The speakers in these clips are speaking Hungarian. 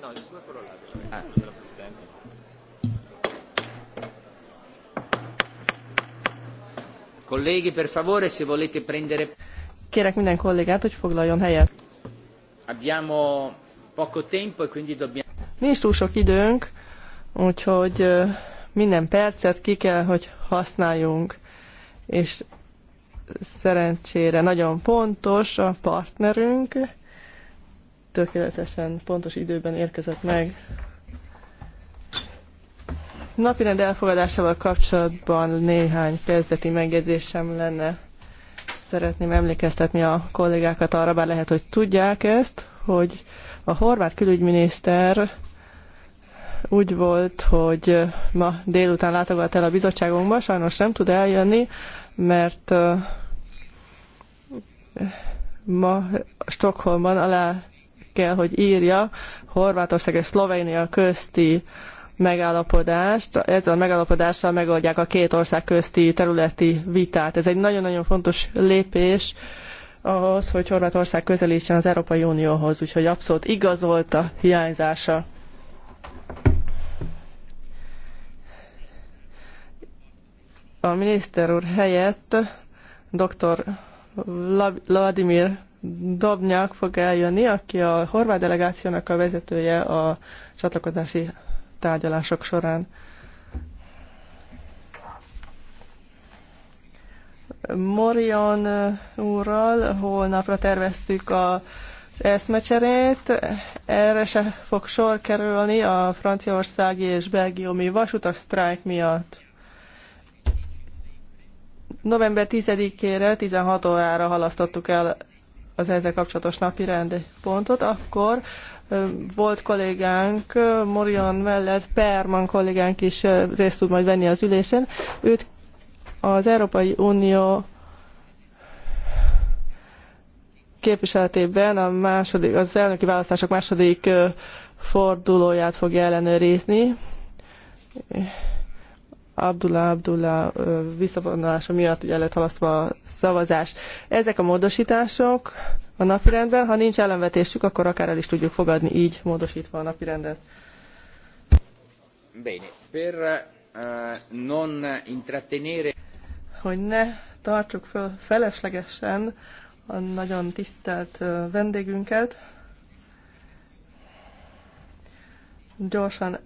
no, ah. Colleghi, per favore, se volete prendere... Kérek minden kollégát, hogy foglaljon helyet. Abbiamo poco tempo e quindi dobbiamo... Nincs túl sok időnk, úgyhogy minden percet ki kell, hogy használjunk. És szerencsére nagyon pontos a partnerünk, tökéletesen pontos időben érkezett meg. Napirend elfogadásával kapcsolatban néhány kezdeti megjegyzésem lenne. Szeretném emlékeztetni a kollégákat arra, bár lehet, hogy tudják ezt, hogy a horvát külügyminiszter úgy volt, hogy ma délután látogat el a bizottságunkba, sajnos nem tud eljönni, mert ma Stockholmban alá kell, hogy írja Horvátország és Szlovénia közti megállapodást. Ezzel a megállapodással megoldják a két ország közti területi vitát. Ez egy nagyon-nagyon fontos lépés ahhoz, hogy Horvátország közelítsen az Európai Unióhoz, úgyhogy abszolút igazolt a hiányzása. A miniszter úr helyett dr. Vladimir Dobnyák fog eljönni, aki a horvát delegációnak a vezetője a csatlakozási tárgyalások során. Morion eh, úrral holnapra terveztük a eszmecserét. Erre se fog sor kerülni a franciaországi és belgiumi vasutas sztrájk miatt. November 10-ére 16 órára halasztottuk el az ezzel kapcsolatos napi rendi pontot, akkor volt kollégánk, Morion mellett Perman kollégánk is részt tud majd venni az ülésen. Őt az Európai Unió képviseletében a második, az elnöki választások második fordulóját fogja ellenőrizni Abdullah Abdullah visszavonulása miatt ugye lett halasztva a szavazás. Ezek a módosítások a napirendben, ha nincs ellenvetésük, akkor akár el is tudjuk fogadni így módosítva a napirendet. Bene, per uh, non intrattenere... Hogy ne tartsuk fel feleslegesen a nagyon tisztelt vendégünket, gyorsan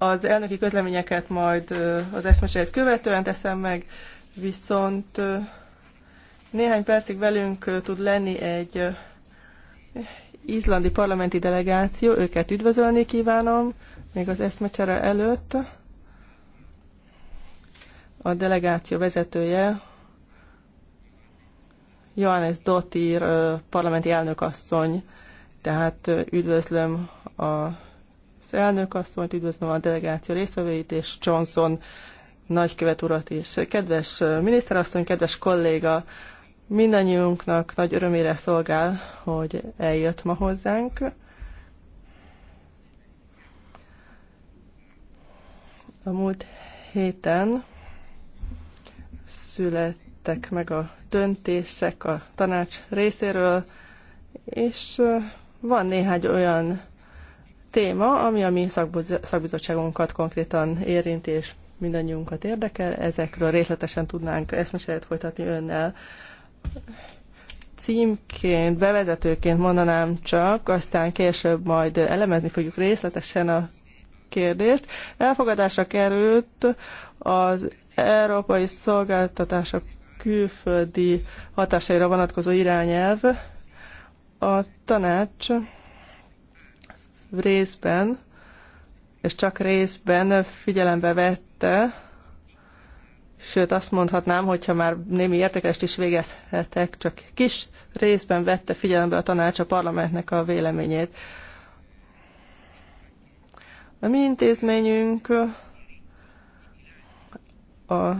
az elnöki közleményeket majd az eszmeseit követően teszem meg, viszont néhány percig velünk tud lenni egy izlandi parlamenti delegáció, őket üdvözölni kívánom, még az eszmecsere előtt. A delegáció vezetője Johannes Dottir parlamenti elnökasszony, tehát üdvözlöm a az elnök asszonyt, üdvözlöm a delegáció résztvevőit, és Johnson nagykövet urat is. Kedves miniszterasszony, kedves kolléga, mindannyiunknak nagy örömére szolgál, hogy eljött ma hozzánk. A múlt héten születtek meg a döntések a tanács részéről, és van néhány olyan téma, ami a mi szakbizottságunkat konkrétan érint és mindannyiunkat érdekel. Ezekről részletesen tudnánk eszmeseret folytatni önnel. Címként, bevezetőként mondanám csak, aztán később majd elemezni fogjuk részletesen a kérdést. Elfogadásra került az Európai Szolgáltatások külföldi hatásaira vonatkozó irányelv. A tanács részben, és csak részben figyelembe vette, sőt azt mondhatnám, hogyha már némi értekest is végezhetek, csak kis részben vette figyelembe a tanács a parlamentnek a véleményét. A mi intézményünk a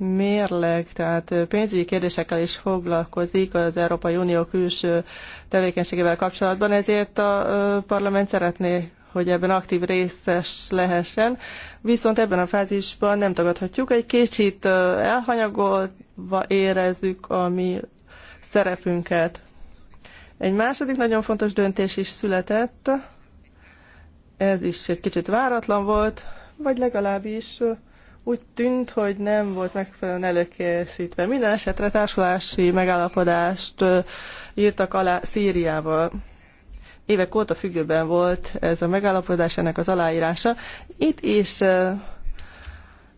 mérleg, tehát pénzügyi kérdésekkel is foglalkozik az Európai Unió külső tevékenységével kapcsolatban, ezért a parlament szeretné, hogy ebben aktív részes lehessen. Viszont ebben a fázisban nem tagadhatjuk, egy kicsit elhanyagolva érezzük a mi szerepünket. Egy második nagyon fontos döntés is született, ez is egy kicsit váratlan volt, vagy legalábbis úgy tűnt, hogy nem volt megfelelően előkészítve. Minden esetre társulási megállapodást írtak alá Szíriával. Évek óta függőben volt ez a megállapodás, ennek az aláírása. Itt is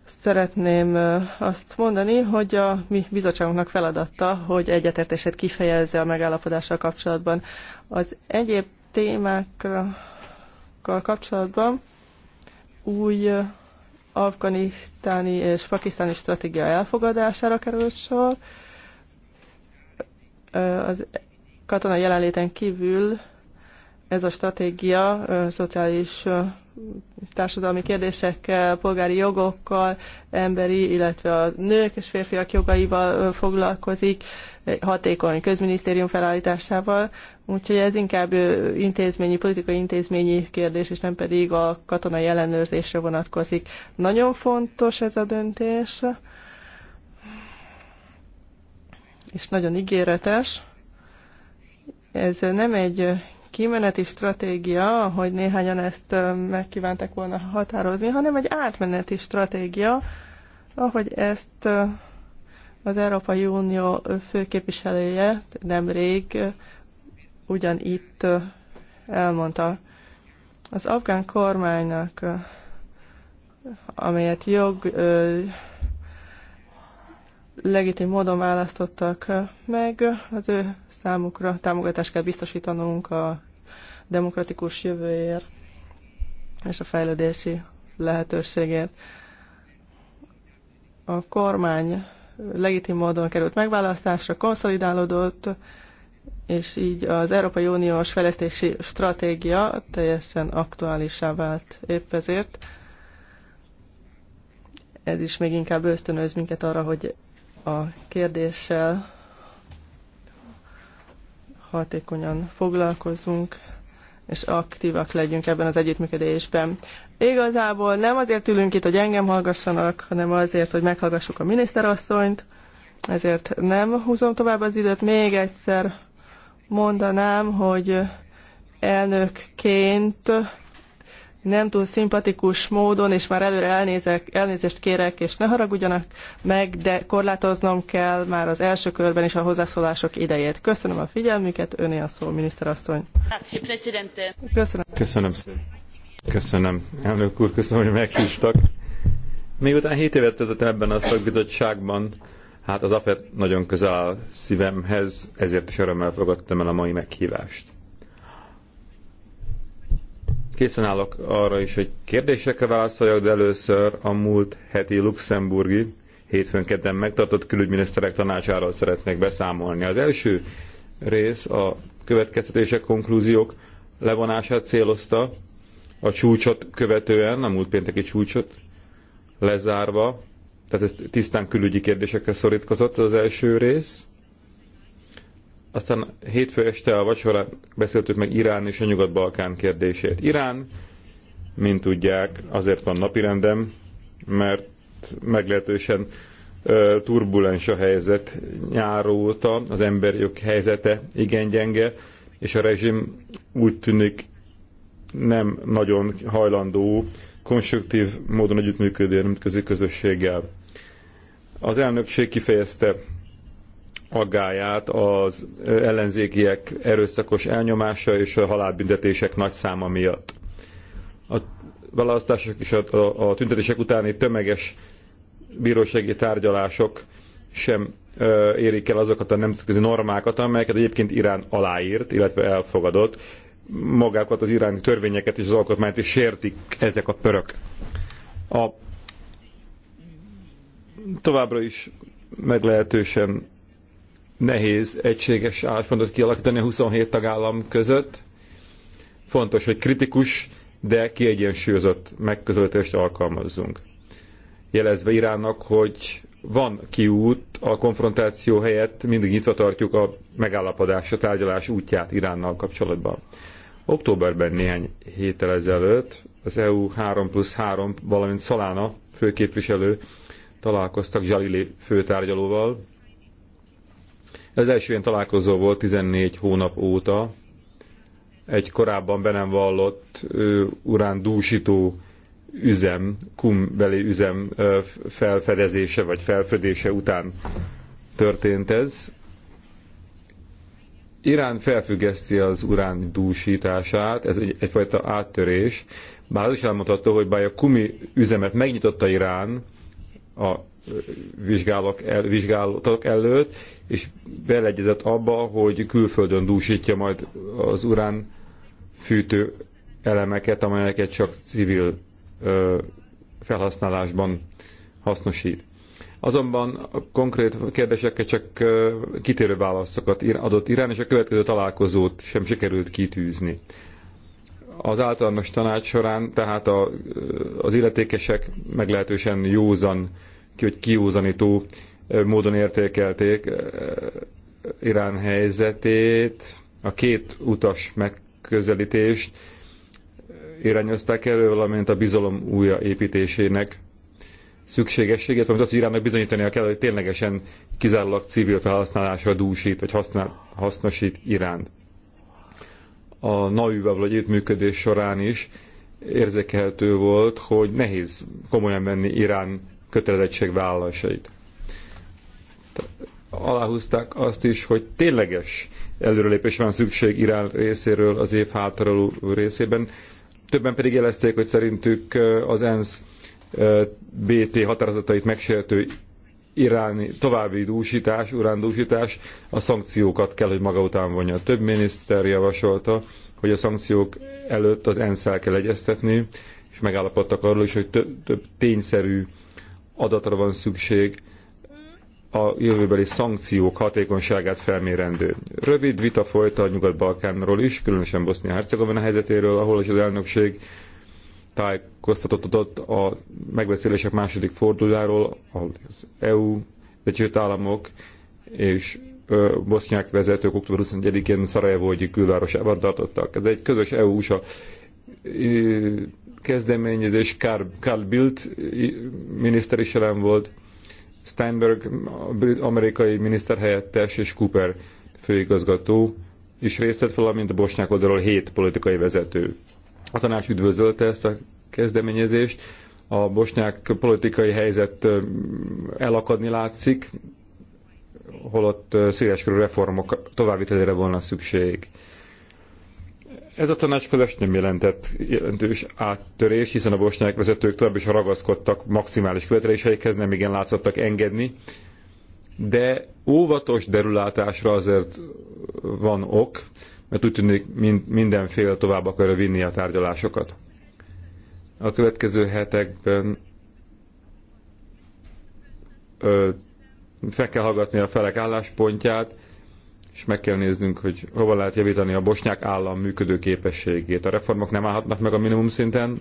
szeretném azt mondani, hogy a mi bizottságunknak feladatta, hogy egyetértését kifejezze a megállapodással kapcsolatban. Az egyéb témákkal kapcsolatban új afganisztáni és pakisztáni stratégia elfogadására került sor. Az katonai jelenléten kívül ez a stratégia szociális társadalmi kérdésekkel, polgári jogokkal, emberi, illetve a nők és férfiak jogaival foglalkozik, hatékony közminisztérium felállításával, úgyhogy ez inkább intézményi, politikai intézményi kérdés, és nem pedig a katonai ellenőrzésre vonatkozik. Nagyon fontos ez a döntés, és nagyon ígéretes. Ez nem egy kimeneti stratégia, ahogy néhányan ezt megkívántak volna határozni, hanem egy átmeneti stratégia, ahogy ezt az Európai Unió főképviselője nemrég itt elmondta. Az afgán kormánynak, amelyet jog, legitim módon választottak meg, az ő számukra támogatást kell biztosítanunk a demokratikus jövőért és a fejlődési lehetőségért. A kormány legitim módon került megválasztásra, konszolidálódott, és így az Európai Uniós fejlesztési stratégia teljesen aktuálisá vált épp ezért. Ez is még inkább ösztönöz minket arra, hogy a kérdéssel hatékonyan foglalkozunk, és aktívak legyünk ebben az együttműködésben. Igazából nem azért ülünk itt, hogy engem hallgassanak, hanem azért, hogy meghallgassuk a miniszterasszonyt, ezért nem húzom tovább az időt. Még egyszer mondanám, hogy elnökként nem túl szimpatikus módon, és már előre elnézek, elnézést kérek, és ne haragudjanak meg, de korlátoznom kell már az első körben is a hozzászólások idejét. Köszönöm a figyelmüket, öné a szó, miniszterasszony. Köszönöm. Köszönöm szépen. Köszönöm. Elnök úr, köszönöm, hogy meghívtak. Miután 7 évet töltöttem ebben a szakbizottságban, hát az AFET nagyon közel áll szívemhez, ezért is örömmel fogadtam el a mai meghívást. Készen állok arra is, hogy kérdésekre válaszoljak, de először a múlt heti luxemburgi hétfőn kedden megtartott külügyminiszterek tanácsáról szeretnék beszámolni. Az első rész a következtetések, konklúziók levonását célozta, a csúcsot követően, a múlt pénteki csúcsot lezárva, tehát ez tisztán külügyi kérdésekre szorítkozott az első rész, aztán hétfő este a vacsorán beszéltük meg Irán és a Nyugat-Balkán kérdését. Irán, mint tudják, azért van napirendem, mert meglehetősen turbulens a helyzet nyár óta, az emberjog helyzete igen gyenge, és a rezsim úgy tűnik nem nagyon hajlandó konstruktív módon együttműködni a nemzetközi közösséggel. Az elnökség kifejezte aggáját az ellenzékiek erőszakos elnyomása és a halálbüntetések nagy száma miatt. A választások és a, a, a tüntetések utáni tömeges bírósági tárgyalások sem ö, érik el azokat a nemzetközi normákat, amelyeket egyébként Irán aláírt, illetve elfogadott. Magákat az iráni törvényeket és az alkotmányt is sértik ezek a pörök. A továbbra is meglehetősen nehéz egységes álláspontot kialakítani a 27 tagállam között. Fontos, hogy kritikus, de kiegyensúlyozott megközelítést alkalmazzunk. Jelezve Iránnak, hogy van kiút a konfrontáció helyett, mindig nyitva tartjuk a megállapodás, a tárgyalás útját Iránnal kapcsolatban. Októberben néhány héttel ezelőtt az EU 3 plusz 3, valamint Szalána főképviselő találkoztak Zsalili főtárgyalóval, az első ilyen találkozó volt 14 hónap óta, egy korábban be nem vallott uh, urán dúsító üzem, kumbeli üzem uh, felfedezése vagy felfedése után történt ez. Irán felfüggeszti az urán dúsítását, ez egy, egyfajta áttörés. Bár az is elmondható, hogy bár a kumi üzemet megnyitotta Irán a vizsgálok el, vizsgálatok előtt, és beleegyezett abba, hogy külföldön dúsítja majd az urán fűtő elemeket, amelyeket csak civil ö, felhasználásban hasznosít. Azonban a konkrét kérdésekkel csak ö, kitérő válaszokat adott Irán, és a következő találkozót sem sikerült kitűzni. Az általános tanács során tehát a, az illetékesek meglehetősen józan ki, hogy kiúzanító módon értékelték Irán helyzetét, a két utas megközelítést irányozták elő, valamint a bizalom újra építésének szükségességét, amit az, hogy bizonyítani bizonyítania kell, hogy ténylegesen kizárólag civil felhasználásra dúsít, vagy használ, hasznosít Iránt. A NAU-val vagy együttműködés során is érzékelhető volt, hogy nehéz komolyan venni Irán kötelezettségvállalásait. Aláhúzták azt is, hogy tényleges előrelépés van szükség Irán részéről az év hátraló részében. Többen pedig jelezték, hogy szerintük az ENSZ BT határozatait megsértő iráni további dúsítás, urándúsítás a szankciókat kell, hogy maga után vonja. Több miniszter javasolta, hogy a szankciók előtt az ENSZ-el kell egyeztetni, és megállapodtak arról is, hogy több, több tényszerű adatra van szükség a jövőbeli szankciók hatékonyságát felmérendő. Rövid vita folyt a Nyugat-Balkánról is, különösen Bosznia-Hercegovina helyzetéről, ahol az elnökség tájékoztatott adott a megbeszélések második fordulójáról, ahol az EU, Egyesült Államok és bosznyák vezetők október 21-én Szarajevó egyik külvárosában tartottak. Ez egy közös EU-USA kezdeményezés, Karl, Karl Bildt miniszter is jelen volt, Steinberg amerikai miniszterhelyettes és Cooper főigazgató is részt vett, valamint a bosnyák oldalról hét politikai vezető. A tanács üdvözölte ezt a kezdeményezést. A bosnyák politikai helyzet elakadni látszik, holott széleskörű reformok továbbvitelére volna szükség. Ez a tanácskozás nem jelentett jelentős áttörés, hiszen a bosnyák vezetők tovább is ragaszkodtak maximális követeléseikhez, nem igen látszottak engedni, de óvatos derülátásra azért van ok, mert úgy tűnik mind, minden fél tovább akarja vinni a tárgyalásokat. A következő hetekben ö, fel kell hallgatni a felek álláspontját, és meg kell néznünk, hogy hova lehet javítani a bosnyák állam működő képességét. A reformok nem állhatnak meg a minimum szinten,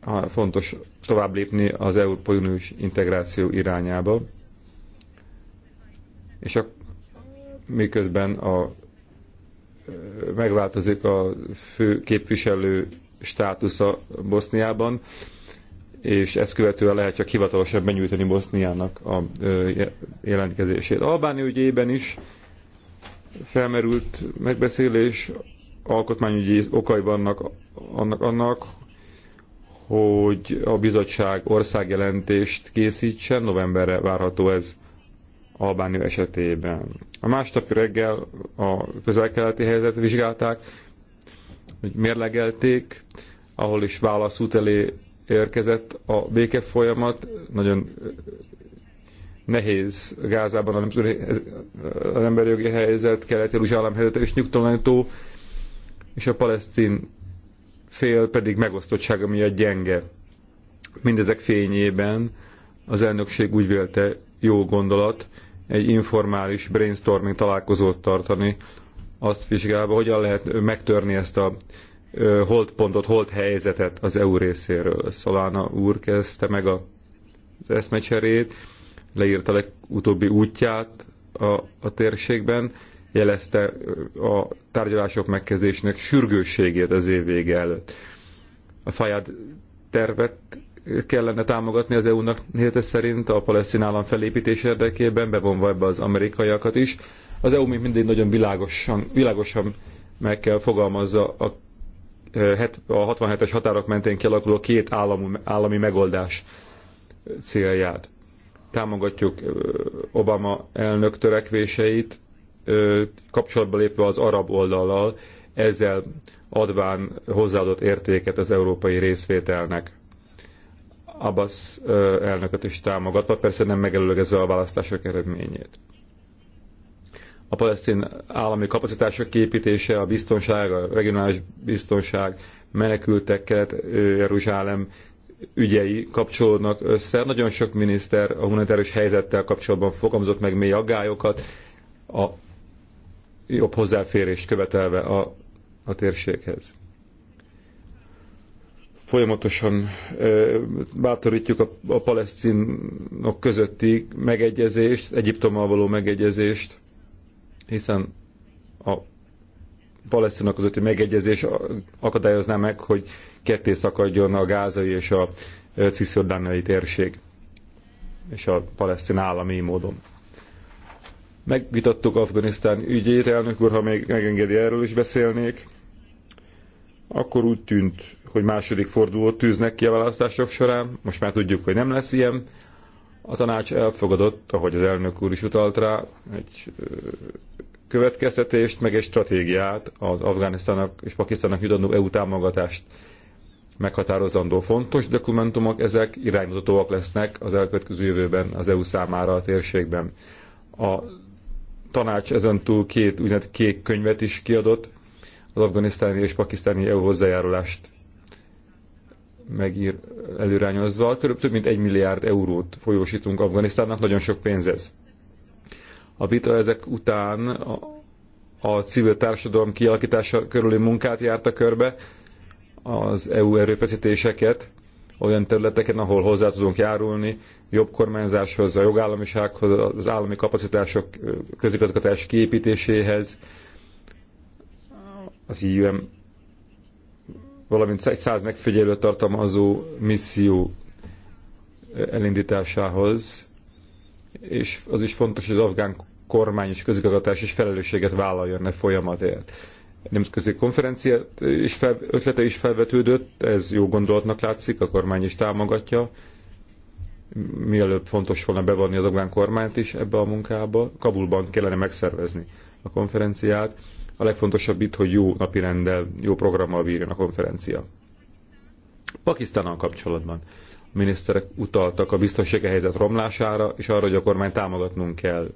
ha fontos tovább lépni az Európai Uniós integráció irányába, és a, miközben a, megváltozik a fő képviselő státusza Boszniában, és ezt követően lehet csak hivatalosabb benyújtani Boszniának a jelentkezését. Albáni ügyében is felmerült megbeszélés, alkotmányügyi okai vannak annak, annak, hogy a bizottság országjelentést készítsen, novemberre várható ez Albánia esetében. A másnapi reggel a közel-keleti helyzetet vizsgálták, hogy mérlegelték, ahol is válaszút elé érkezett a béke folyamat, nagyon nehéz Gázában az emberi jogi helyzet, Kelet-Jeruzsálem helyzete és nyugtalanító, és a palesztin fél pedig megosztottsága miatt gyenge. Mindezek fényében az elnökség úgy vélte jó gondolat egy informális brainstorming találkozót tartani, azt vizsgálva, hogyan lehet megtörni ezt a holdpontot, hold helyzetet az EU részéről. Szolána úr kezdte meg a, az eszmecserét, leírta legutóbbi útját a, a térségben, jelezte a tárgyalások megkezdésének sürgősségét az év vége előtt. A fajad tervet kellene támogatni az EU-nak nézete szerint a palesztin állam felépítés érdekében, bevonva ebbe az amerikaiakat is. Az EU még mindig nagyon világosan, világosan meg kell fogalmazza a a 67-es határok mentén kialakuló két állami, állami megoldás célját. Támogatjuk Obama elnök törekvéseit, kapcsolatba lépve az arab oldallal, ezzel adván hozzáadott értéket az európai részvételnek. Abbas elnököt is támogatva, persze nem megelőlegezve a választások eredményét a palesztin állami kapacitások képítése, a biztonság, a regionális biztonság, menekültek Kelet-Jeruzsálem ügyei kapcsolódnak össze. Nagyon sok miniszter a humanitárius helyzettel kapcsolatban fogalmazott meg mély aggályokat, a jobb hozzáférést követelve a, a térséghez. Folyamatosan ö, bátorítjuk a, a palesztinok közötti megegyezést, Egyiptommal való megegyezést, hiszen a palesztinok közötti megegyezés akadályozná meg, hogy ketté szakadjon a gázai és a cisziordániai térség és a palesztin állami módon. Megvitattuk Afganisztán ügyét, elnök úr, ha még megengedi, erről is beszélnék. Akkor úgy tűnt, hogy második fordulót tűznek ki a választások során, most már tudjuk, hogy nem lesz ilyen. A tanács elfogadott, ahogy az elnök úr is utalt rá, egy következtetést, meg egy stratégiát az Afganisztának és Pakisztánnak jutandó EU támogatást meghatározandó fontos dokumentumok, ezek iránymutatóak lesznek az elkövetkező jövőben az EU számára a térségben. A tanács ezen túl két úgynevezett kék könyvet is kiadott, az afganisztáni és pakisztáni EU hozzájárulást megír előrányozva, körülbelül több mint egy milliárd eurót folyósítunk Afganisztánnak, nagyon sok pénz ez. A vita ezek után a, a civil társadalom kialakítása körüli munkát járta körbe, az EU erőfeszítéseket olyan területeken, ahol hozzá tudunk járulni, jobb kormányzáshoz, a jogállamisághoz, az állami kapacitások közigazgatás kiépítéséhez, az IUM valamint 100 megfigyelő tartalmazó misszió elindításához, és az is fontos, hogy az afgán kormány és közigazgatás is felelősséget vállaljon e folyamatért. Nemzetközi konferencia is fel, ötlete is felvetődött, ez jó gondolatnak látszik, a kormány is támogatja. Mielőbb fontos volna bevonni az afgán kormányt is ebbe a munkába. Kabulban kellene megszervezni a konferenciát. A legfontosabb itt, hogy jó rendel, jó programmal bírjon a konferencia. Pakisztánnal kapcsolatban a miniszterek utaltak a biztonsági helyzet romlására, és arra, hogy a kormány támogatnunk kell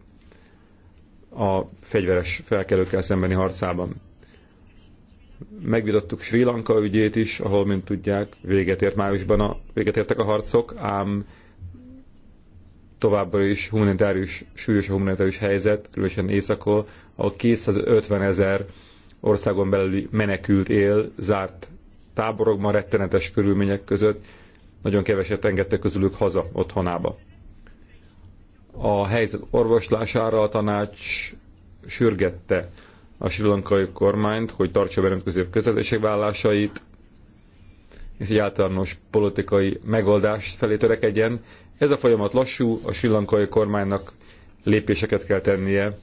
a fegyveres felkelőkkel szembeni harcában. Megvitattuk Sri Lanka ügyét is, ahol, mint tudják, véget ért májusban a, véget értek a harcok, ám továbbra is humanitárius, súlyos a humanitárius helyzet, különösen északol, a 250 ezer országon belüli menekült él zárt táborokban, rettenetes körülmények között. Nagyon keveset engedtek közülük haza otthonába. A helyzet orvoslására a tanács sürgette a sri lankai kormányt, hogy tartsa velünk közép közelések vállásait, és egy általános politikai megoldást felé törekedjen. Ez a folyamat lassú, a sri lankai kormánynak lépéseket kell tennie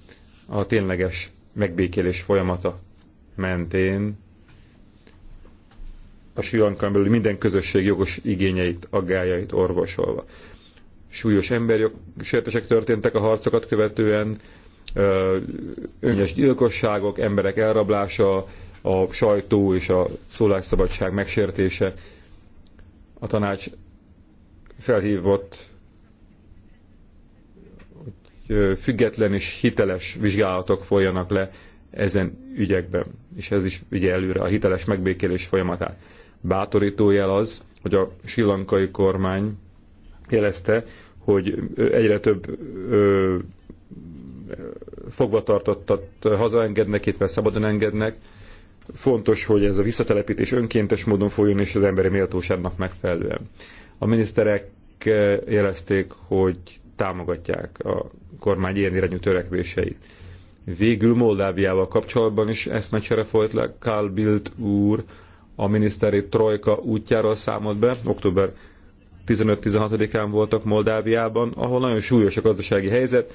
a tényleges megbékélés folyamata mentén a Sri Lankán belül minden közösség jogos igényeit, aggájait orvosolva. Súlyos emberjogsértések történtek a harcokat követően, öngyes gyilkosságok, emberek elrablása, a sajtó és a szólásszabadság megsértése. A tanács felhívott független és hiteles vizsgálatok folyanak le ezen ügyekben. És ez is ugye előre a hiteles megbékélés folyamatát. Bátorító jel az, hogy a silankai kormány jelezte, hogy egyre több ö, fogvatartottat hazaengednek, illetve szabadon engednek. Fontos, hogy ez a visszatelepítés önkéntes módon folyjon, és az emberi méltóságnak megfelelően. A miniszterek jelezték, hogy támogatják a kormány ilyen irányú törekvéseit. Végül Moldáviával kapcsolatban is eszmecsere folyt le, Karl Bildt úr a miniszteri trojka útjáról számolt be, október 15-16-án voltak Moldáviában, ahol nagyon súlyos a gazdasági helyzet,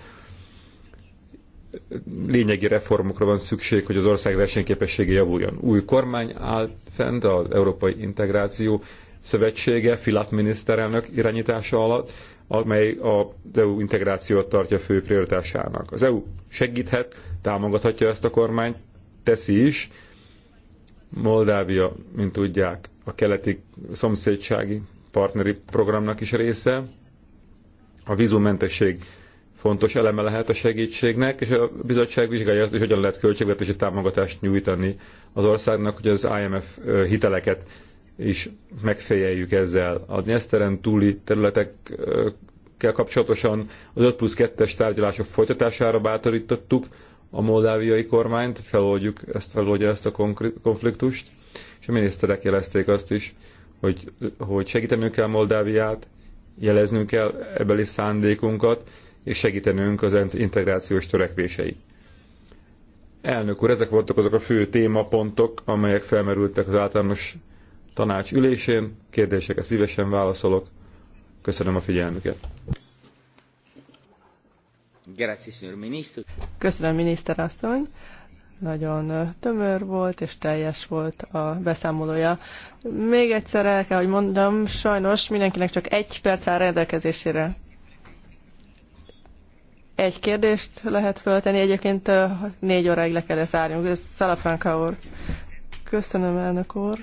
lényegi reformokra van szükség, hogy az ország versenyképessége javuljon. Új kormány áll fent az Európai Integráció Szövetsége, Filat miniszterelnök irányítása alatt, amely az EU integrációt tartja fő prioritásának. Az EU segíthet, támogathatja ezt a kormányt, teszi is. Moldávia, mint tudják, a keleti szomszédsági partneri programnak is része. A vízummentesség fontos eleme lehet a segítségnek, és a bizottság vizsgálja azt, hogy hogyan lehet költségvetési támogatást nyújtani az országnak, hogy az IMF hiteleket is megfejeljük ezzel. A Nyeszteren túli területekkel kapcsolatosan az 5 plusz 2-es tárgyalások folytatására bátorítottuk a moldáviai kormányt, feloldjuk ezt, feloldja ezt a konfliktust, és a miniszterek jelezték azt is, hogy, hogy segítenünk kell Moldáviát, jeleznünk kell ebeli szándékunkat, és segítenünk az integrációs törekvései. Elnök úr, ezek voltak azok a fő témapontok, amelyek felmerültek az általános tanács ülésén. kérdéseket szívesen válaszolok. Köszönöm a figyelmüket. Köszönöm, miniszter asszony. Nagyon tömör volt és teljes volt a beszámolója. Még egyszer el kell, hogy mondom, sajnos mindenkinek csak egy perc áll rendelkezésére. Egy kérdést lehet föltenni, egyébként négy óráig le kell zárjunk. Ez Szalafranka úr. Köszönöm, elnök úr.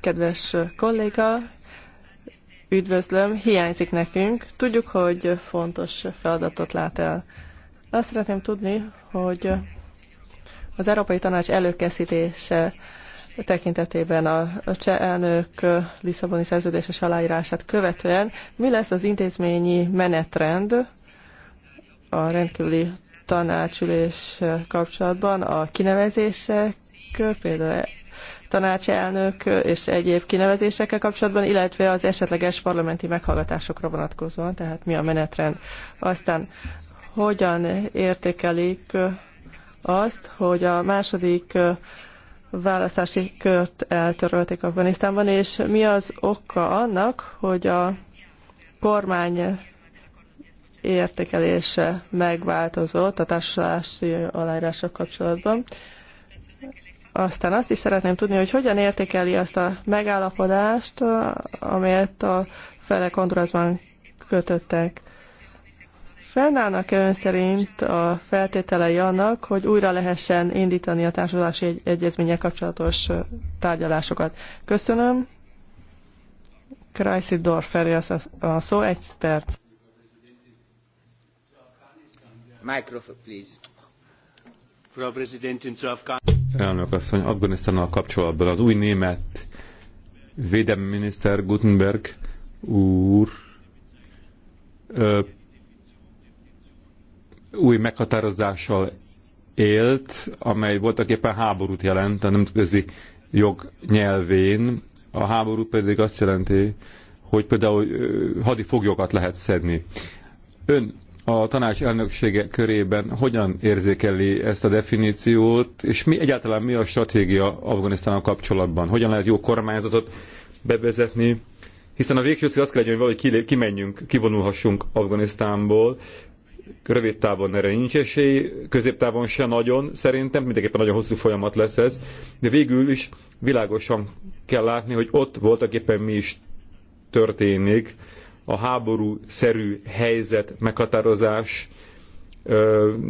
Kedves kolléga, üdvözlöm, hiányzik nekünk. Tudjuk, hogy fontos feladatot lát el. Azt szeretném tudni, hogy az Európai Tanács előkészítése tekintetében a cseh elnök Lisszaboni szerződéses aláírását követően mi lesz az intézményi menetrend a rendkívüli tanácsülés kapcsolatban a kinevezések, például tanácselnök és egyéb kinevezésekkel kapcsolatban, illetve az esetleges parlamenti meghallgatásokra vonatkozóan, tehát mi a menetrend. Aztán hogyan értékelik azt, hogy a második választási kört eltörölték Afganisztánban, és mi az oka annak, hogy a kormány értékelése megváltozott a társulási aláírással kapcsolatban, aztán azt is szeretném tudni, hogy hogyan értékeli azt a megállapodást, amelyet a felek Hondurasban kötöttek. Fennállnak-e ön szerint a feltételei annak, hogy újra lehessen indítani a társulási egy- kapcsolatos tárgyalásokat? Köszönöm. Kreiszi Dorferi a szó, egy perc. Microphone, please. Frau Präsidentin, zu Afghanistan elnök asszony, Afganisztánnal kapcsolatban az új német védelmi miniszter Gutenberg úr ö, új meghatározással élt, amely voltak éppen háborút jelent a nemzetközi jog nyelvén. A háború pedig azt jelenti, hogy például hadi foglyokat lehet szedni. Ön a tanács elnöksége körében hogyan érzékeli ezt a definíciót, és mi egyáltalán mi a stratégia Afganisztánnal kapcsolatban? Hogyan lehet jó kormányzatot bevezetni? Hiszen a végső cél az kell legyen, hogy valahogy kimenjünk, kivonulhassunk Afganisztánból, rövid távon erre nincs esély, középtávon se nagyon, szerintem mindenképpen nagyon hosszú folyamat lesz ez, de végül is világosan kell látni, hogy ott voltak éppen mi is történik, a háború-szerű helyzet meghatározás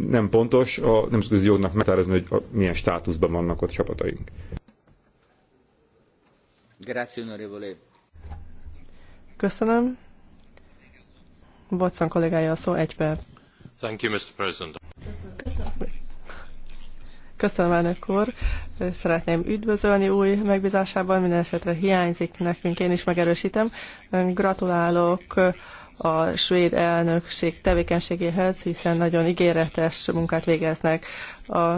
nem pontos, a nemzetközi jognak meghatározni, hogy a, milyen státuszban vannak ott csapataink. Köszönöm. Watson kollégája a szó, egy perc. Thank you, Mr. President. Köszönöm. Köszönöm, elnök úr. Szeretném üdvözölni új megbízásában, minden esetre hiányzik nekünk, én is megerősítem. Gratulálok a svéd elnökség tevékenységéhez, hiszen nagyon ígéretes munkát végeznek. A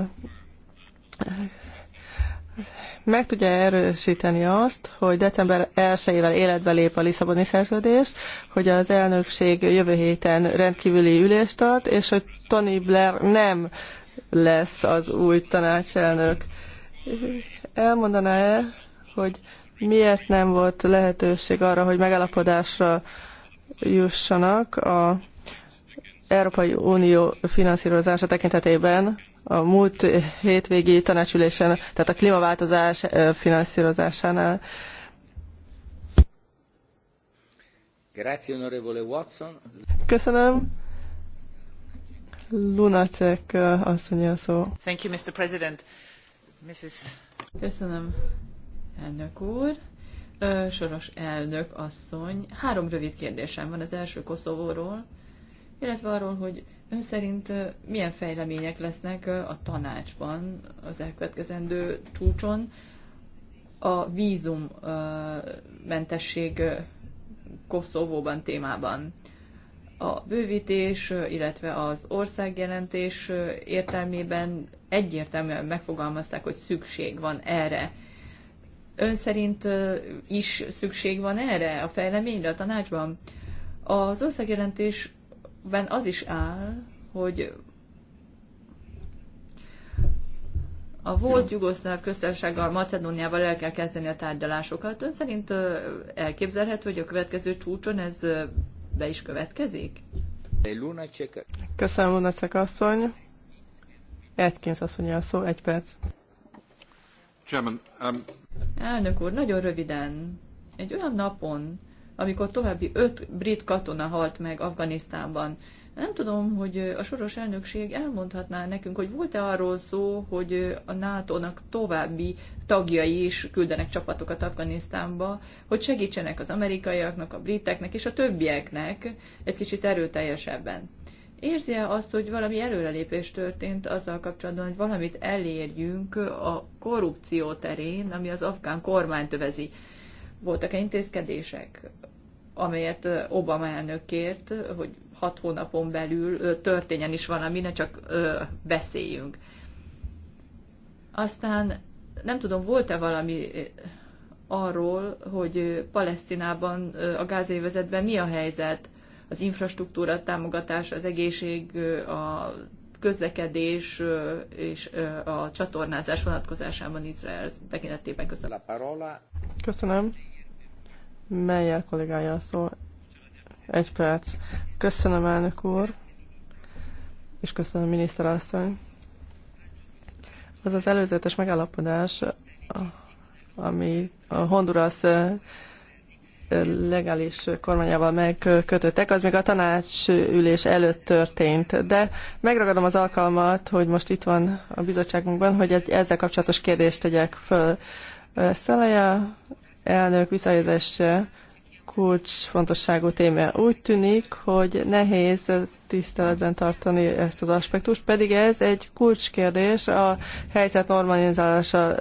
meg tudja erősíteni azt, hogy december 1-ével életbe lép a Lisszaboni szerződés, hogy az elnökség jövő héten rendkívüli ülést tart, és hogy Tony Blair nem lesz az új tanácselnök. Elmondaná-e, hogy miért nem volt lehetőség arra, hogy megalapodásra jussanak a Európai Unió finanszírozása tekintetében a múlt hétvégi tanácsülésen, tehát a klímaváltozás eh, finanszírozásánál. onorevole Watson. Köszönöm. Lunacek eh, asszony a szó. Thank you, Mr. President. Mrs. Köszönöm, elnök úr. Soros elnök asszony. Három rövid kérdésem van az első Koszovóról, illetve arról, hogy ön szerint milyen fejlemények lesznek a tanácsban az elkövetkezendő csúcson a vízummentesség Koszovóban témában a bővítés, illetve az országjelentés értelmében egyértelműen megfogalmazták, hogy szükség van erre. Ön szerint is szükség van erre a fejleményre a tanácsban? Az országjelentésben az is áll, hogy a volt jugoszláv köztársasággal, Macedóniával el kell kezdeni a tárgyalásokat. Ön szerint elképzelhető, hogy a következő csúcson ez be is következik? Köszönöm, Lunacek asszony. Egyként asszony a szó, egy perc. Chairman, um... Elnök úr, nagyon röviden. Egy olyan napon, amikor további öt brit katona halt meg Afganisztánban, nem tudom, hogy a soros elnökség elmondhatná nekünk, hogy volt-e arról szó, hogy a NATO-nak további tagjai is küldenek csapatokat Afganisztánba, hogy segítsenek az amerikaiaknak, a briteknek és a többieknek egy kicsit erőteljesebben. érzi -e azt, hogy valami előrelépés történt azzal kapcsolatban, hogy valamit elérjünk a korrupció terén, ami az afgán kormányt övezi? Voltak-e intézkedések? amelyet Obama elnök kért, hogy hat hónapon belül történjen is valami, ne csak beszéljünk. Aztán nem tudom, volt-e valami arról, hogy Palesztinában, a gázévezetben mi a helyzet, az infrastruktúra támogatás, az egészség, a közlekedés és a csatornázás vonatkozásában Izrael tekintetében. Köszönöm. Köszönöm. Meyer kollégája szó. Egy perc. Köszönöm, elnök úr, és köszönöm, miniszterasszony. Az az előzetes megállapodás, ami a Honduras legális kormányával megkötöttek, az még a tanácsülés előtt történt. De megragadom az alkalmat, hogy most itt van a bizottságunkban, hogy ezzel kapcsolatos kérdést tegyek föl. Szeleja elnök visszajelzése kulcsfontosságú téma. Úgy tűnik, hogy nehéz tiszteletben tartani ezt az aspektust, pedig ez egy kulcskérdés a helyzet normalizálása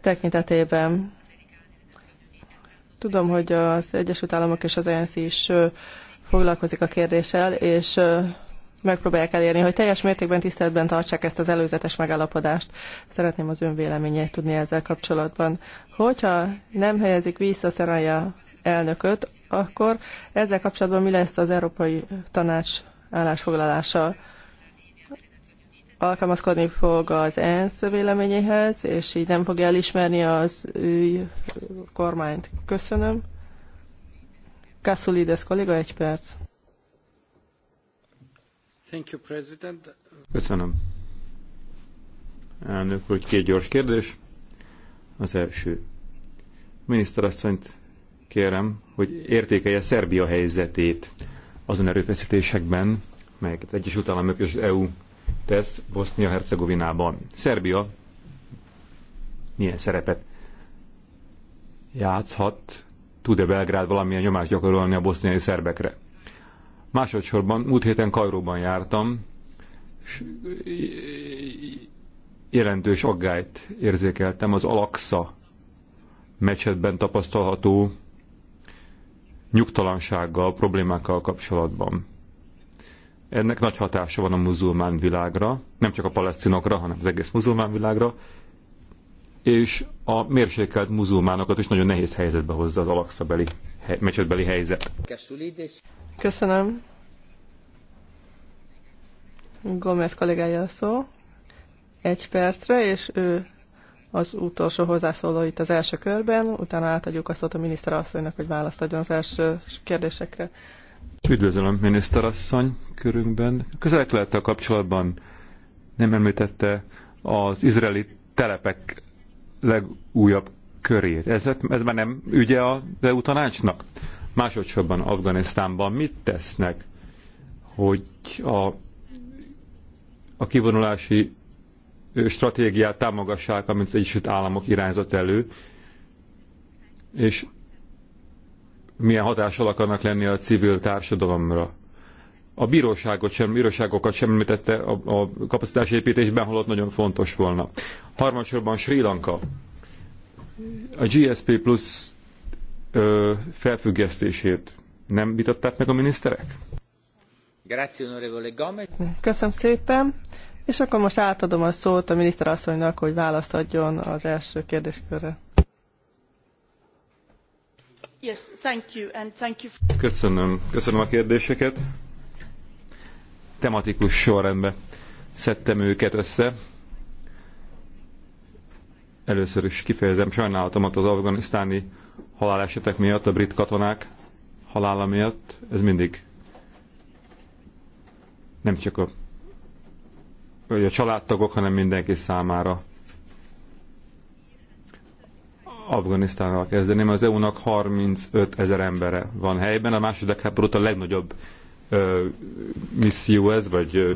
tekintetében. Tudom, hogy az Egyesült Államok és az ENSZ is foglalkozik a kérdéssel, és megpróbálják elérni, hogy teljes mértékben tiszteletben tartsák ezt az előzetes megállapodást. Szeretném az ön véleményét tudni ezzel kapcsolatban. Hogyha nem helyezik vissza Szeraja elnököt, akkor ezzel kapcsolatban mi lesz az Európai Tanács állásfoglalása? Alkalmazkodni fog az ENSZ véleményéhez, és így nem fogja elismerni az ő kormányt. Köszönöm. Kassulides kolléga, egy perc. Köszönöm. Elnök úr, két gyors kérdés. Az első. Miniszterasszonyt kérem, hogy értékelje Szerbia helyzetét azon erőfeszítésekben, melyeket az Egyesült Államok és az EU tesz Bosznia-Hercegovinában. Szerbia milyen szerepet játszhat, tud-e Belgrád valamilyen nyomást gyakorolni a boszniai szerbekre? Másodszorban múlt héten Kajróban jártam, és jelentős aggályt érzékeltem az Alaksa mecsetben tapasztalható nyugtalansággal, problémákkal kapcsolatban. Ennek nagy hatása van a muzulmán világra, nem csak a palesztinokra, hanem az egész muzulmán világra, és a mérsékelt muzulmánokat is nagyon nehéz helyzetbe hozza az alakszabeli mecsetbeli helyzet. Köszönöm. Gomez kollégája a szó. Egy percre, és ő az utolsó hozzászóló itt az első körben, utána átadjuk a szót a miniszterasszonynak, hogy választ adjon az első kérdésekre. Üdvözlöm, miniszterasszony körünkben. lehet a kapcsolatban nem említette az izraeli telepek legújabb körét. Ez, ez már nem ügye a EU tanácsnak? Másodszorban Afganisztánban mit tesznek, hogy a, a kivonulási stratégiát támogassák, amit az Egyesült Államok irányzat elő, és milyen hatással akarnak lenni a civil társadalomra. A bíróságot sem, bíróságokat sem említette a, a építésben, holott nagyon fontos volna. Harmadsorban Sri Lanka. A GSP Plus ö, felfüggesztését nem vitatták meg a miniszterek? Köszönöm szépen, és akkor most átadom a szót a miniszterasszonynak, hogy választ adjon az első kérdéskörre. Yes, thank you, and thank you Köszönöm. Köszönöm a kérdéseket. Tematikus sorrendben szedtem őket össze. Először is kifejezem sajnálatomat az afganisztáni halálesetek miatt, a brit katonák halála miatt, ez mindig nem csak a, a családtagok, hanem mindenki számára Afganisztánnal kezdeném. Az EU-nak 35 ezer embere van helyben. A második háború a legnagyobb ö, misszió ez, vagy ö,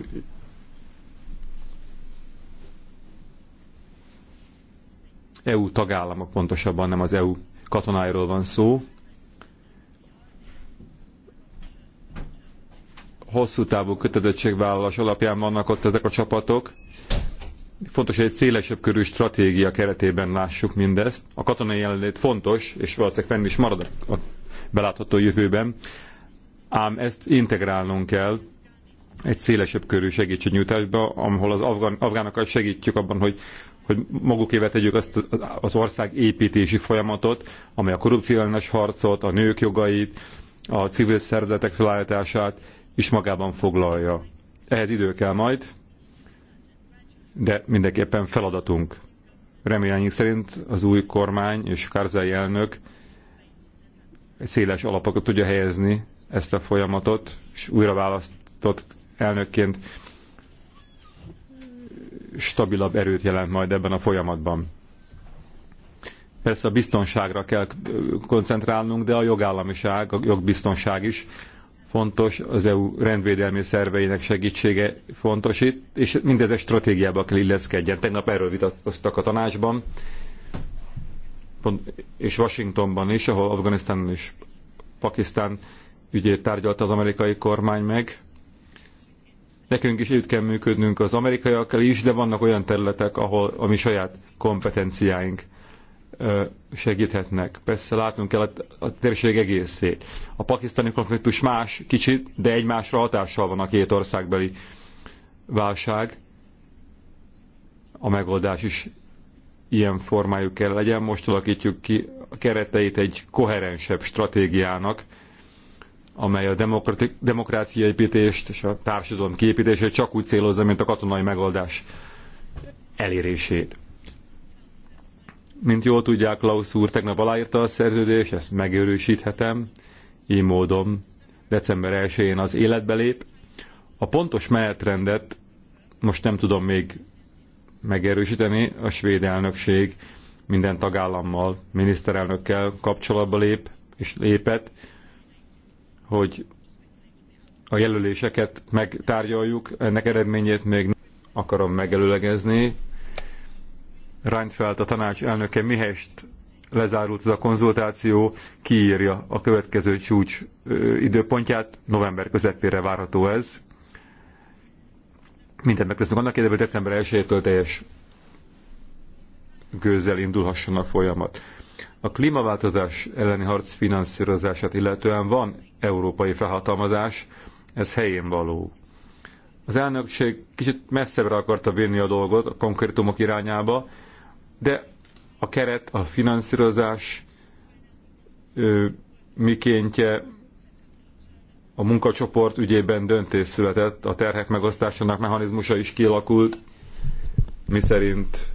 EU tagállamok pontosabban, nem az EU katonáiról van szó. Hosszú távú kötelezettségvállalás alapján vannak ott ezek a csapatok. Fontos, hogy egy szélesebb körű stratégia keretében lássuk mindezt. A katonai jelenlét fontos, és valószínűleg fenn is marad a belátható jövőben, ám ezt integrálnunk kell egy szélesebb körű segítségnyújtásba, ahol az afgán, afgánokat segítjük abban, hogy hogy magukévet tegyük azt az ország építési folyamatot, amely a korrupció harcot, a nők jogait, a civil szervezetek felállítását is magában foglalja. Ehhez idő kell majd, de mindenképpen feladatunk. Reményeink szerint az új kormány és Karzai elnök széles alapokat tudja helyezni ezt a folyamatot, és újra választott elnökként stabilabb erőt jelent majd ebben a folyamatban. Persze a biztonságra kell koncentrálnunk, de a jogállamiság, a jogbiztonság is fontos, az EU rendvédelmi szerveinek segítsége fontos itt, és mindez egy stratégiába kell illeszkedjen. Tegnap erről vitatkoztak a tanácsban, és Washingtonban is, ahol Afganisztán és Pakisztán ügyét tárgyalta az amerikai kormány meg, Nekünk is együtt kell működnünk az amerikaiakkal is, de vannak olyan területek, ahol a mi saját kompetenciáink segíthetnek. Persze látnunk kell a, térség egészét. A pakisztáni konfliktus más kicsit, de egymásra hatással van a két országbeli válság. A megoldás is ilyen formájú kell legyen. Most alakítjuk ki a kereteit egy koherensebb stratégiának, amely a demokrácia építést és a társadalom kiépítését csak úgy célozza, mint a katonai megoldás elérését. Mint jól tudják, Klaus úr tegnap aláírta a szerződést, ezt megerősíthetem, így módon december 1-én az életbe lép. A pontos menetrendet most nem tudom még megerősíteni, a svéd elnökség minden tagállammal, miniszterelnökkel kapcsolatba lép és lépett, hogy a jelöléseket megtárgyaljuk, ennek eredményét még nem akarom megelőlegezni. Reinfeldt, a tanács elnöke Mihest lezárult ez a konzultáció, kiírja a következő csúcs időpontját, november közepére várható ez. Mindent megteszünk annak érdekében, hogy december 1-től teljes gőzzel indulhasson a folyamat. A klímaváltozás elleni harc finanszírozását illetően van európai felhatalmazás, ez helyén való. Az elnökség kicsit messzebbre akarta vinni a dolgot a konkrétumok irányába, de a keret, a finanszírozás ö, mikéntje a munkacsoport ügyében döntés született, a terhek megosztásának mechanizmusa is kialakult, miszerint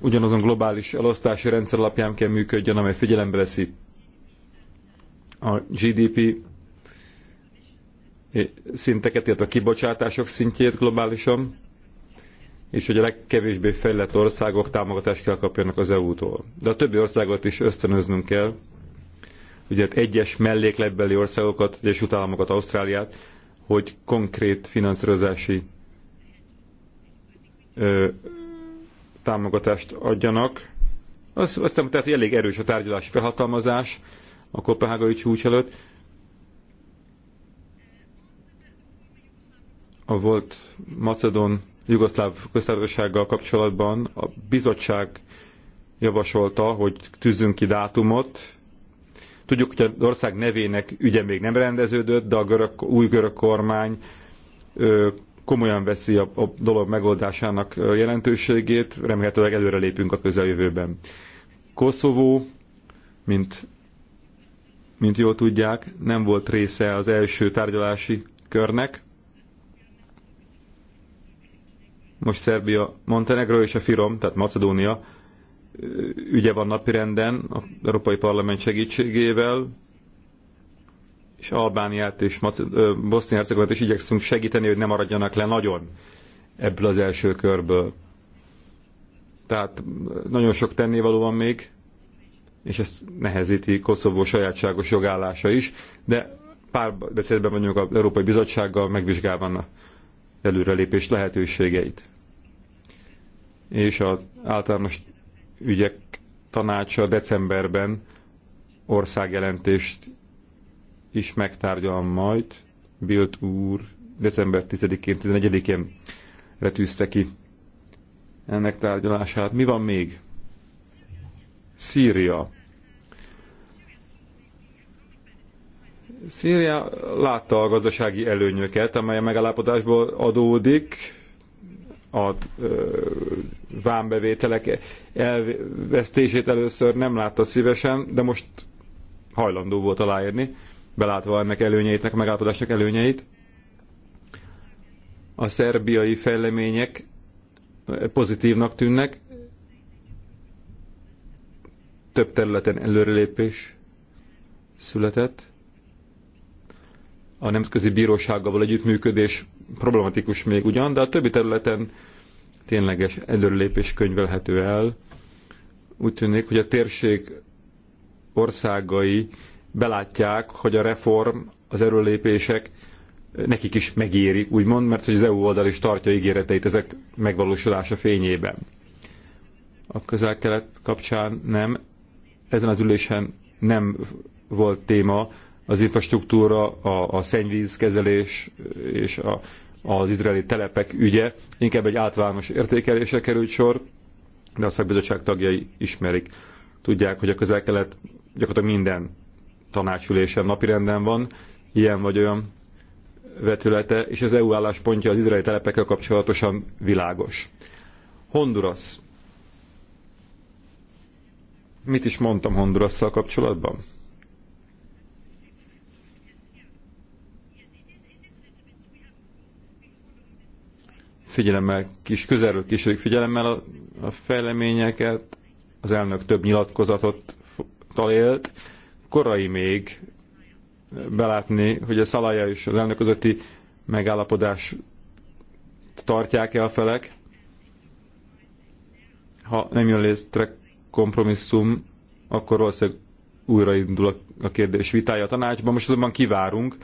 ugyanazon globális elosztási rendszer alapján kell működjön, amely figyelembe veszi a GDP szinteket, illetve a kibocsátások szintjét globálisan, és hogy a legkevésbé fejlett országok támogatást kell kapjanak az EU-tól. De a többi országot is ösztönöznünk kell, ugye hát egyes melléklebbeli országokat, egyes utállamokat, Ausztráliát, hogy konkrét finanszírozási ö, támogatást adjanak. Azt, azt hiszem, tehát elég erős a tárgyalási felhatalmazás, a kopenhágai csúcs előtt. A volt Macedon Jugoszláv köztársasággal kapcsolatban a bizottság javasolta, hogy tűzzünk ki dátumot. Tudjuk, hogy az ország nevének ügye még nem rendeződött, de a görög, új görög kormány ö, komolyan veszi a, a dolog megoldásának jelentőségét, remélhetőleg előre lépünk a közeljövőben. Koszovó, mint mint jól tudják, nem volt része az első tárgyalási körnek. Most Szerbia, Montenegro és a Firom, tehát Macedónia ügye van napirenden az Európai Parlament segítségével, és Albániát és Bosznia-Hercegovinát is igyekszünk segíteni, hogy ne maradjanak le nagyon ebből az első körből. Tehát nagyon sok tennivaló van még, és ezt nehezíti Koszovó sajátságos jogállása is, de pár beszédben vagyunk az Európai Bizottsággal, megvizsgálva a előrelépés lehetőségeit. És az általános ügyek tanácsa decemberben országjelentést is megtárgyal majd. Bilt úr december 10-én, 14-én retűzte ki ennek tárgyalását. Mi van még? Szíria. Szíria látta a gazdasági előnyöket, amely a megállapodásból adódik, a vámbevételek elvesztését először nem látta szívesen, de most hajlandó volt aláírni, belátva ennek előnyeit, a megállapodásnak előnyeit. A szerbiai fejlemények pozitívnak tűnnek, több területen előrelépés született. A nemzetközi bírósággal együttműködés problematikus még ugyan, de a többi területen tényleges előrelépés könyvelhető el. Úgy tűnik, hogy a térség országai belátják, hogy a reform, az erőlépések nekik is megéri, úgymond, mert hogy az EU oldal is tartja ígéreteit ezek megvalósulása fényében. A közel-kelet kapcsán nem, ezen az ülésen nem volt téma az infrastruktúra, a, a szennyvízkezelés és a, az izraeli telepek ügye. Inkább egy általános értékelése került sor, de a szakbizottság tagjai ismerik. Tudják, hogy a közel-kelet gyakorlatilag minden tanácsülésen napirenden van, ilyen vagy olyan vetülete, és az EU álláspontja az izraeli telepekkel kapcsolatosan világos. Honduras Mit is mondtam Hondurasszal kapcsolatban? Figyelemmel, kis közelről kísérjük figyelemmel a, a fejleményeket, az elnök több nyilatkozatot talélt, korai még belátni, hogy a Szalaja és az elnök közötti megállapodás tartják e a felek, ha nem jön létre kompromisszum, akkor valószínűleg újraindul a kérdés vitája a tanácsban. Most azonban kivárunk,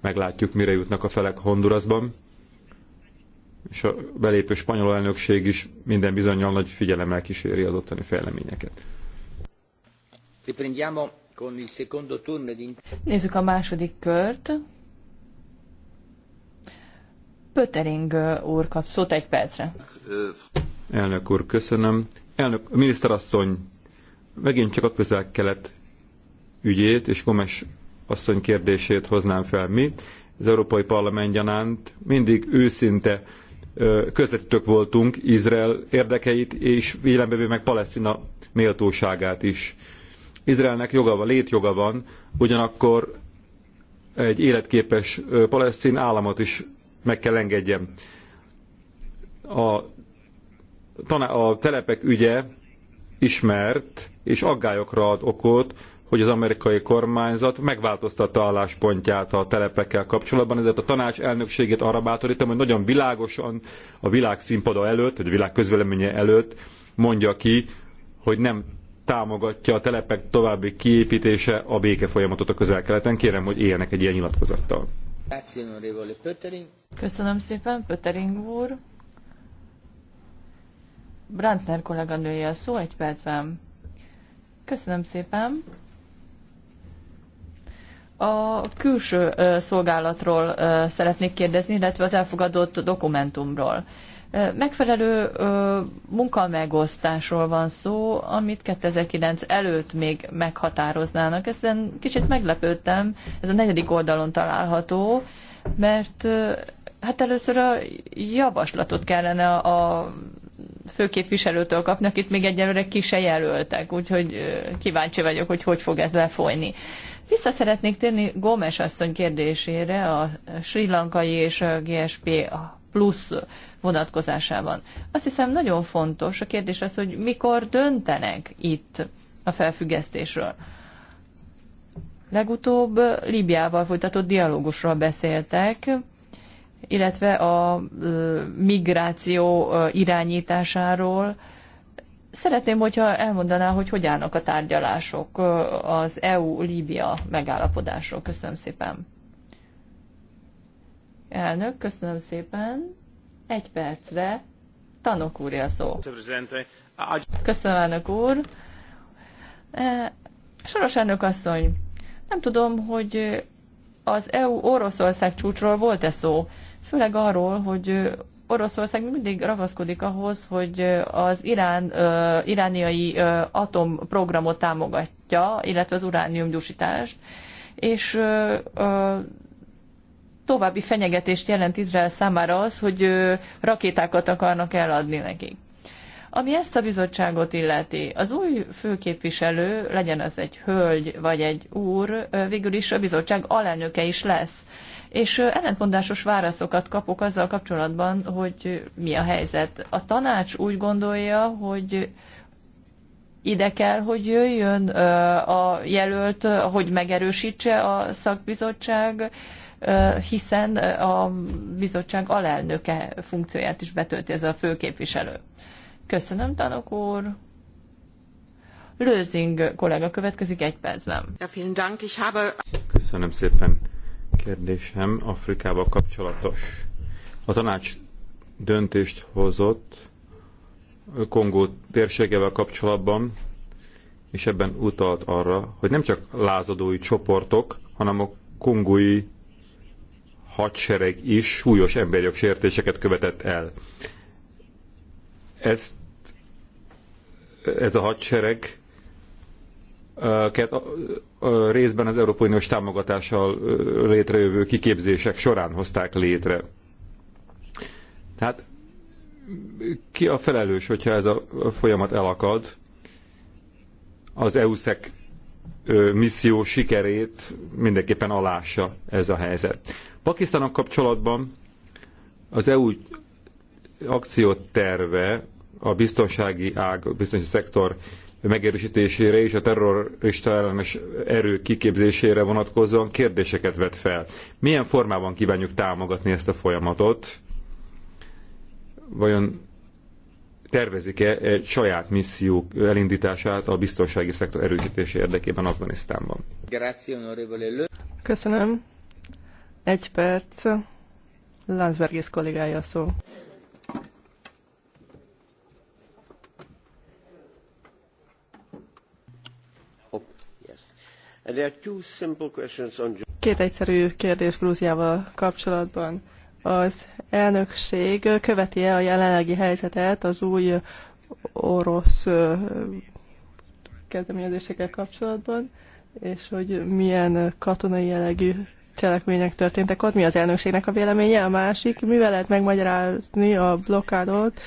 meglátjuk, mire jutnak a felek Hondurasban. És a belépő spanyol elnökség is minden bizonyal nagy figyelemmel kíséri az ottani fejleményeket. Nézzük a második kört. Pötering úr kap szót egy percre. Elnök úr, köszönöm. Elnök, miniszterasszony, megint csak a közel-kelet ügyét és Gomes asszony kérdését hoznám fel mi. Az Európai Parlament gyanánt mindig őszinte közvetítők voltunk Izrael érdekeit, és vélembevé meg Palesztina méltóságát is. Izraelnek joga van, létjoga van, ugyanakkor egy életképes palesztin államot is meg kell engedjem. A a telepek ügye ismert és aggályokra ad okot, hogy az amerikai kormányzat megváltoztatta álláspontját a telepekkel kapcsolatban, ezért a tanács elnökségét arra bátorítom, hogy nagyon világosan a világ színpada előtt, vagy a világ közveleménye előtt mondja ki, hogy nem támogatja a telepek további kiépítése a béke folyamatot a közel-keleten. Kérem, hogy éljenek egy ilyen nyilatkozattal. Köszönöm szépen, Pöttering úr. Brantner kolléganője a szó egy percben. Köszönöm szépen. A külső szolgálatról szeretnék kérdezni, illetve az elfogadott dokumentumról. Megfelelő munkamegosztásról van szó, amit 2009 előtt még meghatároznának. Ezen kicsit meglepődtem, ez a negyedik oldalon található, mert hát először a javaslatot kellene a főképviselőtől kapnak, itt még egyelőre ki se jelöltek, úgyhogy kíváncsi vagyok, hogy hogy fog ez lefolyni. Vissza szeretnék térni Gómez asszony kérdésére a sri lankai és a GSP plusz vonatkozásában. Azt hiszem nagyon fontos a kérdés az, hogy mikor döntenek itt a felfüggesztésről. Legutóbb Líbiával folytatott dialógusról beszéltek, illetve a migráció irányításáról. Szeretném, hogyha elmondaná, hogy hogy állnak a tárgyalások az EU-Líbia megállapodásról. Köszönöm szépen. Elnök, köszönöm szépen. Egy percre. Tanok úrja szó. Köszönöm, elnök úr. E, Soros elnök asszony, nem tudom, hogy az EU-Oroszország csúcsról volt-e szó főleg arról, hogy Oroszország mindig ragaszkodik ahhoz, hogy az irán, irániai atomprogramot támogatja, illetve az urániumgyúsítást, és további fenyegetést jelent Izrael számára az, hogy rakétákat akarnak eladni nekik. Ami ezt a bizottságot illeti, az új főképviselő, legyen az egy hölgy vagy egy úr, végül is a bizottság alelnöke is lesz és ellentmondásos válaszokat kapok azzal kapcsolatban, hogy mi a helyzet. A tanács úgy gondolja, hogy ide kell, hogy jöjjön a jelölt, hogy megerősítse a szakbizottság, hiszen a bizottság alelnöke funkcióját is betölti ez a főképviselő. Köszönöm, tanok úr. Lőzing kollega következik egy percben. Köszönöm szépen. Kérdésem Afrikával kapcsolatos. A tanács döntést hozott Kongó térségevel kapcsolatban, és ebben utalt arra, hogy nem csak lázadói csoportok, hanem a kongói hadsereg is súlyos emberjogsértéseket követett el. Ezt ez a hadsereg részben az Európai Uniós támogatással létrejövő kiképzések során hozták létre. Tehát ki a felelős, hogyha ez a folyamat elakad? Az EUSZEK misszió sikerét mindenképpen alássa ez a helyzet. Pakisztának kapcsolatban az EU akcióterve a biztonsági ág, a biztonsági szektor megerősítésére és a terrorista ellenes erő kiképzésére vonatkozóan kérdéseket vet fel. Milyen formában kívánjuk támogatni ezt a folyamatot? Vajon tervezik-e egy saját misszió elindítását a biztonsági szektor erősítése érdekében Afganisztánban? Köszönöm. Egy perc. Landsbergis kollégája szó. Két egyszerű kérdés Grúziával kapcsolatban. Az elnökség követi-e a jelenlegi helyzetet az új orosz kezdeményezésekkel kapcsolatban, és hogy milyen katonai jellegű cselekmények történtek ott, mi az elnökségnek a véleménye, a másik, mivel lehet megmagyarázni a blokkádot,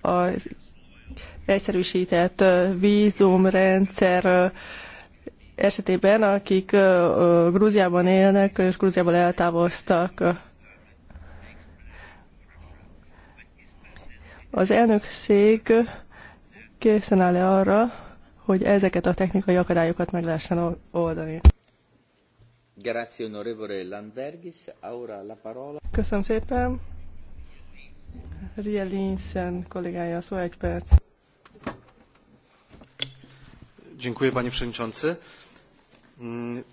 az egyszerűsített vízumrendszer esetében, akik Grúziában élnek és Grúziából eltávoztak. Az elnökség készen áll-e arra, hogy ezeket a technikai akadályokat meg lehessen oldani? Grazie onorevole Landergis. Ora la parola. Köszönöm szépen. Rielinsen kollégája, szó egy perc. Dziękuję panie przewodniczący.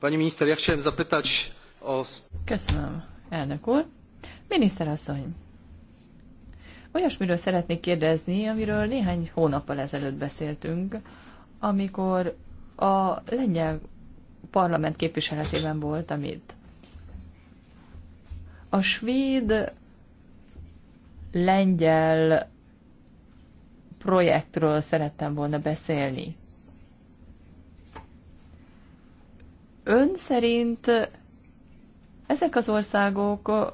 Pani minister, ja chciałem zapytać o... Köszönöm, elnök úr. miniszterasszony, olyasmiről szeretnék kérdezni, amiről néhány hónappal ezelőtt beszéltünk, amikor a lengyel parlament képviseletében voltam itt. A svéd lengyel projektről szerettem volna beszélni. Ön szerint ezek az országok,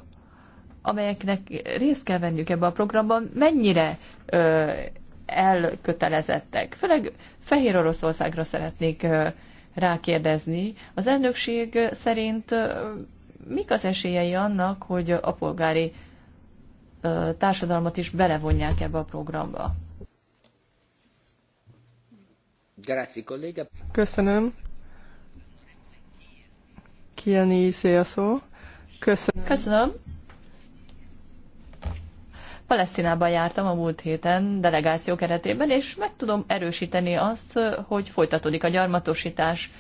amelyeknek részt kell venniük ebbe a programban, mennyire ö, elkötelezettek? Főleg Fehér Oroszországra szeretnék ö, rákérdezni. Az elnökség szerint ö, mik az esélyei annak, hogy a polgári ö, társadalmat is belevonják ebbe a programba? Köszönöm. Kiani a szó. Köszönöm. Köszönöm. Palesztinában jártam a múlt héten delegáció keretében, és meg tudom erősíteni azt, hogy folytatódik a gyarmatosítás.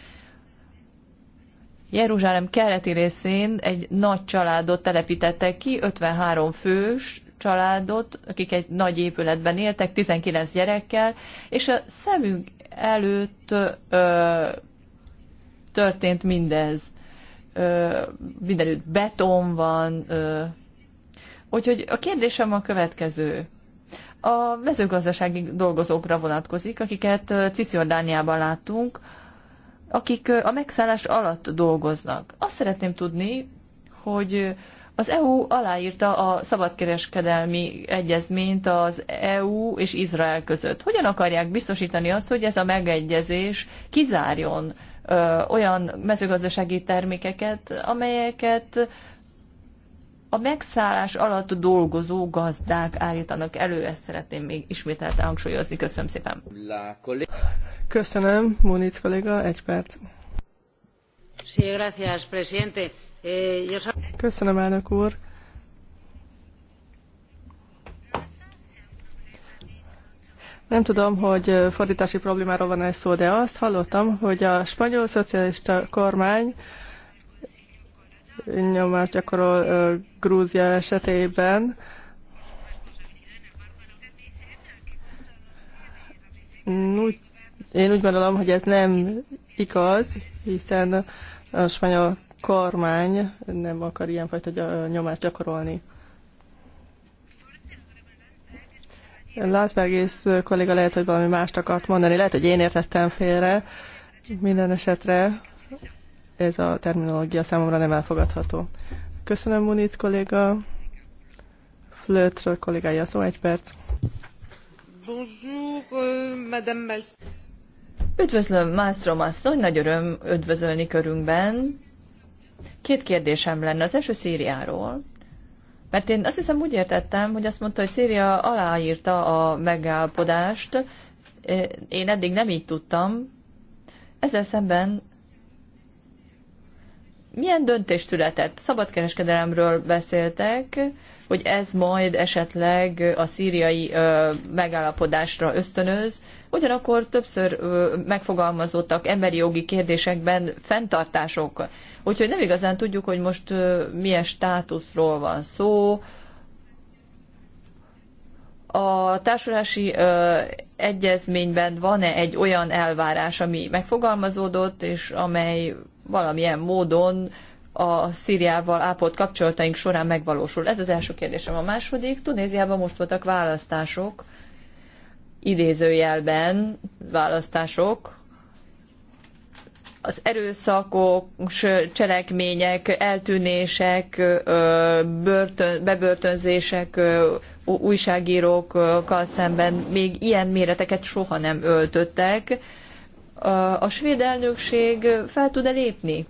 Jeruzsálem keleti részén egy nagy családot telepítettek ki, 53 fős családot, akik egy nagy épületben éltek, 19 gyerekkel, és a szemünk előtt ö, történt mindez mindenütt beton van. Úgyhogy a kérdésem a következő. A mezőgazdasági dolgozókra vonatkozik, akiket Cisziordániában láttunk, akik a megszállás alatt dolgoznak. Azt szeretném tudni, hogy az EU aláírta a szabadkereskedelmi egyezményt az EU és Izrael között. Hogyan akarják biztosítani azt, hogy ez a megegyezés kizárjon olyan mezőgazdasági termékeket, amelyeket a megszállás alatt dolgozó gazdák állítanak elő, ezt szeretném még ismételten hangsúlyozni. Köszönöm szépen. Köszönöm, monit, kolléga, egy perc. Eh, Köszönöm, elnök úr. Nem tudom, hogy fordítási problémáról van ez szó, de azt hallottam, hogy a spanyol szocialista kormány nyomást gyakorol Grúzia esetében, én úgy gondolom, hogy ez nem igaz, hiszen a spanyol kormány nem akar ilyenfajta nyomást gyakorolni. Lászbergész kolléga lehet, hogy valami mást akart mondani, lehet, hogy én értettem félre. Minden esetre ez a terminológia számomra nem elfogadható. Köszönöm, Muniz kolléga. Flötről kollégája szó, egy perc. Bonjour, euh, Madame Üdvözlöm, Mászrom asszony, nagy öröm üdvözölni körünkben. Két kérdésem lenne. Az első Szíriáról. Mert én azt hiszem úgy értettem, hogy azt mondta, hogy Szíria aláírta a megállapodást. Én eddig nem így tudtam. Ezzel szemben milyen döntés született? Szabadkereskedelemről beszéltek, hogy ez majd esetleg a szíriai ö, megállapodásra ösztönöz, Ugyanakkor többször megfogalmazottak emberi jogi kérdésekben fenntartások, úgyhogy nem igazán tudjuk, hogy most milyen státuszról van szó. A társulási egyezményben van-e egy olyan elvárás, ami megfogalmazódott, és amely valamilyen módon a Szíriával ápolt kapcsolataink során megvalósul? Ez az első kérdésem. A második, Tunéziában most voltak választások, idézőjelben választások, az erőszakok, cselekmények, eltűnések, börtön, bebörtönzések, újságírókkal szemben még ilyen méreteket soha nem öltöttek. A svéd elnökség fel tud-e lépni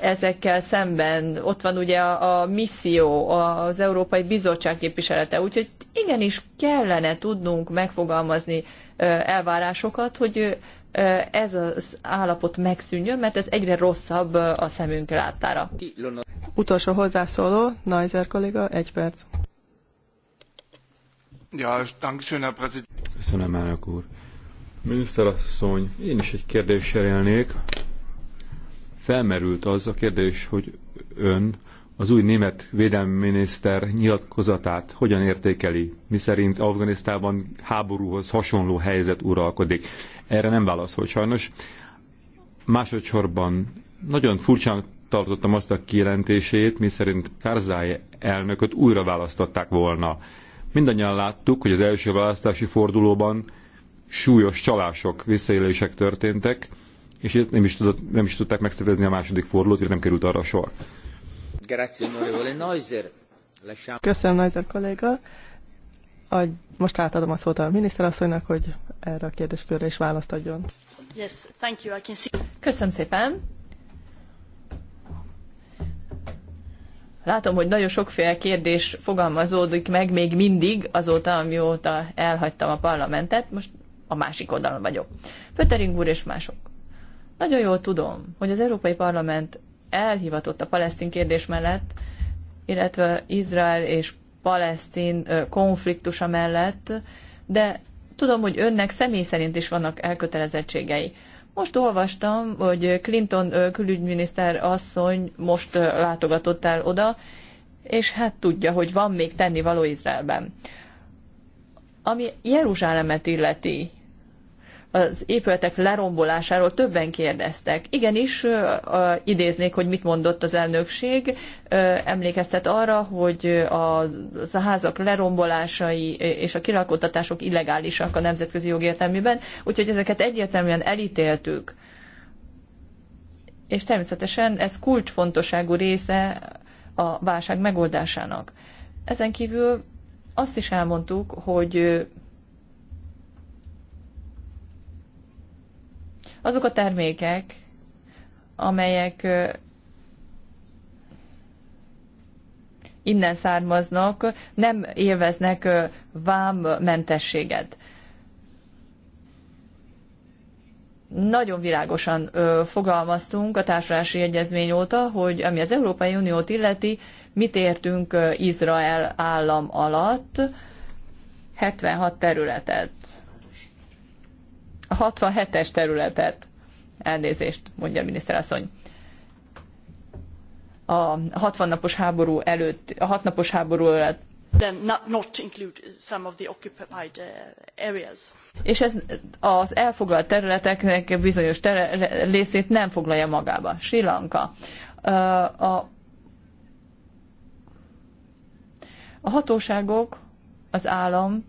ezekkel szemben. Ott van ugye a, a misszió, az Európai Bizottság képviselete, úgyhogy igenis kellene tudnunk megfogalmazni elvárásokat, hogy ez az állapot megszűnjön, mert ez egyre rosszabb a szemünk láttára. Utolsó hozzászóló, Najzer kolléga, egy perc. Ja, dankeschön, Herr Präsident. Köszönöm, elnök úr. Miniszterasszony, én is egy kérdéssel élnék felmerült az a kérdés, hogy ön az új német védelmi miniszter nyilatkozatát hogyan értékeli, miszerint Afganisztában háborúhoz hasonló helyzet uralkodik. Erre nem válaszol sajnos. Másodszorban nagyon furcsán tartottam azt a kijelentését, miszerint Karzály elnököt újra választották volna. Mindannyian láttuk, hogy az első választási fordulóban súlyos csalások, visszaélések történtek, és ezt nem is, tudott, nem is tudták megszervezni a második fordulót, és nem került arra a sor. Köszönöm, Neuser kolléga. A, most átadom a szót a miniszterasszonynak, hogy erre a kérdéskörre is választ adjon. Yes, thank you. I can see... Köszönöm szépen. Látom, hogy nagyon sokféle kérdés fogalmazódik meg még mindig, azóta, amióta elhagytam a parlamentet. Most a másik oldalon vagyok. Pöttering úr és mások. Nagyon jól tudom, hogy az Európai Parlament elhivatott a palesztin kérdés mellett, illetve Izrael és palesztin konfliktusa mellett, de tudom, hogy önnek személy szerint is vannak elkötelezettségei. Most olvastam, hogy Clinton külügyminiszter asszony most látogatott el oda, és hát tudja, hogy van még tenni való Izraelben. Ami Jeruzsálemet illeti, az épületek lerombolásáról többen kérdeztek. Igenis, idéznék, hogy mit mondott az elnökség, emlékeztet arra, hogy az a házak lerombolásai és a kirakódtatások illegálisak a nemzetközi jogértelműben, úgyhogy ezeket egyértelműen elítéltük. És természetesen ez kulcsfontosságú része a válság megoldásának. Ezen kívül azt is elmondtuk, hogy Azok a termékek, amelyek innen származnak, nem élveznek vámmentességet. Nagyon virágosan fogalmaztunk a társadalási egyezmény óta, hogy ami az Európai Uniót illeti, mit értünk Izrael állam alatt, 76 területet a 67-es területet. Elnézést, mondja a miniszterasszony. A 60 napos háború előtt, a 6 napos háború előtt Then not, not include some of the occupied uh, areas. És ez az elfoglalt területeknek bizonyos ter- részét nem foglalja magába. Sri Lanka. A, a hatóságok, az állam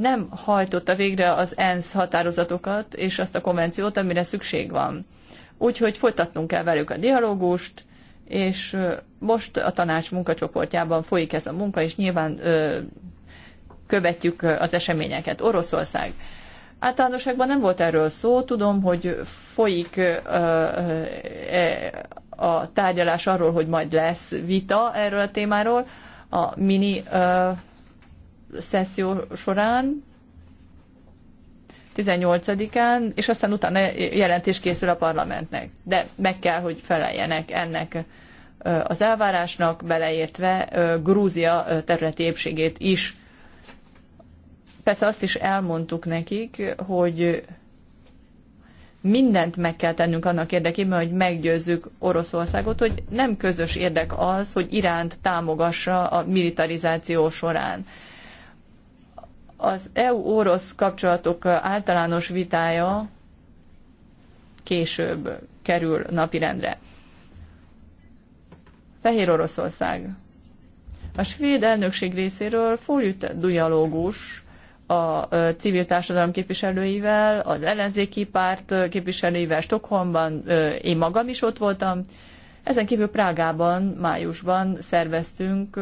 nem hajtotta végre az ENSZ határozatokat és azt a konvenciót, amire szükség van. Úgyhogy folytatnunk kell velük a dialógust, és most a tanács munkacsoportjában folyik ez a munka, és nyilván ö, követjük az eseményeket. Oroszország. Általánosságban nem volt erről szó, tudom, hogy folyik ö, ö, e, a tárgyalás arról, hogy majd lesz vita erről a témáról, a mini ö, szesszió során, 18-án, és aztán utána jelentés készül a parlamentnek. De meg kell, hogy feleljenek ennek az elvárásnak, beleértve Grúzia területi épségét is. Persze azt is elmondtuk nekik, hogy mindent meg kell tennünk annak érdekében, hogy meggyőzzük Oroszországot, hogy nem közös érdek az, hogy Iránt támogassa a militarizáció során. Az EU-orosz kapcsolatok általános vitája később kerül napirendre. Fehér Oroszország. A svéd elnökség részéről folyt dialógus a civil társadalom képviselőivel, az ellenzéki párt képviselőivel Stockholmban, én magam is ott voltam. Ezen kívül Prágában, májusban szerveztünk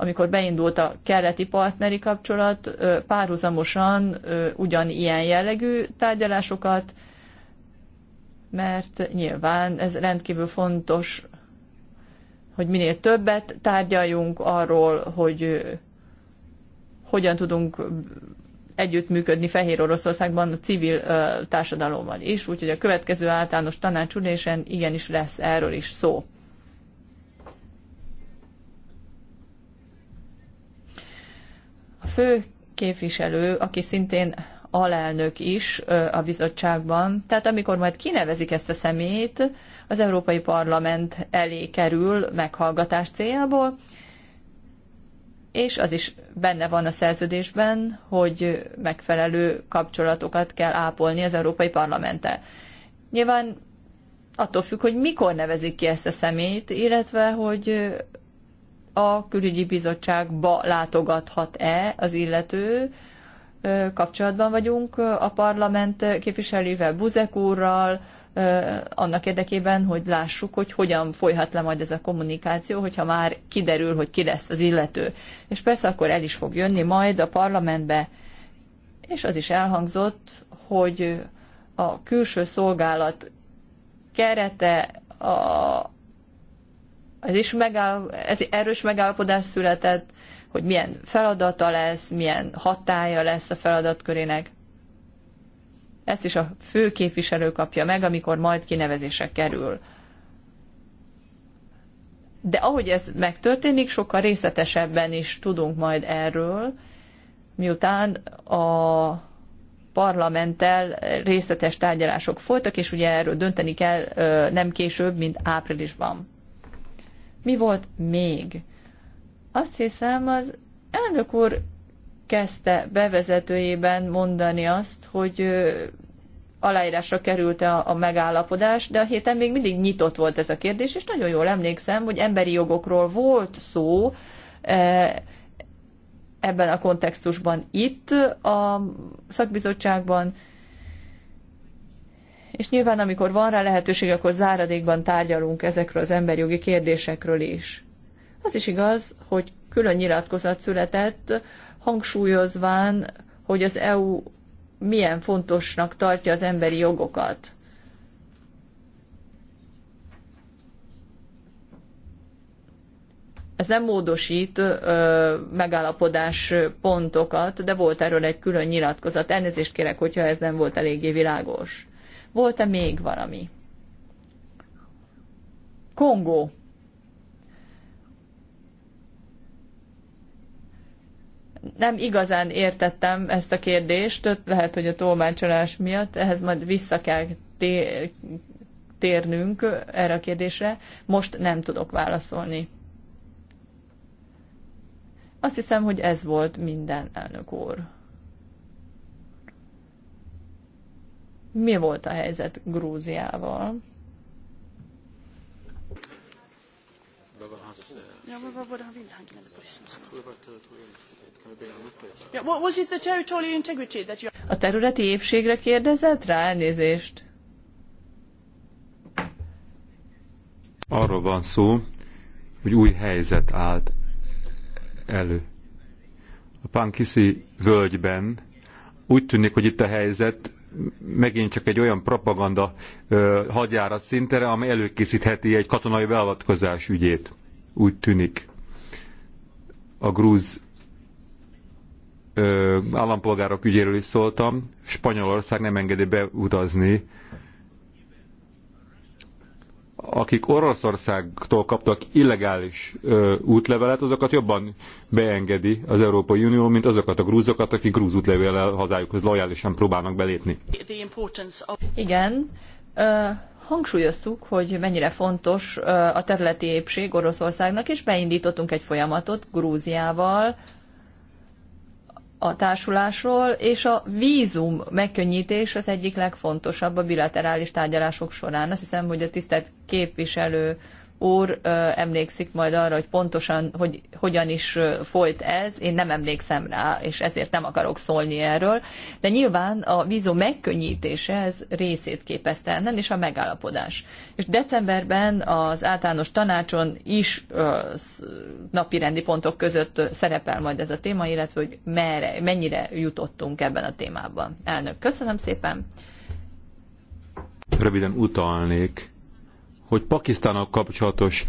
amikor beindult a keleti partneri kapcsolat, párhuzamosan ugyanilyen jellegű tárgyalásokat, mert nyilván ez rendkívül fontos, hogy minél többet tárgyaljunk arról, hogy hogyan tudunk együttműködni Fehér Oroszországban a civil társadalommal is, úgyhogy a következő általános tanácsülésen igenis lesz erről is szó. fő képviselő, aki szintén alelnök is a bizottságban, tehát amikor majd kinevezik ezt a személyt, az Európai Parlament elé kerül meghallgatás céljából, és az is benne van a szerződésben, hogy megfelelő kapcsolatokat kell ápolni az Európai Parlamenttel. Nyilván attól függ, hogy mikor nevezik ki ezt a szemét, illetve hogy a külügyi bizottságba látogathat-e az illető, kapcsolatban vagyunk a parlament képviselővel, Buzek úrral, annak érdekében, hogy lássuk, hogy hogyan folyhat le majd ez a kommunikáció, hogyha már kiderül, hogy ki lesz az illető. És persze akkor el is fog jönni majd a parlamentbe, és az is elhangzott, hogy a külső szolgálat kerete a ez is megáll, ez erős megállapodás született, hogy milyen feladata lesz, milyen hatája lesz a feladatkörének. Ezt is a fő képviselő kapja meg, amikor majd kinevezése kerül. De ahogy ez megtörténik, sokkal részletesebben is tudunk majd erről, miután a parlamenttel részletes tárgyalások folytak, és ugye erről dönteni kell nem később, mint áprilisban. Mi volt még? Azt hiszem, az elnök úr kezdte bevezetőjében mondani azt, hogy aláírásra került a, megállapodás, de a héten még mindig nyitott volt ez a kérdés, és nagyon jól emlékszem, hogy emberi jogokról volt szó e, ebben a kontextusban itt a szakbizottságban, és nyilván amikor van rá lehetőség, akkor záradékban tárgyalunk ezekről az emberjogi kérdésekről is. Az is igaz, hogy külön nyilatkozat született, hangsúlyozván, hogy az EU milyen fontosnak tartja az emberi jogokat. Ez nem módosít ö, megállapodás pontokat, de volt erről egy külön nyilatkozat. Elnézést kérek, hogyha ez nem volt eléggé világos. Volt-e még valami? Kongó. Nem igazán értettem ezt a kérdést, lehet, hogy a tolmácsolás miatt, ehhez majd vissza kell térnünk erre a kérdésre. Most nem tudok válaszolni. Azt hiszem, hogy ez volt minden, elnök úr. mi volt a helyzet Grúziával. A területi épségre kérdezett rá elnézést? Arról van szó, hogy új helyzet állt elő. A Pankiszi völgyben úgy tűnik, hogy itt a helyzet megint csak egy olyan propaganda hadjárat szintere, ami előkészítheti egy katonai beavatkozás ügyét. Úgy tűnik. A grúz állampolgárok ügyéről is szóltam. Spanyolország nem engedi beutazni akik Oroszországtól kaptak illegális ö, útlevelet, azokat jobban beengedi az Európai Unió, mint azokat a grúzokat, akik grúz útlevéllel hazájukhoz lojálisan próbálnak belépni. Igen, ö, hangsúlyoztuk, hogy mennyire fontos ö, a területi épség Oroszországnak, és beindítottunk egy folyamatot Grúziával, a társulásról, és a vízum megkönnyítés az egyik legfontosabb a bilaterális tárgyalások során. Azt hiszem, hogy a tisztelt képviselő úr emlékszik majd arra, hogy pontosan hogy, hogyan is folyt ez, én nem emlékszem rá, és ezért nem akarok szólni erről, de nyilván a vízum megkönnyítése ez részét képezte ennek, és a megállapodás. És decemberben az általános tanácson is napirendi pontok között szerepel majd ez a téma, illetve hogy merre, mennyire jutottunk ebben a témában. Elnök, köszönöm szépen! Röviden utalnék hogy Pakisztánnal kapcsolatos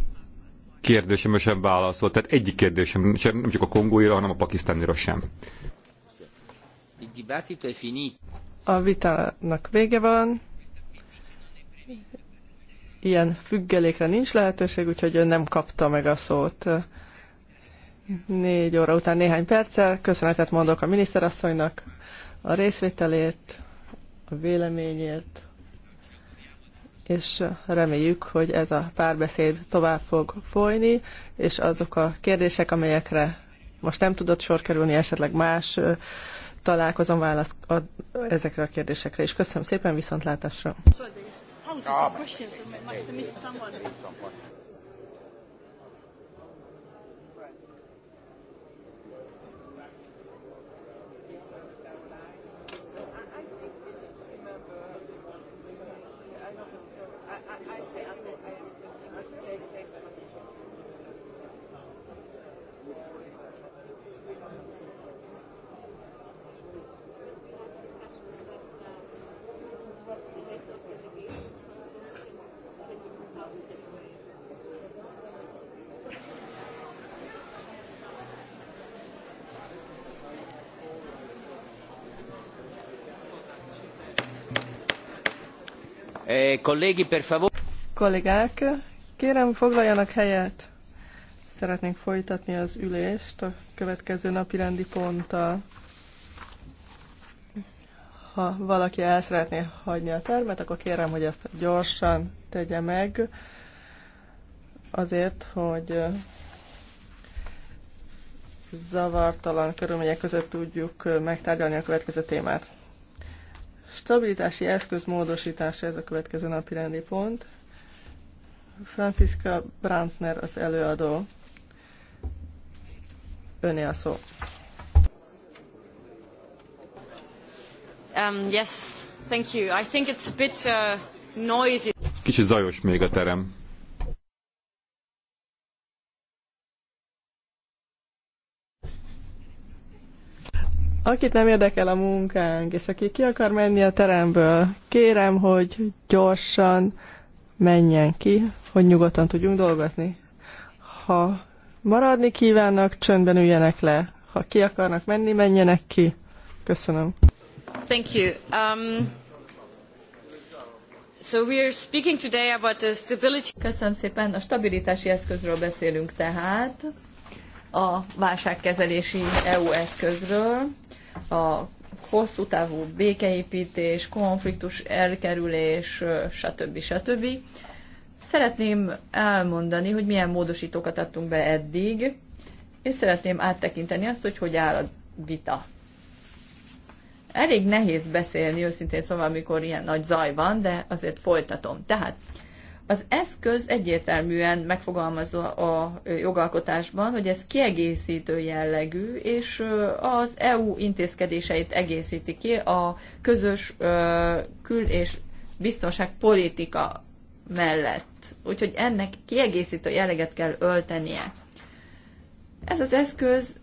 kérdésemre sem válaszolt. Tehát egyik kérdésem sem, nem csak a kongóira, hanem a pakisztánira sem. A vitának vége van. Ilyen függelékre nincs lehetőség, úgyhogy ő nem kapta meg a szót. Négy óra után néhány perccel. Köszönetet mondok a miniszterasszonynak a részvételért, a véleményért és reméljük, hogy ez a párbeszéd tovább fog folyni, és azok a kérdések, amelyekre most nem tudott sor kerülni, esetleg más találkozom választ ad ezekre a kérdésekre is. Köszönöm szépen, viszontlátásra! Kollégák, kérem foglaljanak helyet. Szeretnénk folytatni az ülést a következő napi rendi ponttal. Ha valaki el szeretné hagyni a termet, akkor kérem, hogy ezt gyorsan tegye meg, azért, hogy zavartalan körülmények között tudjuk megtárgyalni a következő témát. Stabilitási eszköz módosítása ez a következő napi rendi pont. Franciska Brandner az előadó. Öné a szó. Um, yes, thank you. I think it's a bit uh, noisy. Kicsit zajos még a terem. Akit nem érdekel a munkánk, és aki ki akar menni a teremből, kérem, hogy gyorsan menjen ki, hogy nyugodtan tudjunk dolgozni. Ha maradni kívánnak, csöndben üljenek le. Ha ki akarnak menni, menjenek ki. Köszönöm. Thank you. Um... So we are speaking today about the stability. Köszönöm szépen. A stabilitási eszközről beszélünk tehát, a válságkezelési EU eszközről a hosszú távú békeépítés, konfliktus elkerülés, stb. stb. Szeretném elmondani, hogy milyen módosítókat adtunk be eddig, és szeretném áttekinteni azt, hogy hogy áll a vita. Elég nehéz beszélni, őszintén szóval, amikor ilyen nagy zaj van, de azért folytatom. Tehát az eszköz egyértelműen megfogalmazva a jogalkotásban, hogy ez kiegészítő jellegű, és az EU intézkedéseit egészíti ki a közös kül- és biztonságpolitika mellett. Úgyhogy ennek kiegészítő jelleget kell öltenie. Ez az eszköz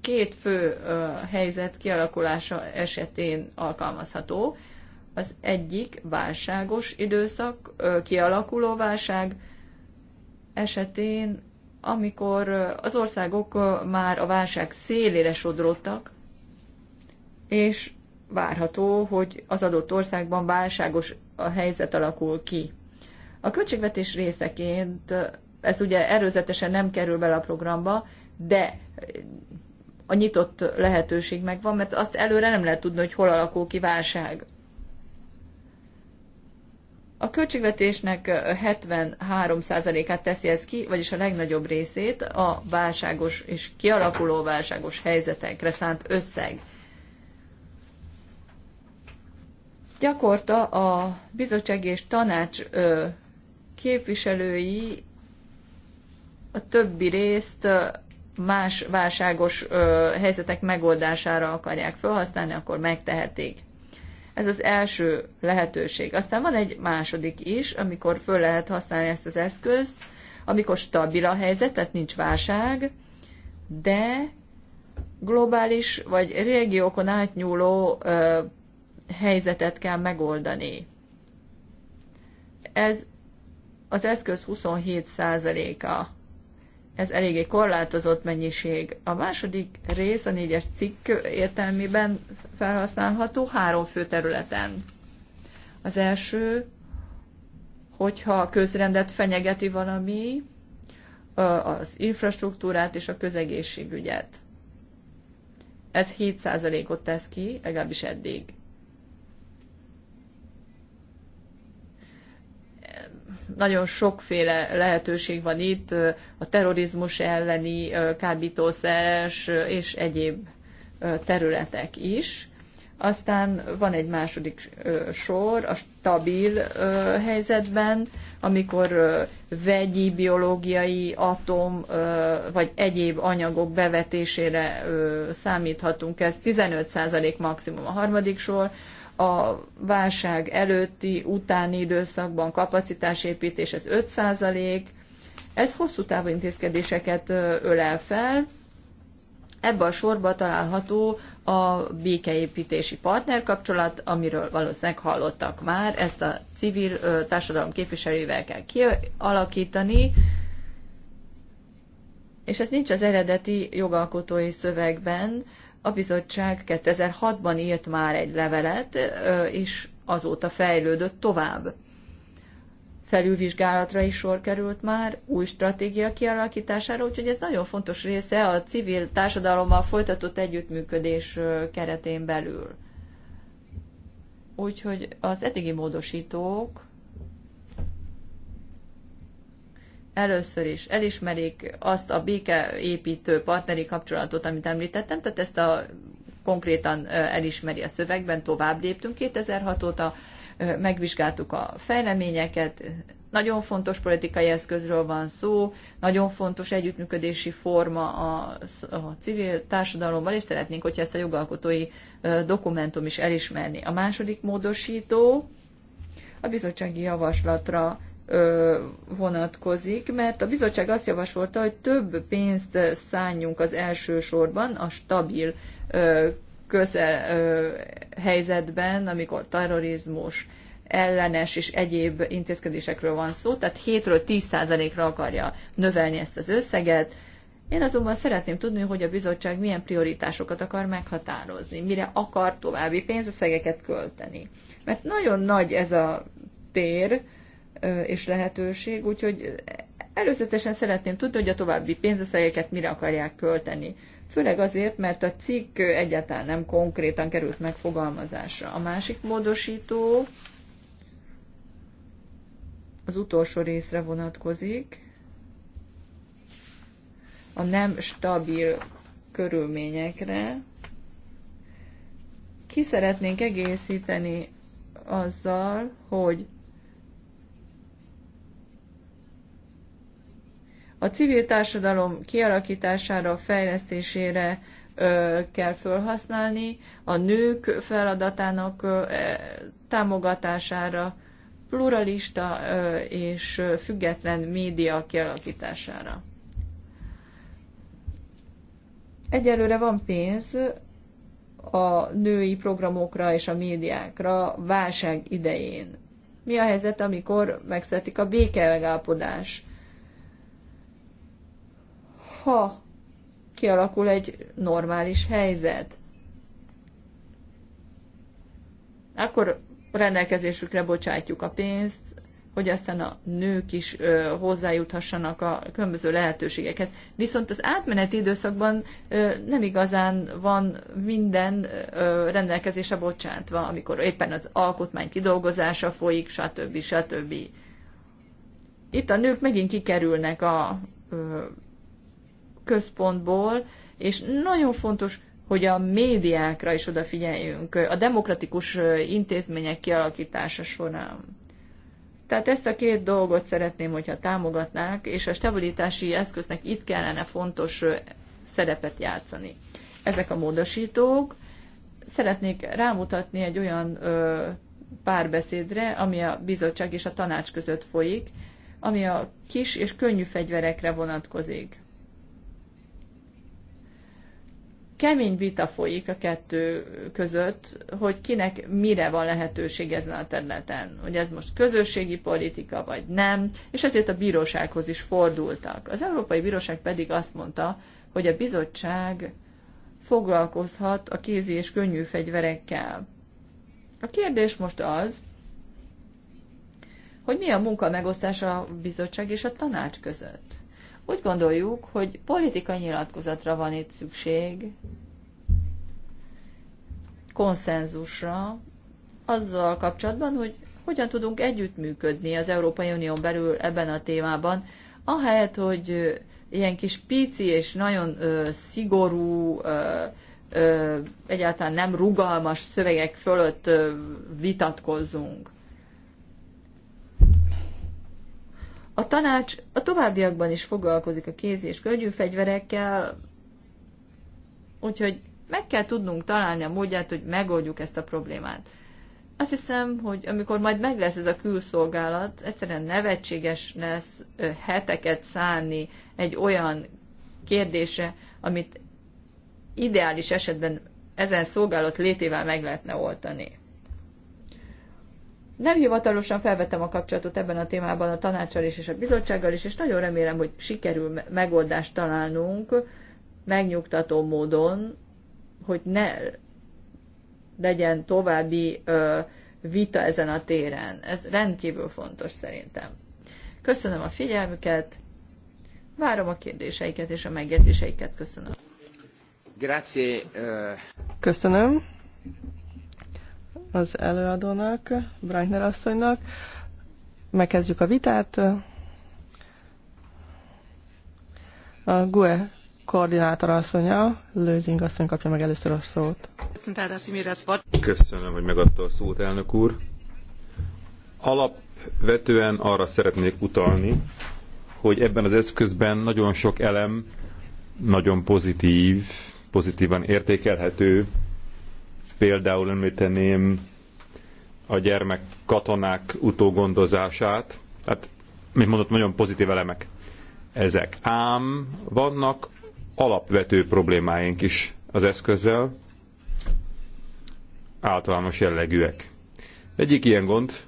két fő helyzet kialakulása esetén alkalmazható az egyik válságos időszak, kialakuló válság esetén, amikor az országok már a válság szélére sodródtak, és várható, hogy az adott országban válságos a helyzet alakul ki. A költségvetés részeként ez ugye erőzetesen nem kerül bele a programba, de a nyitott lehetőség megvan, mert azt előre nem lehet tudni, hogy hol alakul ki válság. A költségvetésnek 73%-át teszi ez ki, vagyis a legnagyobb részét a válságos és kialakuló válságos helyzetekre szánt összeg. Gyakorta a bizottság és tanács képviselői a többi részt más válságos helyzetek megoldására akarják felhasználni, akkor megtehetik. Ez az első lehetőség. Aztán van egy második is, amikor föl lehet használni ezt az eszközt, amikor stabil a helyzet, tehát nincs válság, de globális vagy régiókon átnyúló ö, helyzetet kell megoldani. Ez az eszköz 27%-a ez eléggé korlátozott mennyiség. A második rész, a négyes cikk értelmében felhasználható három fő területen. Az első, hogyha a közrendet fenyegeti valami, az infrastruktúrát és a közegészségügyet. Ez 7%-ot tesz ki, legalábbis eddig. nagyon sokféle lehetőség van itt, a terrorizmus elleni kábítószeres és egyéb területek is. Aztán van egy második sor a stabil helyzetben, amikor vegyi, biológiai, atom vagy egyéb anyagok bevetésére számíthatunk. Ez 15% maximum a harmadik sor, a válság előtti, utáni időszakban kapacitásépítés ez 5 százalék. Ez hosszú távú intézkedéseket ölel fel. Ebbe a sorba található a békeépítési partnerkapcsolat, amiről valószínűleg hallottak már. Ezt a civil társadalom képviselőivel kell kialakítani, és ez nincs az eredeti jogalkotói szövegben, a bizottság 2006-ban írt már egy levelet, és azóta fejlődött tovább. Felülvizsgálatra is sor került már, új stratégia kialakítására, úgyhogy ez nagyon fontos része a civil társadalommal folytatott együttműködés keretén belül. Úgyhogy az eddigi módosítók először is elismerik azt a békeépítő partneri kapcsolatot, amit említettem, tehát ezt a konkrétan elismeri a szövegben, tovább léptünk 2006 óta, megvizsgáltuk a fejleményeket, nagyon fontos politikai eszközről van szó, nagyon fontos együttműködési forma a, a civil társadalommal, és szeretnénk, hogyha ezt a jogalkotói dokumentum is elismerni. A második módosító a bizottsági javaslatra vonatkozik, mert a bizottság azt javasolta, hogy több pénzt szálljunk az elsősorban a stabil közel helyzetben, amikor terrorizmus ellenes és egyéb intézkedésekről van szó, tehát 7-ről 10%-ra akarja növelni ezt az összeget. Én azonban szeretném tudni, hogy a bizottság milyen prioritásokat akar meghatározni, mire akar további pénzösszegeket költeni. Mert nagyon nagy ez a tér, és lehetőség, úgyhogy előzetesen szeretném tudni, hogy a további pénzösszegeket mire akarják költeni. Főleg azért, mert a cikk egyáltalán nem konkrétan került megfogalmazásra. A másik módosító az utolsó részre vonatkozik. A nem stabil körülményekre. Ki szeretnénk egészíteni azzal, hogy A civil társadalom kialakítására, fejlesztésére kell felhasználni, a nők feladatának e, támogatására, pluralista és független média kialakítására. Egyelőre van pénz a női programokra és a médiákra válság idején. Mi a helyzet, amikor megszületik a békemegállapodás? ha kialakul egy normális helyzet. Akkor rendelkezésükre bocsátjuk a pénzt, hogy aztán a nők is ö, hozzájuthassanak a különböző lehetőségekhez. Viszont az átmeneti időszakban ö, nem igazán van minden ö, rendelkezése bocsátva, amikor éppen az alkotmány kidolgozása folyik, stb. stb. Itt a nők megint kikerülnek a ö, központból, és nagyon fontos, hogy a médiákra is odafigyeljünk a demokratikus intézmények kialakítása során. Tehát ezt a két dolgot szeretném, hogyha támogatnák, és a stabilitási eszköznek itt kellene fontos szerepet játszani. Ezek a módosítók. Szeretnék rámutatni egy olyan ö, párbeszédre, ami a bizottság és a tanács között folyik, ami a kis és könnyű fegyverekre vonatkozik. kemény vita folyik a kettő között, hogy kinek mire van lehetőség ezen a területen, hogy ez most közösségi politika, vagy nem, és ezért a bírósághoz is fordultak. Az Európai Bíróság pedig azt mondta, hogy a bizottság foglalkozhat a kézi és könnyű fegyverekkel. A kérdés most az, hogy mi a munka megosztása a bizottság és a tanács között. Úgy gondoljuk, hogy politikai nyilatkozatra van itt szükség, konszenzusra, azzal kapcsolatban, hogy hogyan tudunk együttműködni az Európai Unión belül ebben a témában, ahelyett, hogy ilyen kis pici és nagyon ö, szigorú, ö, ö, egyáltalán nem rugalmas szövegek fölött ö, vitatkozzunk. A tanács a továbbiakban is foglalkozik a kézi és fegyverekkel, úgyhogy meg kell tudnunk találni a módját, hogy megoldjuk ezt a problémát. Azt hiszem, hogy amikor majd meg lesz ez a külszolgálat, egyszerűen nevetséges lesz heteket szánni egy olyan kérdése, amit ideális esetben ezen szolgálat létével meg lehetne oltani. Nem hivatalosan felvettem a kapcsolatot ebben a témában a tanácsal is és a bizottsággal is, és nagyon remélem, hogy sikerül megoldást találnunk megnyugtató módon, hogy ne legyen további ö, vita ezen a téren. Ez rendkívül fontos szerintem. Köszönöm a figyelmüket, várom a kérdéseiket és a megjegyzéseiket. Köszönöm. Grazie. Köszönöm az előadónak, Brankner asszonynak. Megkezdjük a vitát. A GUE koordinátor asszonya, Lőzing asszony kapja meg először a szót. Köszönöm, hogy megadta a szót, elnök úr. Alapvetően arra szeretnék utalni, hogy ebben az eszközben nagyon sok elem nagyon pozitív, pozitívan értékelhető, Például említeném a gyermek katonák utógondozását. Hát, mint mondott, nagyon pozitív elemek ezek. Ám vannak alapvető problémáink is az eszközzel, általános jellegűek. Egyik ilyen gond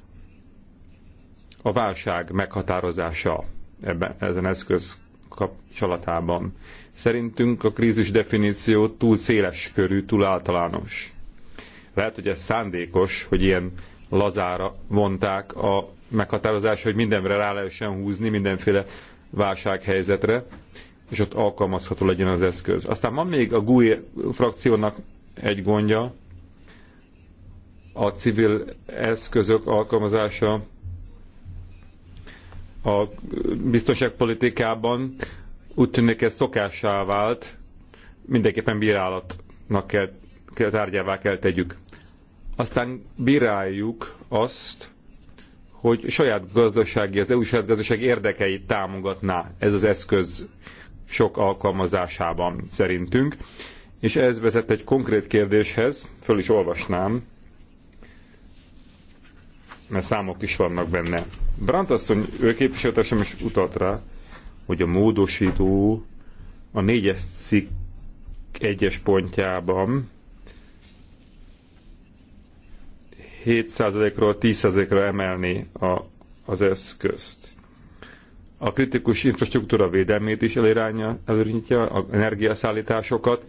a válság meghatározása ebben, ezen eszköz kapcsolatában. Szerintünk a krízis definíció túl széles körű, túl általános. Lehet, hogy ez szándékos, hogy ilyen lazára mondták a meghatározás, hogy mindenre rá lehessen húzni, mindenféle válsághelyzetre, és ott alkalmazható legyen az eszköz. Aztán van még a GUI frakciónak egy gondja, a civil eszközök alkalmazása a biztonságpolitikában úgy tűnik ez szokássá vált, mindenképpen bírálatnak kell, kell tárgyává kell tegyük aztán bíráljuk azt, hogy saját gazdasági, az EU saját gazdaság érdekeit támogatná ez az eszköz sok alkalmazásában szerintünk. És ez vezet egy konkrét kérdéshez, föl is olvasnám, mert számok is vannak benne. Brandt asszony, ő képviselőtársam is utalt rá, hogy a módosító a négyes cikk egyes pontjában 7%-ról 10%-ra emelni a, az eszközt. A kritikus infrastruktúra védelmét is elirányja, elirányítja, az energiaszállításokat,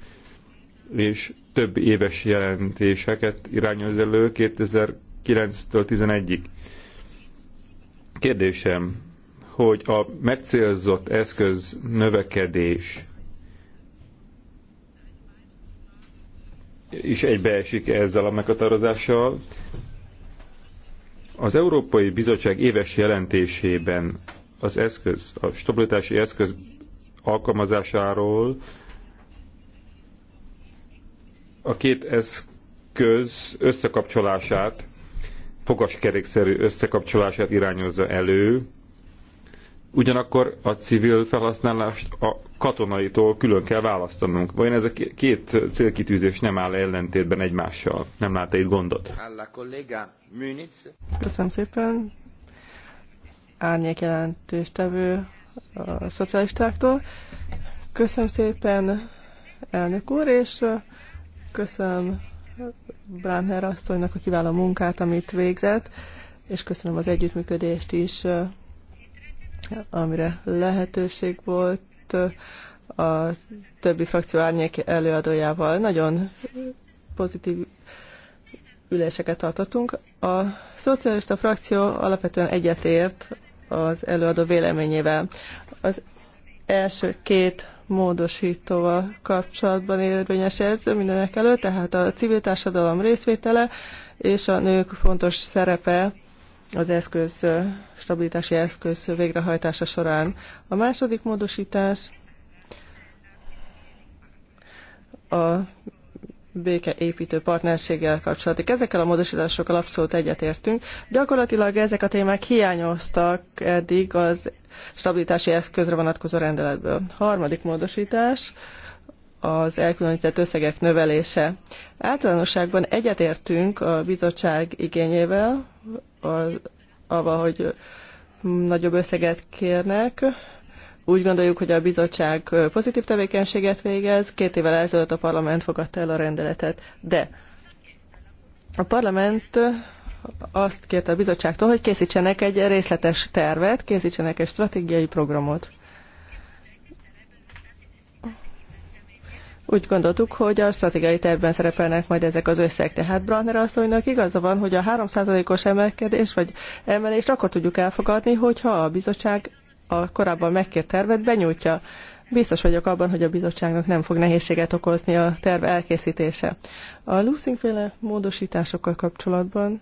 és több éves jelentéseket irányoz elő 2009-től 11-ig. Kérdésem, hogy a megcélzott eszköz növekedés is egybeesik ezzel a meghatározással, az Európai Bizottság éves jelentésében az eszköz, a stabilitási eszköz alkalmazásáról a két eszköz összekapcsolását, fogaskerékszerű összekapcsolását irányozza elő, ugyanakkor a civil felhasználást a katonaitól külön kell választanunk. Vajon ez a két célkitűzés nem áll ellentétben egymással? Nem lát itt gondot? Köszönöm szépen. Árnyék jelentéstevő a szocialistáktól. Köszönöm szépen, elnök úr, és köszönöm Bránher asszonynak a kiváló munkát, amit végzett, és köszönöm az együttműködést is, amire lehetőség volt együtt a többi frakció árnyék előadójával. Nagyon pozitív üléseket tartottunk. A szocialista frakció alapvetően egyetért az előadó véleményével. Az első két módosítóval kapcsolatban érvényes ez mindenek előtt, tehát a civil társadalom részvétele és a nők fontos szerepe az eszköz, stabilitási eszköz végrehajtása során. A második módosítás a békeépítő partnerséggel kapcsolatik. Ezekkel a módosításokkal abszolút egyetértünk. Gyakorlatilag ezek a témák hiányoztak eddig az stabilitási eszközre vonatkozó rendeletből. Harmadik módosítás az elkülönített összegek növelése. Általánosságban egyetértünk a bizottság igényével, avval, hogy nagyobb összeget kérnek. Úgy gondoljuk, hogy a bizottság pozitív tevékenységet végez. Két évvel ezelőtt a parlament fogadta el a rendeletet, de a parlament azt kérte a bizottságtól, hogy készítsenek egy részletes tervet, készítsenek egy stratégiai programot. Úgy gondoltuk, hogy a stratégiai tervben szerepelnek majd ezek az összeg. Tehát Branner asszonynak igaza van, hogy a 3%-os emelkedés vagy emelést akkor tudjuk elfogadni, hogyha a bizottság a korábban megkért tervet benyújtja. Biztos vagyok abban, hogy a bizottságnak nem fog nehézséget okozni a terv elkészítése. A Lusingféle módosításokkal kapcsolatban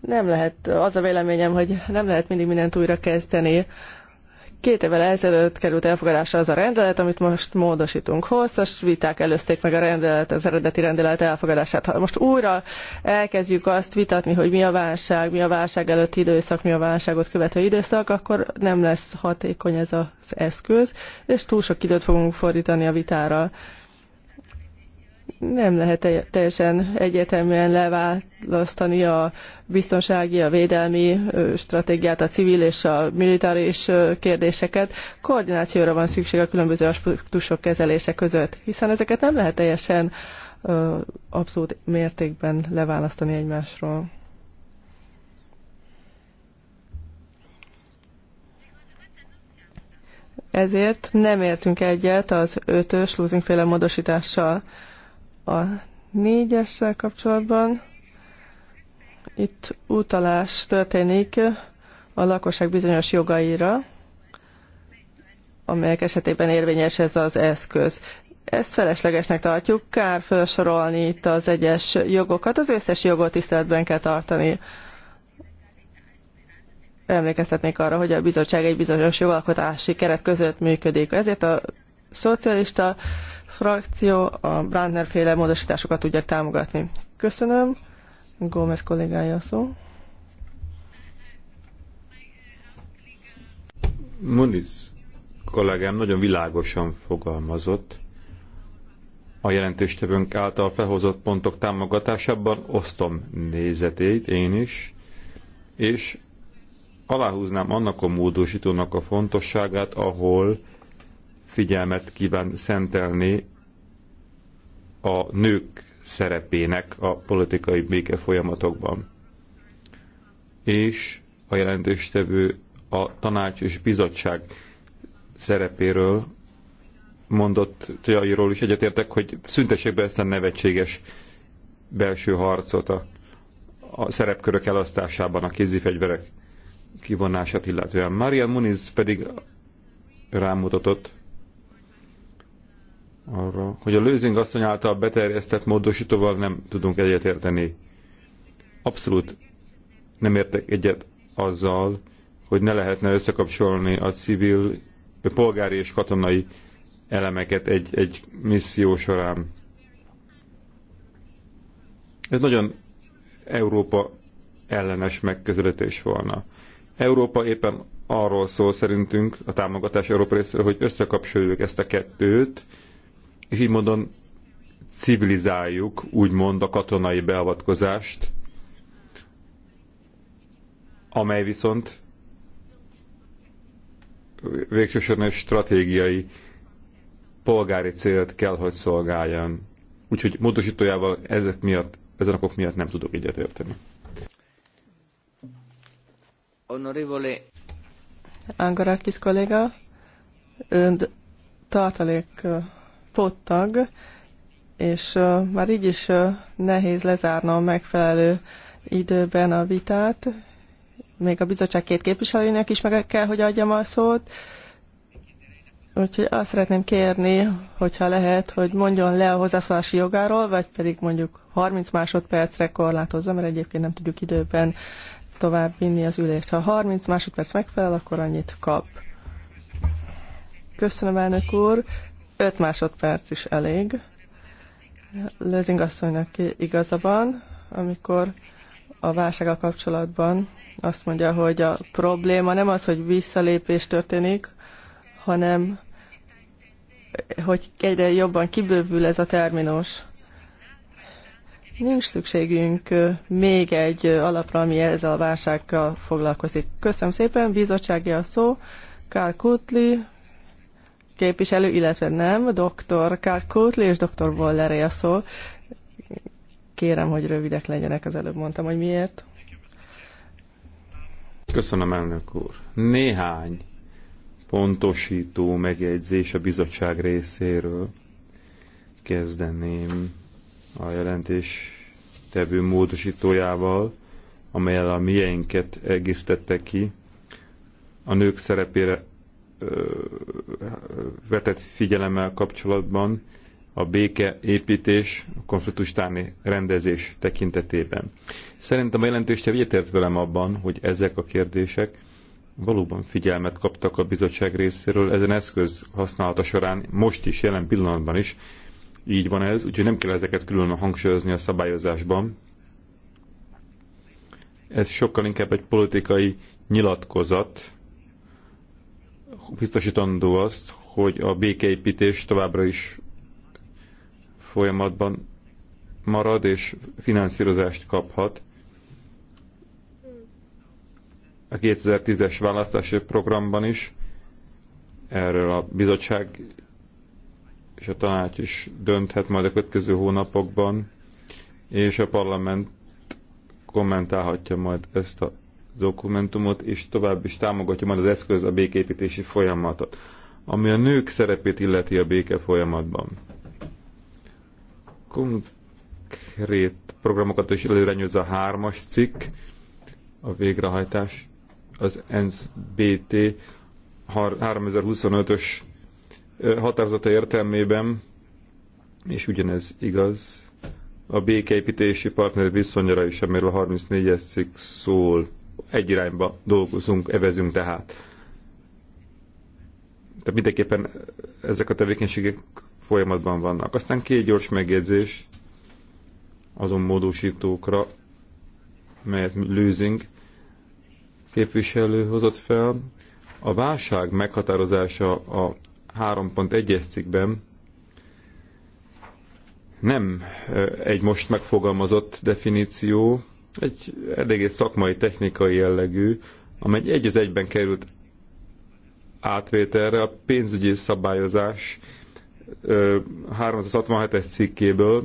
nem lehet, az a véleményem, hogy nem lehet mindig mindent újra kezdeni. Két évvel ezelőtt került elfogadásra az a rendelet, amit most módosítunk. Hosszas viták előzték meg a rendelet, az eredeti rendelet elfogadását. Ha most újra elkezdjük azt vitatni, hogy mi a válság, mi a válság előtti időszak, mi a válságot követő időszak, akkor nem lesz hatékony ez az eszköz, és túl sok időt fogunk fordítani a vitára nem lehet teljesen egyértelműen leválasztani a biztonsági, a védelmi stratégiát, a civil és a militáris kérdéseket. Koordinációra van szükség a különböző aspektusok kezelése között, hiszen ezeket nem lehet teljesen abszolút mértékben leválasztani egymásról. Ezért nem értünk egyet az ötös losing féle módosítással. A négyessel kapcsolatban itt utalás történik a lakosság bizonyos jogaira, amelyek esetében érvényes ez az eszköz. Ezt feleslegesnek tartjuk, kár felsorolni itt az egyes jogokat, az összes jogot tiszteletben kell tartani. Emlékeztetnék arra, hogy a bizottság egy bizonyos jogalkotási keret között működik. Ezért a szocialista frakció a Brandner féle módosításokat tudja támogatni. Köszönöm. Gómez kollégája szó. Muniz kollégám nagyon világosan fogalmazott a jelentéstevőnk által felhozott pontok támogatásában osztom nézetét, én is, és aláhúznám annak a módosítónak a fontosságát, ahol figyelmet kíván szentelni a nők szerepének a politikai béke folyamatokban. És a jelentéstevő a tanács és bizottság szerepéről mondott tjairól is egyetértek, hogy szüntessék be ezt a nevetséges belső harcot a, a szerepkörök elosztásában a kézifegyverek kivonását illetően. Marian Muniz pedig rámutatott arra, hogy a Lőzing asszony által beterjesztett módosítóval nem tudunk egyetérteni. Abszolút nem értek egyet azzal, hogy ne lehetne összekapcsolni a civil, a polgári és katonai elemeket egy, egy misszió során. Ez nagyon Európa ellenes megközelítés volna. Európa éppen arról szól szerintünk a támogatás Európa részéről, hogy összekapcsoljuk ezt a kettőt, és így mondom, civilizáljuk, úgymond a katonai beavatkozást, amely viszont végsősorban egy stratégiai polgári célt kell, hogy szolgáljon. Úgyhogy módosítójával ezek miatt, ezen okok miatt nem tudok egyetérteni. Honorevole. Angarakis kolléga, ön tartalék pottag, és már így is nehéz a megfelelő időben a vitát. Még a bizottság két képviselőnek is meg kell, hogy adjam a szót. Úgyhogy azt szeretném kérni, hogyha lehet, hogy mondjon le a hozzászólási jogáról, vagy pedig mondjuk 30 másodpercre korlátozza, mert egyébként nem tudjuk időben tovább vinni az ülést. Ha 30 másodperc megfelel, akkor annyit kap. Köszönöm, elnök úr. 5 másodperc is elég. Lőzing asszonynak igaza van, amikor a válsággal kapcsolatban azt mondja, hogy a probléma nem az, hogy visszalépés történik, hanem hogy egyre jobban kibővül ez a terminus. Nincs szükségünk még egy alapra, ami ezzel a válsággal foglalkozik. Köszönöm szépen, bizottsági a szó, Kál Kutli, képviselő, illetve nem, dr. Kótli és dr. Bolleré a szó. Kérem, hogy rövidek legyenek, az előbb mondtam, hogy miért. Köszönöm, elnök úr. Néhány pontosító megjegyzés a bizottság részéről. Kezdeném a jelentés tevő módosítójával, amelyel a mieinket egészítette ki a nők szerepére vetett figyelemmel kapcsolatban a béke építés, a konfliktustáni rendezés tekintetében. Szerintem a jelentést egyetért velem abban, hogy ezek a kérdések valóban figyelmet kaptak a bizottság részéről ezen eszköz használata során, most is, jelen pillanatban is. Így van ez, úgyhogy nem kell ezeket külön hangsúlyozni a szabályozásban. Ez sokkal inkább egy politikai nyilatkozat, biztosítandó azt, hogy a békeépítés továbbra is folyamatban marad és finanszírozást kaphat. A 2010-es választási programban is erről a bizottság és a tanács is dönthet majd a következő hónapokban, és a parlament kommentálhatja majd ezt a dokumentumot, és tovább is támogatja majd az eszköz a béképítési folyamatot, ami a nők szerepét illeti a béke folyamatban. Konkrét programokat is előrenyőz a hármas cikk, a végrehajtás, az ENSZ BT 3025-ös határozata értelmében, és ugyanez igaz, a békeépítési partner viszonyra is, amiről a 34-es cikk szól egy irányba dolgozunk, evezünk tehát. Tehát mindenképpen ezek a tevékenységek folyamatban vannak. Aztán két gyors megjegyzés azon módosítókra, melyet losing képviselő hozott fel. A válság meghatározása a 3.1-es cikkben nem egy most megfogalmazott definíció, egy eléggé szakmai, technikai jellegű, amely egy az egyben került átvételre a pénzügyi szabályozás 367-es cikkéből,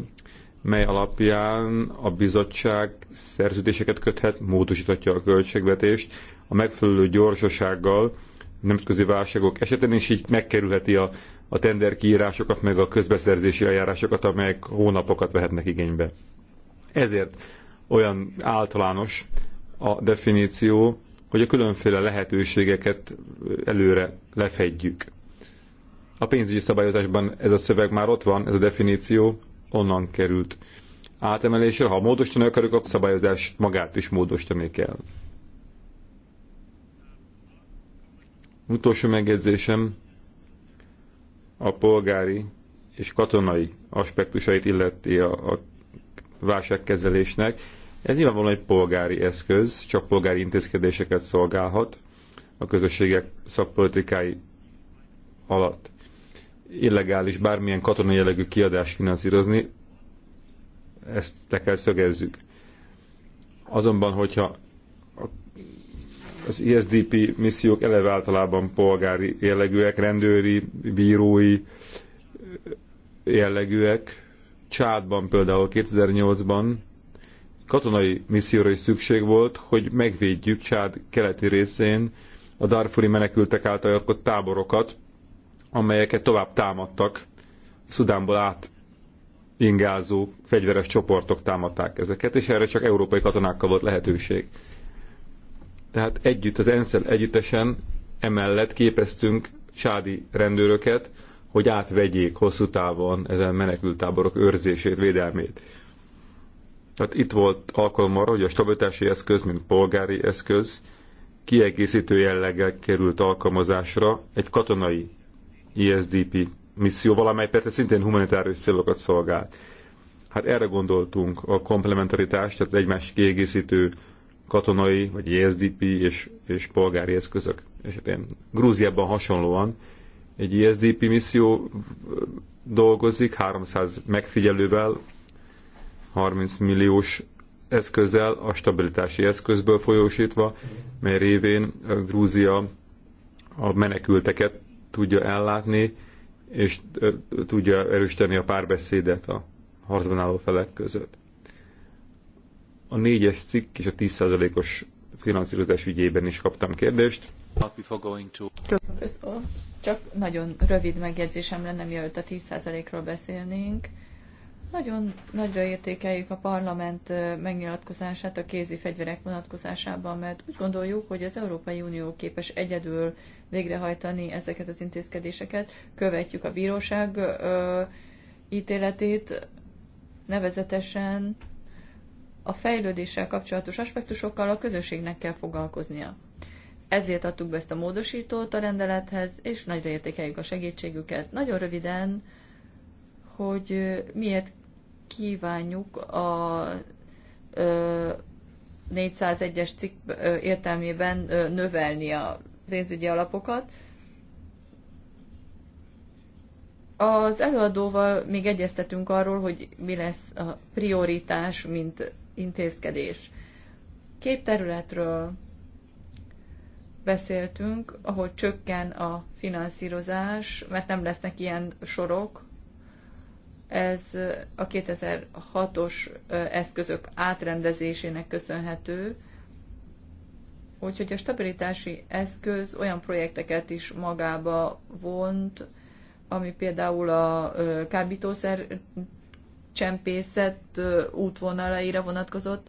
mely alapján a bizottság szerződéseket köthet, módosíthatja a költségvetést a megfelelő gyorsasággal nemzetközi válságok esetén, is így megkerülheti a, a kiírásokat, meg a közbeszerzési eljárásokat, amelyek hónapokat vehetnek igénybe. Ezért olyan általános a definíció, hogy a különféle lehetőségeket előre lefedjük. A pénzügyi szabályozásban ez a szöveg már ott van, ez a definíció onnan került átemelésre. Ha módosítani akarjuk, a szabályozást magát is módosítani kell. Utolsó megjegyzésem a polgári és katonai aspektusait illeti a, a válságkezelésnek. Ez nyilvánvalóan egy polgári eszköz, csak polgári intézkedéseket szolgálhat a közösségek szakpolitikái alatt. Illegális bármilyen katonai jellegű kiadást finanszírozni, ezt le kell szögezzük. Azonban, hogyha az ISDP missziók eleve általában polgári jellegűek, rendőri, bírói jellegűek, Csádban például 2008-ban katonai misszióra is szükség volt, hogy megvédjük Csád keleti részén a darfuri menekültek által alkott táborokat, amelyeket tovább támadtak, Szudánból át ingázó fegyveres csoportok támadták ezeket, és erre csak európai katonákkal volt lehetőség. Tehát együtt, az ensz együttesen emellett képeztünk sádi rendőröket, hogy átvegyék hosszú távon ezen menekültáborok őrzését, védelmét. Tehát itt volt alkalom arra, hogy a stabilitási eszköz, mint polgári eszköz, kiegészítő jelleggel került alkalmazásra egy katonai ISDP misszió, valamely persze szintén humanitárius célokat szolgált. Hát erre gondoltunk a komplementaritás, tehát egymás kiegészítő katonai, vagy ISDP és, és polgári eszközök esetén. Grúziában hasonlóan egy ISDP misszió dolgozik, 300 megfigyelővel, 30 milliós eszközzel, a stabilitási eszközből folyósítva, mely révén Grúzia a menekülteket tudja ellátni, és tudja erősíteni a párbeszédet a harcban álló felek között. A négyes cikk és a 10%-os finanszírozás ügyében is kaptam kérdést. Csak nagyon rövid megjegyzésem lenne, mielőtt a 10%-ról beszélnénk. Nagyon nagyra értékeljük a parlament megnyilatkozását a kézi fegyverek vonatkozásában, mert úgy gondoljuk, hogy az Európai Unió képes egyedül végrehajtani ezeket az intézkedéseket. Követjük a bíróság ö, ítéletét, nevezetesen a fejlődéssel kapcsolatos aspektusokkal a közösségnek kell foglalkoznia. Ezért adtuk be ezt a módosítót a rendelethez, és nagyra értékeljük a segítségüket. Nagyon röviden, hogy miért kívánjuk a 401-es cikk értelmében növelni a pénzügyi alapokat. Az előadóval még egyeztetünk arról, hogy mi lesz a prioritás, mint intézkedés. Két területről beszéltünk, ahol csökken a finanszírozás, mert nem lesznek ilyen sorok. Ez a 2006-os eszközök átrendezésének köszönhető, úgyhogy a stabilitási eszköz olyan projekteket is magába vont, ami például a kábítószer csempészet útvonalaira vonatkozott,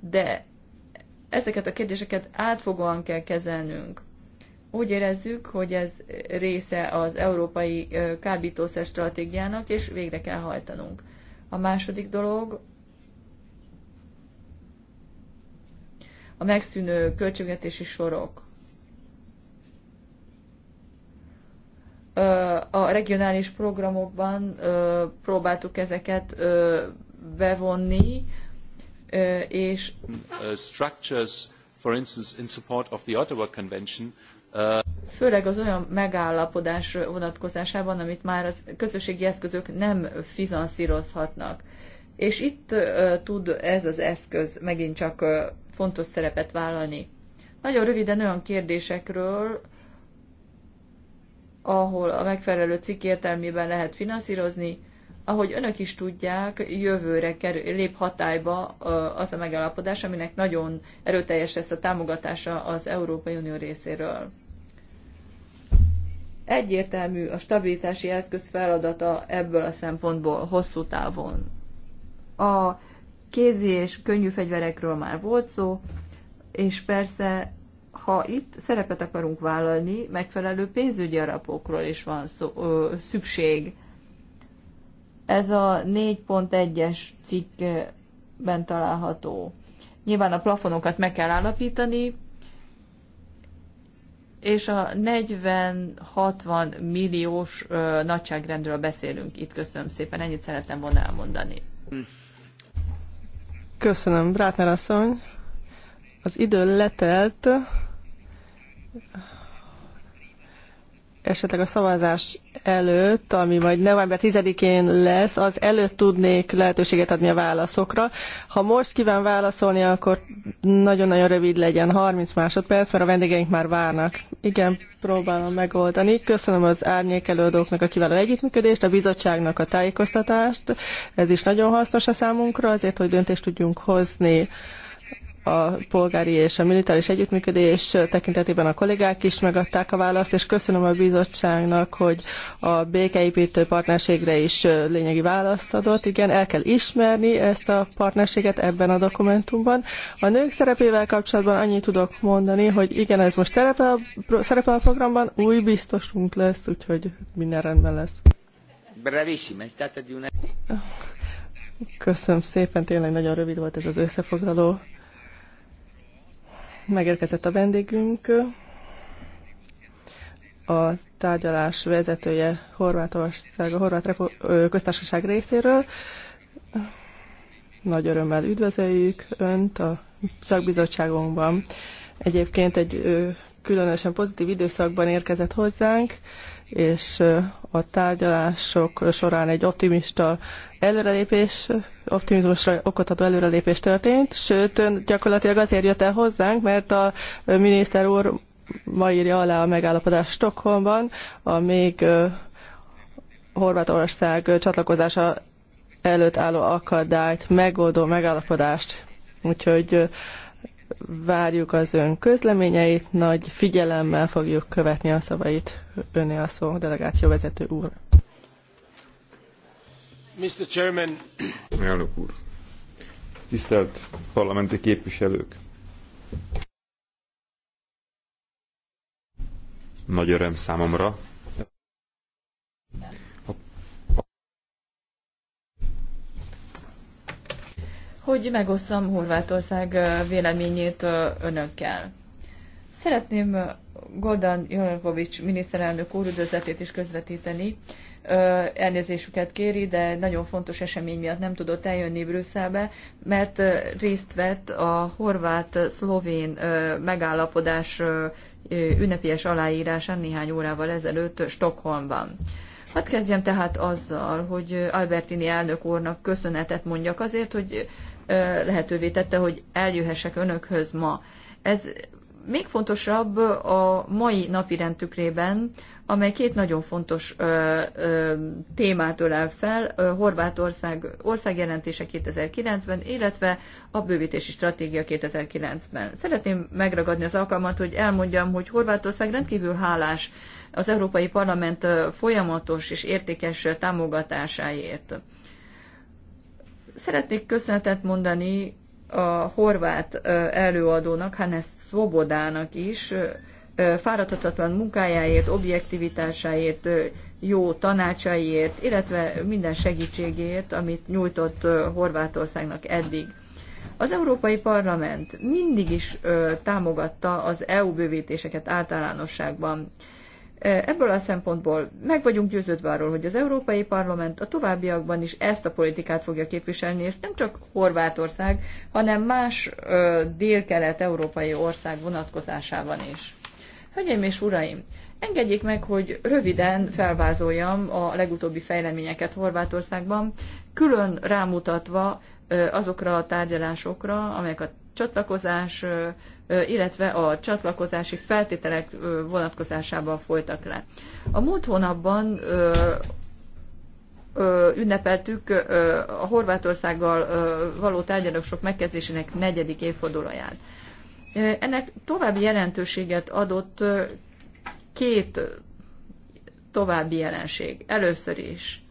de ezeket a kérdéseket átfogóan kell kezelnünk. Úgy érezzük, hogy ez része az európai kábítószer stratégiának, és végre kell hajtanunk. A második dolog, a megszűnő költségvetési sorok. A regionális programokban próbáltuk ezeket bevonni, és uh, structures, for instance, in support of the Ottawa Convention, uh, főleg az olyan megállapodás vonatkozásában, amit már az közösségi eszközök nem finanszírozhatnak. És itt tud ez az eszköz megint csak fontos szerepet vállalni. Nagyon röviden olyan kérdésekről, ahol a megfelelő cikk értelmében lehet finanszírozni, ahogy önök is tudják, jövőre kerül, lép hatályba az a megállapodás, aminek nagyon erőteljes lesz a támogatása az Európai Unió részéről. Egyértelmű a stabilitási eszköz feladata ebből a szempontból hosszú távon. A kézi és könnyű fegyverekről már volt szó, és persze, ha itt szerepet akarunk vállalni, megfelelő pénzügyi alapokról is van szó, ö, szükség ez a 4.1-es cikkben található. Nyilván a plafonokat meg kell állapítani, és a 40-60 milliós ö, nagyságrendről beszélünk itt. Köszönöm szépen, ennyit szerettem volna elmondani. Köszönöm, Brátner asszony. Az idő letelt esetleg a szavazás előtt, ami majd november 10-én lesz, az előtt tudnék lehetőséget adni a válaszokra. Ha most kíván válaszolni, akkor nagyon-nagyon rövid legyen, 30 másodperc, mert a vendégeink már várnak. Igen, próbálom megoldani. Köszönöm az árnyék a kiváló együttműködést, a bizottságnak a tájékoztatást. Ez is nagyon hasznos a számunkra, azért, hogy döntést tudjunk hozni a polgári és a militáris együttműködés tekintetében a kollégák is megadták a választ, és köszönöm a bizottságnak, hogy a békeépítő partnerségre is lényegi választ adott. Igen, el kell ismerni ezt a partnerséget ebben a dokumentumban. A nők szerepével kapcsolatban annyit tudok mondani, hogy igen, ez most szerepel, szerepel a programban, új biztosunk lesz, úgyhogy minden rendben lesz. Köszönöm szépen, tényleg nagyon rövid volt ez az összefoglaló megérkezett a vendégünk, a tárgyalás vezetője Horvátország, a Horvát Repo- Köztársaság részéről. Nagy örömmel üdvözöljük Önt a szakbizottságunkban. Egyébként egy különösen pozitív időszakban érkezett hozzánk, és a tárgyalások során egy optimista előrelépés, optimizmusra okotható előrelépés történt, sőt, gyakorlatilag azért jött el hozzánk, mert a miniszter úr ma írja alá a megállapodást Stockholmban, a még Horvátország csatlakozása előtt álló akadályt megoldó megállapodást. Úgyhogy várjuk az ön közleményeit, nagy figyelemmel fogjuk követni a szavait. Öné a szó, delegáció vezető úr. Mr. Chairman. Elnök úr. Tisztelt parlamenti képviselők. Nagy öröm számomra, hogy megosszam Horvátország véleményét önökkel. Szeretném Godan Jolankovics miniszterelnök úr üdvözletét is közvetíteni. Elnézésüket kéri, de nagyon fontos esemény miatt nem tudott eljönni Brüsszelbe, mert részt vett a horvát-szlovén megállapodás ünnepies aláírásán néhány órával ezelőtt Stockholmban. Hát kezdjem tehát azzal, hogy Albertini elnök úrnak köszönetet mondjak azért, hogy lehetővé tette, hogy eljöhessek önökhöz ma. Ez még fontosabb a mai napi rendtükrében, amely két nagyon fontos ö, ö, témát ölel fel, ö, Horvátország országjelentése 2009-ben, illetve a bővítési stratégia 2009-ben. Szeretném megragadni az alkalmat, hogy elmondjam, hogy Horvátország rendkívül hálás az Európai Parlament folyamatos és értékes támogatásáért. Szeretnék köszönetet mondani a horvát előadónak, Hannes Szobodának is, fáradhatatlan munkájáért, objektivitásáért, jó tanácsaiért, illetve minden segítségért, amit nyújtott Horvátországnak eddig. Az Európai Parlament mindig is támogatta az EU bővítéseket általánosságban. Ebből a szempontból meg vagyunk győződve arról, hogy az Európai Parlament a továbbiakban is ezt a politikát fogja képviselni, és nem csak Horvátország, hanem más dél-kelet-európai ország vonatkozásában is. Hölgyeim és uraim, engedjék meg, hogy röviden felvázoljam a legutóbbi fejleményeket Horvátországban, külön rámutatva azokra a tárgyalásokra, amelyek a csatlakozás, illetve a csatlakozási feltételek vonatkozásában folytak le. A múlt hónapban ünnepeltük a Horvátországgal való tárgyalások megkezdésének negyedik évfordulóját. Ennek további jelentőséget adott két további jelenség. Először is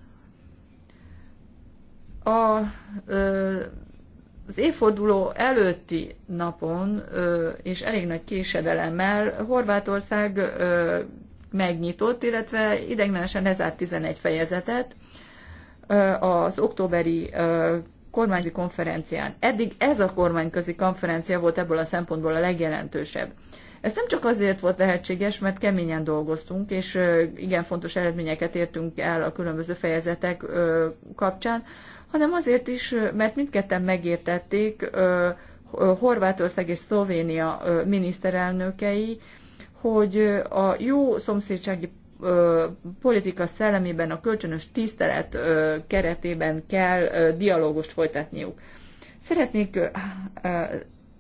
a az évforduló előtti napon és elég nagy késedelemmel Horvátország megnyitott, illetve ideiglenesen lezárt 11 fejezetet az októberi kormányzi konferencián. Eddig ez a kormányközi konferencia volt ebből a szempontból a legjelentősebb. Ez nem csak azért volt lehetséges, mert keményen dolgoztunk, és igen fontos eredményeket értünk el a különböző fejezetek kapcsán, hanem azért is, mert mindketten megértették Horvátország és Szlovénia miniszterelnökei, hogy a jó szomszédsági politika szellemében, a kölcsönös tisztelet keretében kell dialógust folytatniuk. Szeretnék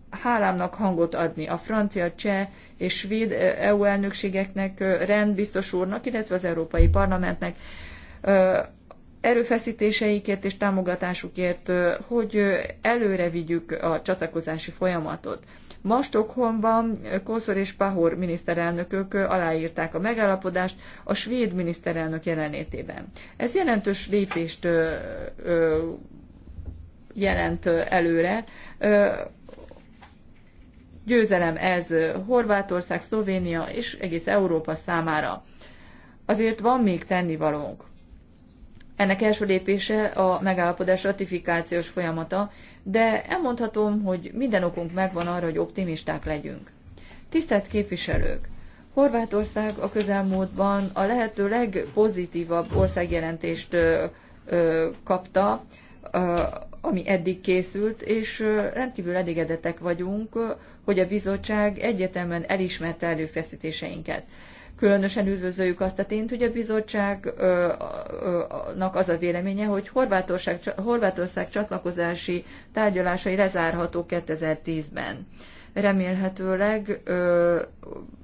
hálámnak hangot adni a francia, cseh és svéd EU elnökségeknek, rendbiztos úrnak, illetve az Európai Parlamentnek erőfeszítéseikért és támogatásukért, hogy előre vigyük a csatlakozási folyamatot. Ma Stockholmban Koszor és Pahor miniszterelnökök aláírták a megállapodást a svéd miniszterelnök jelenlétében. Ez jelentős lépést jelent előre. Győzelem ez Horvátország, Szlovénia és egész Európa számára. Azért van még tennivalónk. Ennek első lépése a megállapodás ratifikációs folyamata, de elmondhatom, hogy minden okunk megvan arra, hogy optimisták legyünk. Tisztelt képviselők! Horvátország a közelmúltban a lehető legpozitívabb országjelentést kapta, ami eddig készült, és rendkívül elégedettek vagyunk, hogy a bizottság egyetemen elismerte előfeszítéseinket. Különösen üdvözöljük azt a tényt, hogy a bizottságnak az a véleménye, hogy Horvátország, Horvátország csatlakozási tárgyalásai lezárható 2010-ben. Remélhetőleg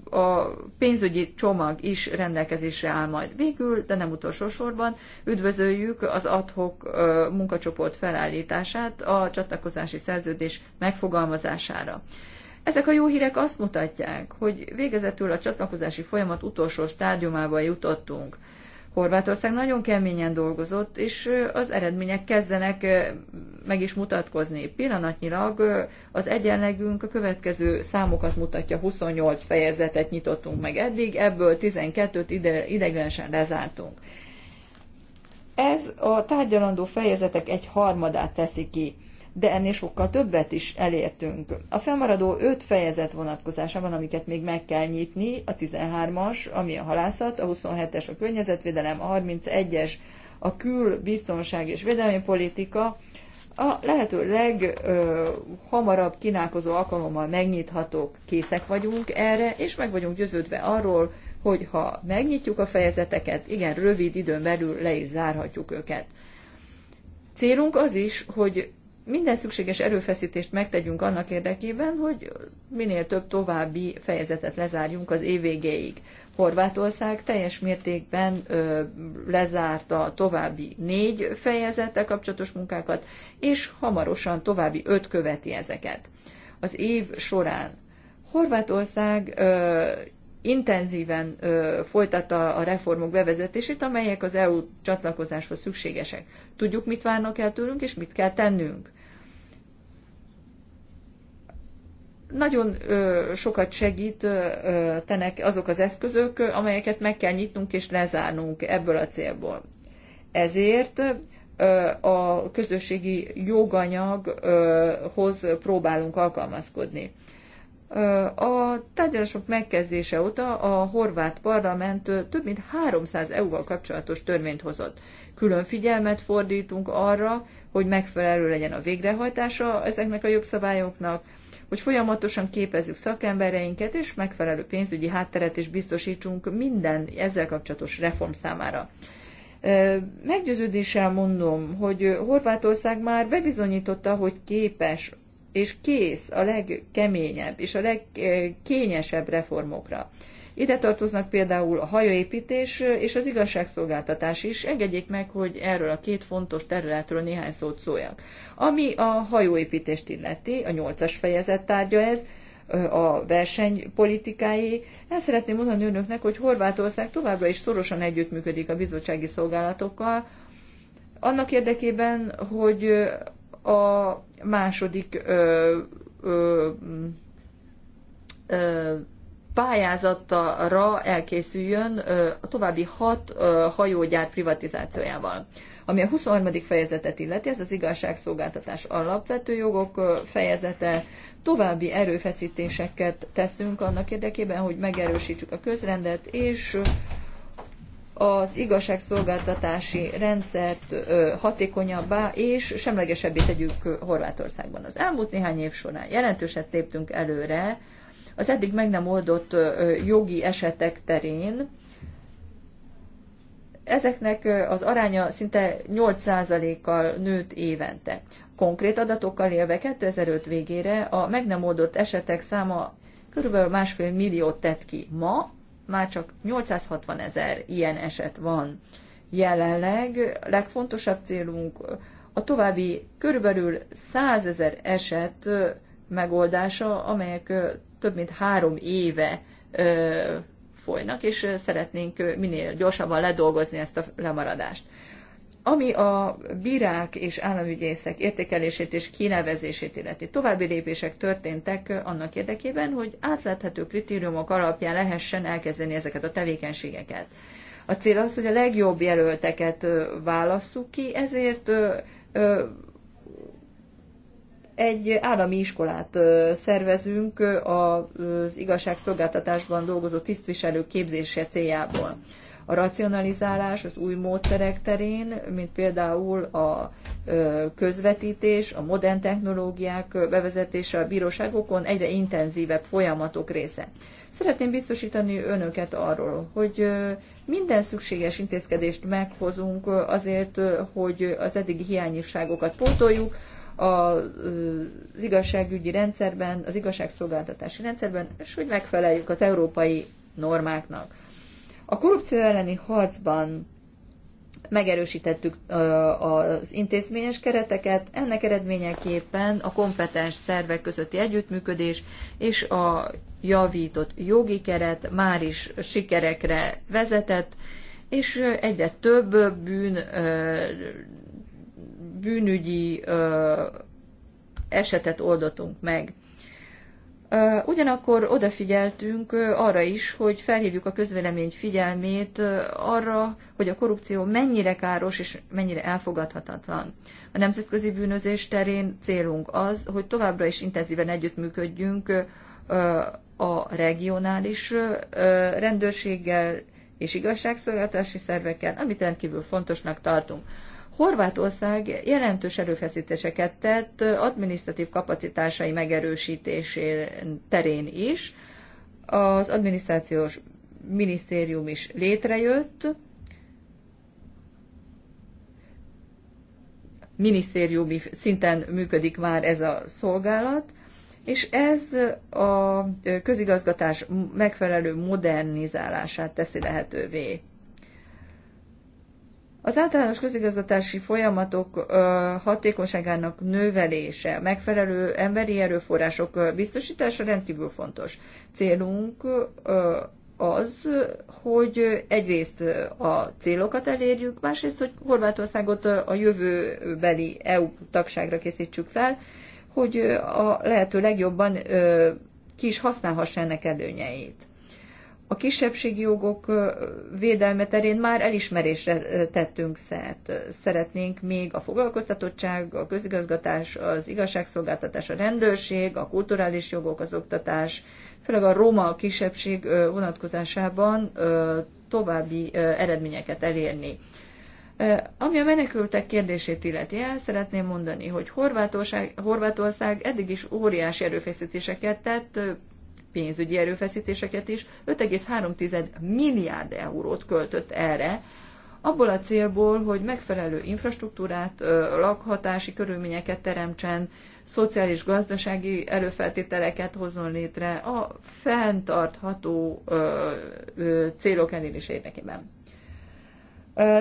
a pénzügyi csomag is rendelkezésre áll majd végül, de nem utolsó sorban. Üdvözöljük az adhok munkacsoport felállítását a csatlakozási szerződés megfogalmazására. Ezek a jó hírek azt mutatják, hogy végezetül a csatlakozási folyamat utolsó stádiumába jutottunk. Horvátország nagyon keményen dolgozott, és az eredmények kezdenek meg is mutatkozni. Pillanatnyilag az egyenlegünk a következő számokat mutatja, 28 fejezetet nyitottunk meg eddig, ebből 12-t ide, ideglenesen lezártunk. Ez a tárgyalandó fejezetek egy harmadát teszi ki de ennél sokkal többet is elértünk. A felmaradó öt fejezet vonatkozásában, amiket még meg kell nyitni, a 13-as, ami a halászat, a 27-es a környezetvédelem, a 31-es a kül, biztonság és védelmi politika, a lehető leghamarabb kínálkozó alkalommal megnyithatók, készek vagyunk erre, és meg vagyunk győződve arról, hogy ha megnyitjuk a fejezeteket, igen, rövid időn belül le is zárhatjuk őket. Célunk az is, hogy minden szükséges erőfeszítést megtegyünk annak érdekében, hogy minél több további fejezetet lezárjunk az év végéig. Horvátország teljes mértékben ö, lezárta további négy fejezettel kapcsolatos munkákat, és hamarosan további öt követi ezeket. Az év során Horvátország ö, intenzíven ö, folytatta a reformok bevezetését, amelyek az EU csatlakozáshoz szükségesek. Tudjuk, mit várnak el tőlünk, és mit kell tennünk. nagyon ö, sokat segítenek azok az eszközök, amelyeket meg kell nyitnunk és lezárnunk ebből a célból. Ezért ö, a közösségi joganyaghoz próbálunk alkalmazkodni. A tárgyalások megkezdése óta a horvát parlament több mint 300 EU-val kapcsolatos törvényt hozott. Külön figyelmet fordítunk arra, hogy megfelelő legyen a végrehajtása ezeknek a jogszabályoknak, hogy folyamatosan képezzük szakembereinket, és megfelelő pénzügyi hátteret is biztosítsunk minden ezzel kapcsolatos reform számára. Meggyőződéssel mondom, hogy Horvátország már bebizonyította, hogy képes és kész a legkeményebb és a legkényesebb reformokra. Ide tartoznak például a hajóépítés és az igazságszolgáltatás is. Engedjék meg, hogy erről a két fontos területről néhány szót szóljak. Ami a hajóépítést illeti, a nyolcas fejezet tárgya ez, a versenypolitikái. El szeretném mondani önöknek, hogy Horvátország továbbra is szorosan együttműködik a bizottsági szolgálatokkal, annak érdekében, hogy a második ö, ö, ö, pályázatra elkészüljön a további hat hajógyár privatizációjával. Ami a 23. fejezetet illeti, ez az igazságszolgáltatás alapvető jogok fejezete, további erőfeszítéseket teszünk annak érdekében, hogy megerősítsük a közrendet, és az igazságszolgáltatási rendszert hatékonyabbá és semlegesebbé tegyük Horvátországban. Az elmúlt néhány év során jelentőset léptünk előre, az eddig meg nem oldott jogi esetek terén. Ezeknek az aránya szinte 8%-kal nőtt évente. Konkrét adatokkal élve 2005 végére a meg nem oldott esetek száma körülbelül másfél milliót tett ki. Ma már csak 860 ezer ilyen eset van. Jelenleg legfontosabb célunk a további körülbelül 100 ezer eset megoldása, amelyek több mint három éve folynak, és szeretnénk minél gyorsabban ledolgozni ezt a lemaradást. Ami a bírák és államügyészek értékelését és kinevezését illeti, további lépések történtek annak érdekében, hogy átlethető kritériumok alapján lehessen elkezdeni ezeket a tevékenységeket. A cél az, hogy a legjobb jelölteket válasszuk ki, ezért egy állami iskolát szervezünk az igazságszolgáltatásban dolgozó tisztviselők képzése céljából. A racionalizálás az új módszerek terén, mint például a közvetítés, a modern technológiák bevezetése a bíróságokon egyre intenzívebb folyamatok része. Szeretném biztosítani önöket arról, hogy minden szükséges intézkedést meghozunk azért, hogy az eddigi hiányosságokat pótoljuk, az igazságügyi rendszerben, az igazságszolgáltatási rendszerben, és hogy megfeleljük az európai normáknak. A korrupció elleni harcban megerősítettük az intézményes kereteket, ennek eredményeképpen a kompetens szervek közötti együttműködés és a javított jogi keret már is sikerekre vezetett, és egyre több bűn bűnügyi esetet oldottunk meg. Ugyanakkor odafigyeltünk arra is, hogy felhívjuk a közvélemény figyelmét arra, hogy a korrupció mennyire káros és mennyire elfogadhatatlan. A nemzetközi bűnözés terén célunk az, hogy továbbra is intenzíven együttműködjünk a regionális rendőrséggel és igazságszolgáltási szervekkel, amit rendkívül fontosnak tartunk. Horvátország jelentős erőfeszítéseket tett adminisztratív kapacitásai megerősítésén terén is. Az adminisztrációs minisztérium is létrejött, minisztériumi szinten működik már ez a szolgálat, és ez a közigazgatás megfelelő modernizálását teszi lehetővé. Az általános közigazgatási folyamatok hatékonyságának növelése, megfelelő emberi erőforrások biztosítása rendkívül fontos. Célunk az, hogy egyrészt a célokat elérjük, másrészt, hogy Horvátországot a jövőbeli EU tagságra készítsük fel, hogy a lehető legjobban ki is használhassa ennek előnyeit a kisebbségi jogok védelme terén már elismerésre tettünk szert. Szeretnénk még a foglalkoztatottság, a közigazgatás, az igazságszolgáltatás, a rendőrség, a kulturális jogok, az oktatás, főleg a roma kisebbség vonatkozásában további eredményeket elérni. Ami a menekültek kérdését illeti, el szeretném mondani, hogy Horvátország eddig is óriási erőfeszítéseket tett, pénzügyi erőfeszítéseket is, 5,3 milliárd eurót költött erre, abból a célból, hogy megfelelő infrastruktúrát, lakhatási körülményeket teremtsen, szociális-gazdasági előfeltételeket hozzon létre a fenntartható célok elérés érdekében.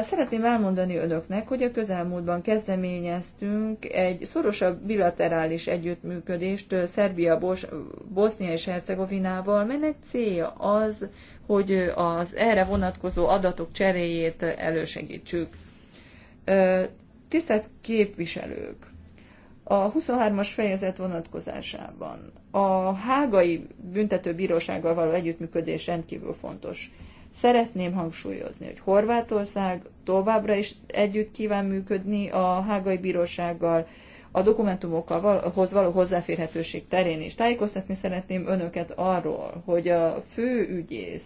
Szeretném elmondani önöknek, hogy a közelmúltban kezdeményeztünk egy szorosabb bilaterális együttműködést Szerbia, Bos- Bosznia és Hercegovinával, melynek célja az, hogy az erre vonatkozó adatok cseréjét elősegítsük. Tisztelt képviselők! A 23-as fejezet vonatkozásában a hágai büntetőbírósággal való együttműködés rendkívül fontos Szeretném hangsúlyozni, hogy Horvátország továbbra is együtt kíván működni a hágai bírósággal, a dokumentumokhoz való hozzáférhetőség terén is. Tájékoztatni szeretném önöket arról, hogy a főügyész,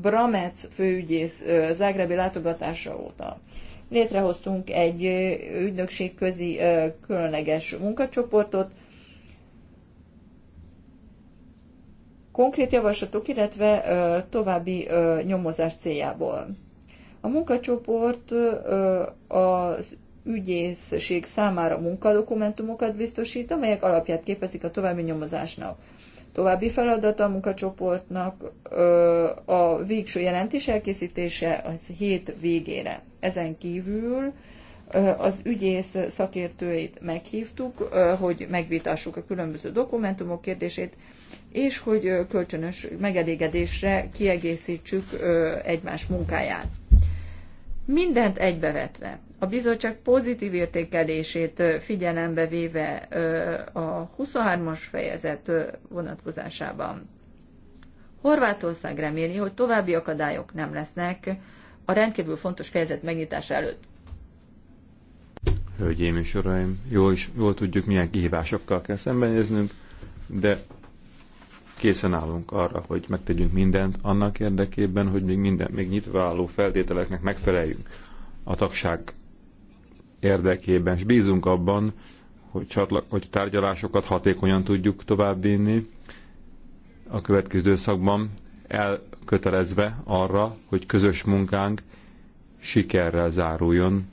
Bramec főügyész Zágrebi látogatása óta létrehoztunk egy közi különleges munkacsoportot, konkrét javaslatok, illetve további nyomozás céljából. A munkacsoport az ügyészség számára munkadokumentumokat biztosít, amelyek alapját képezik a további nyomozásnak. További feladata a munkacsoportnak a végső jelentés elkészítése a hét végére. Ezen kívül az ügyész szakértőit meghívtuk, hogy megvitassuk a különböző dokumentumok kérdését, és hogy kölcsönös megelégedésre kiegészítsük egymás munkáját. Mindent egybevetve, a bizottság pozitív értékelését figyelembe véve a 23-as fejezet vonatkozásában. Horvátország reméli, hogy további akadályok nem lesznek a rendkívül fontos fejezet megnyitása előtt. Hölgyeim és Uraim, jól, is, jól tudjuk, milyen kihívásokkal kell szembenéznünk, de készen állunk arra, hogy megtegyünk mindent annak érdekében, hogy még minden, még nyitva álló feltételeknek megfeleljünk a tagság érdekében, és bízunk abban, hogy, csatla, hogy tárgyalásokat hatékonyan tudjuk továbbvinni a következő időszakban, elkötelezve arra, hogy közös munkánk sikerrel záruljon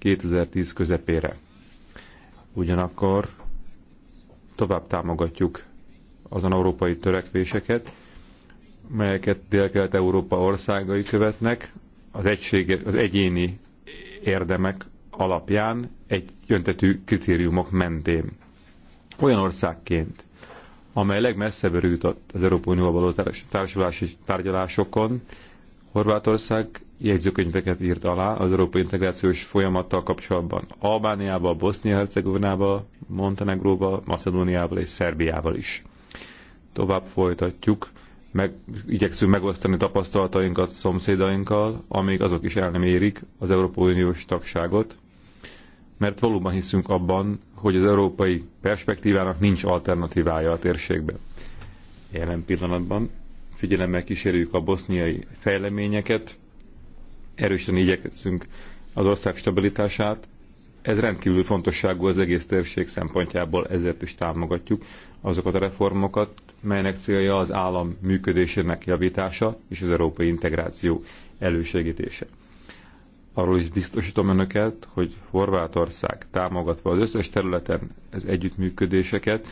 2010 közepére. Ugyanakkor tovább támogatjuk azon európai törekvéseket, melyeket Dél-Kelet-Európa országai követnek, az, egysége, az egyéni érdemek alapján egy jöntetű kritériumok mentén. Olyan országként, amely legmesszebb jutott az Európai Unióval való társulási tárgyalásokon, Horvátország jegyzőkönyveket írt alá az európai integrációs folyamattal kapcsolatban. Albániával, Bosznia-Hercegovinával, Montenegróval, Macedóniával és Szerbiával is. Tovább folytatjuk, meg, igyekszünk megosztani tapasztalatainkat szomszédainkkal, amíg azok is el nem érik az Európai Uniós tagságot, mert valóban hiszünk abban, hogy az európai perspektívának nincs alternatívája a térségbe. Jelen pillanatban figyelemmel kísérjük a boszniai fejleményeket, Erősen igyekszünk az ország stabilitását. Ez rendkívül fontosságú az egész térség szempontjából, ezért is támogatjuk azokat a reformokat, melynek célja az állam működésének javítása és az európai integráció elősegítése. Arról is biztosítom önöket, hogy Horvátország támogatva az összes területen az együttműködéseket,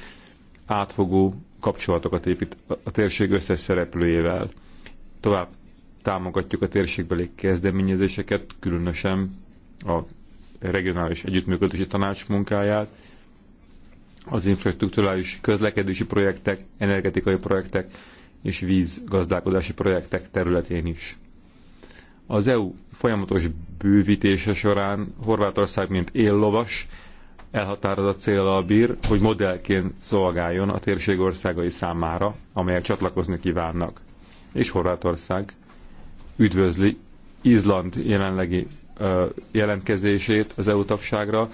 átfogó kapcsolatokat épít a térség összes szereplőjével. Tovább támogatjuk a térségbeli kezdeményezéseket, különösen a regionális együttműködési tanács munkáját, az infrastruktúrális közlekedési projektek, energetikai projektek és vízgazdálkodási projektek területén is. Az EU folyamatos bővítése során Horvátország, mint éllovas, elhatározott célral bír, hogy modellként szolgáljon a térség országai számára, amelyek csatlakozni kívánnak. És Horvátország üdvözli Izland jelenlegi jelentkezését az EU tagságra,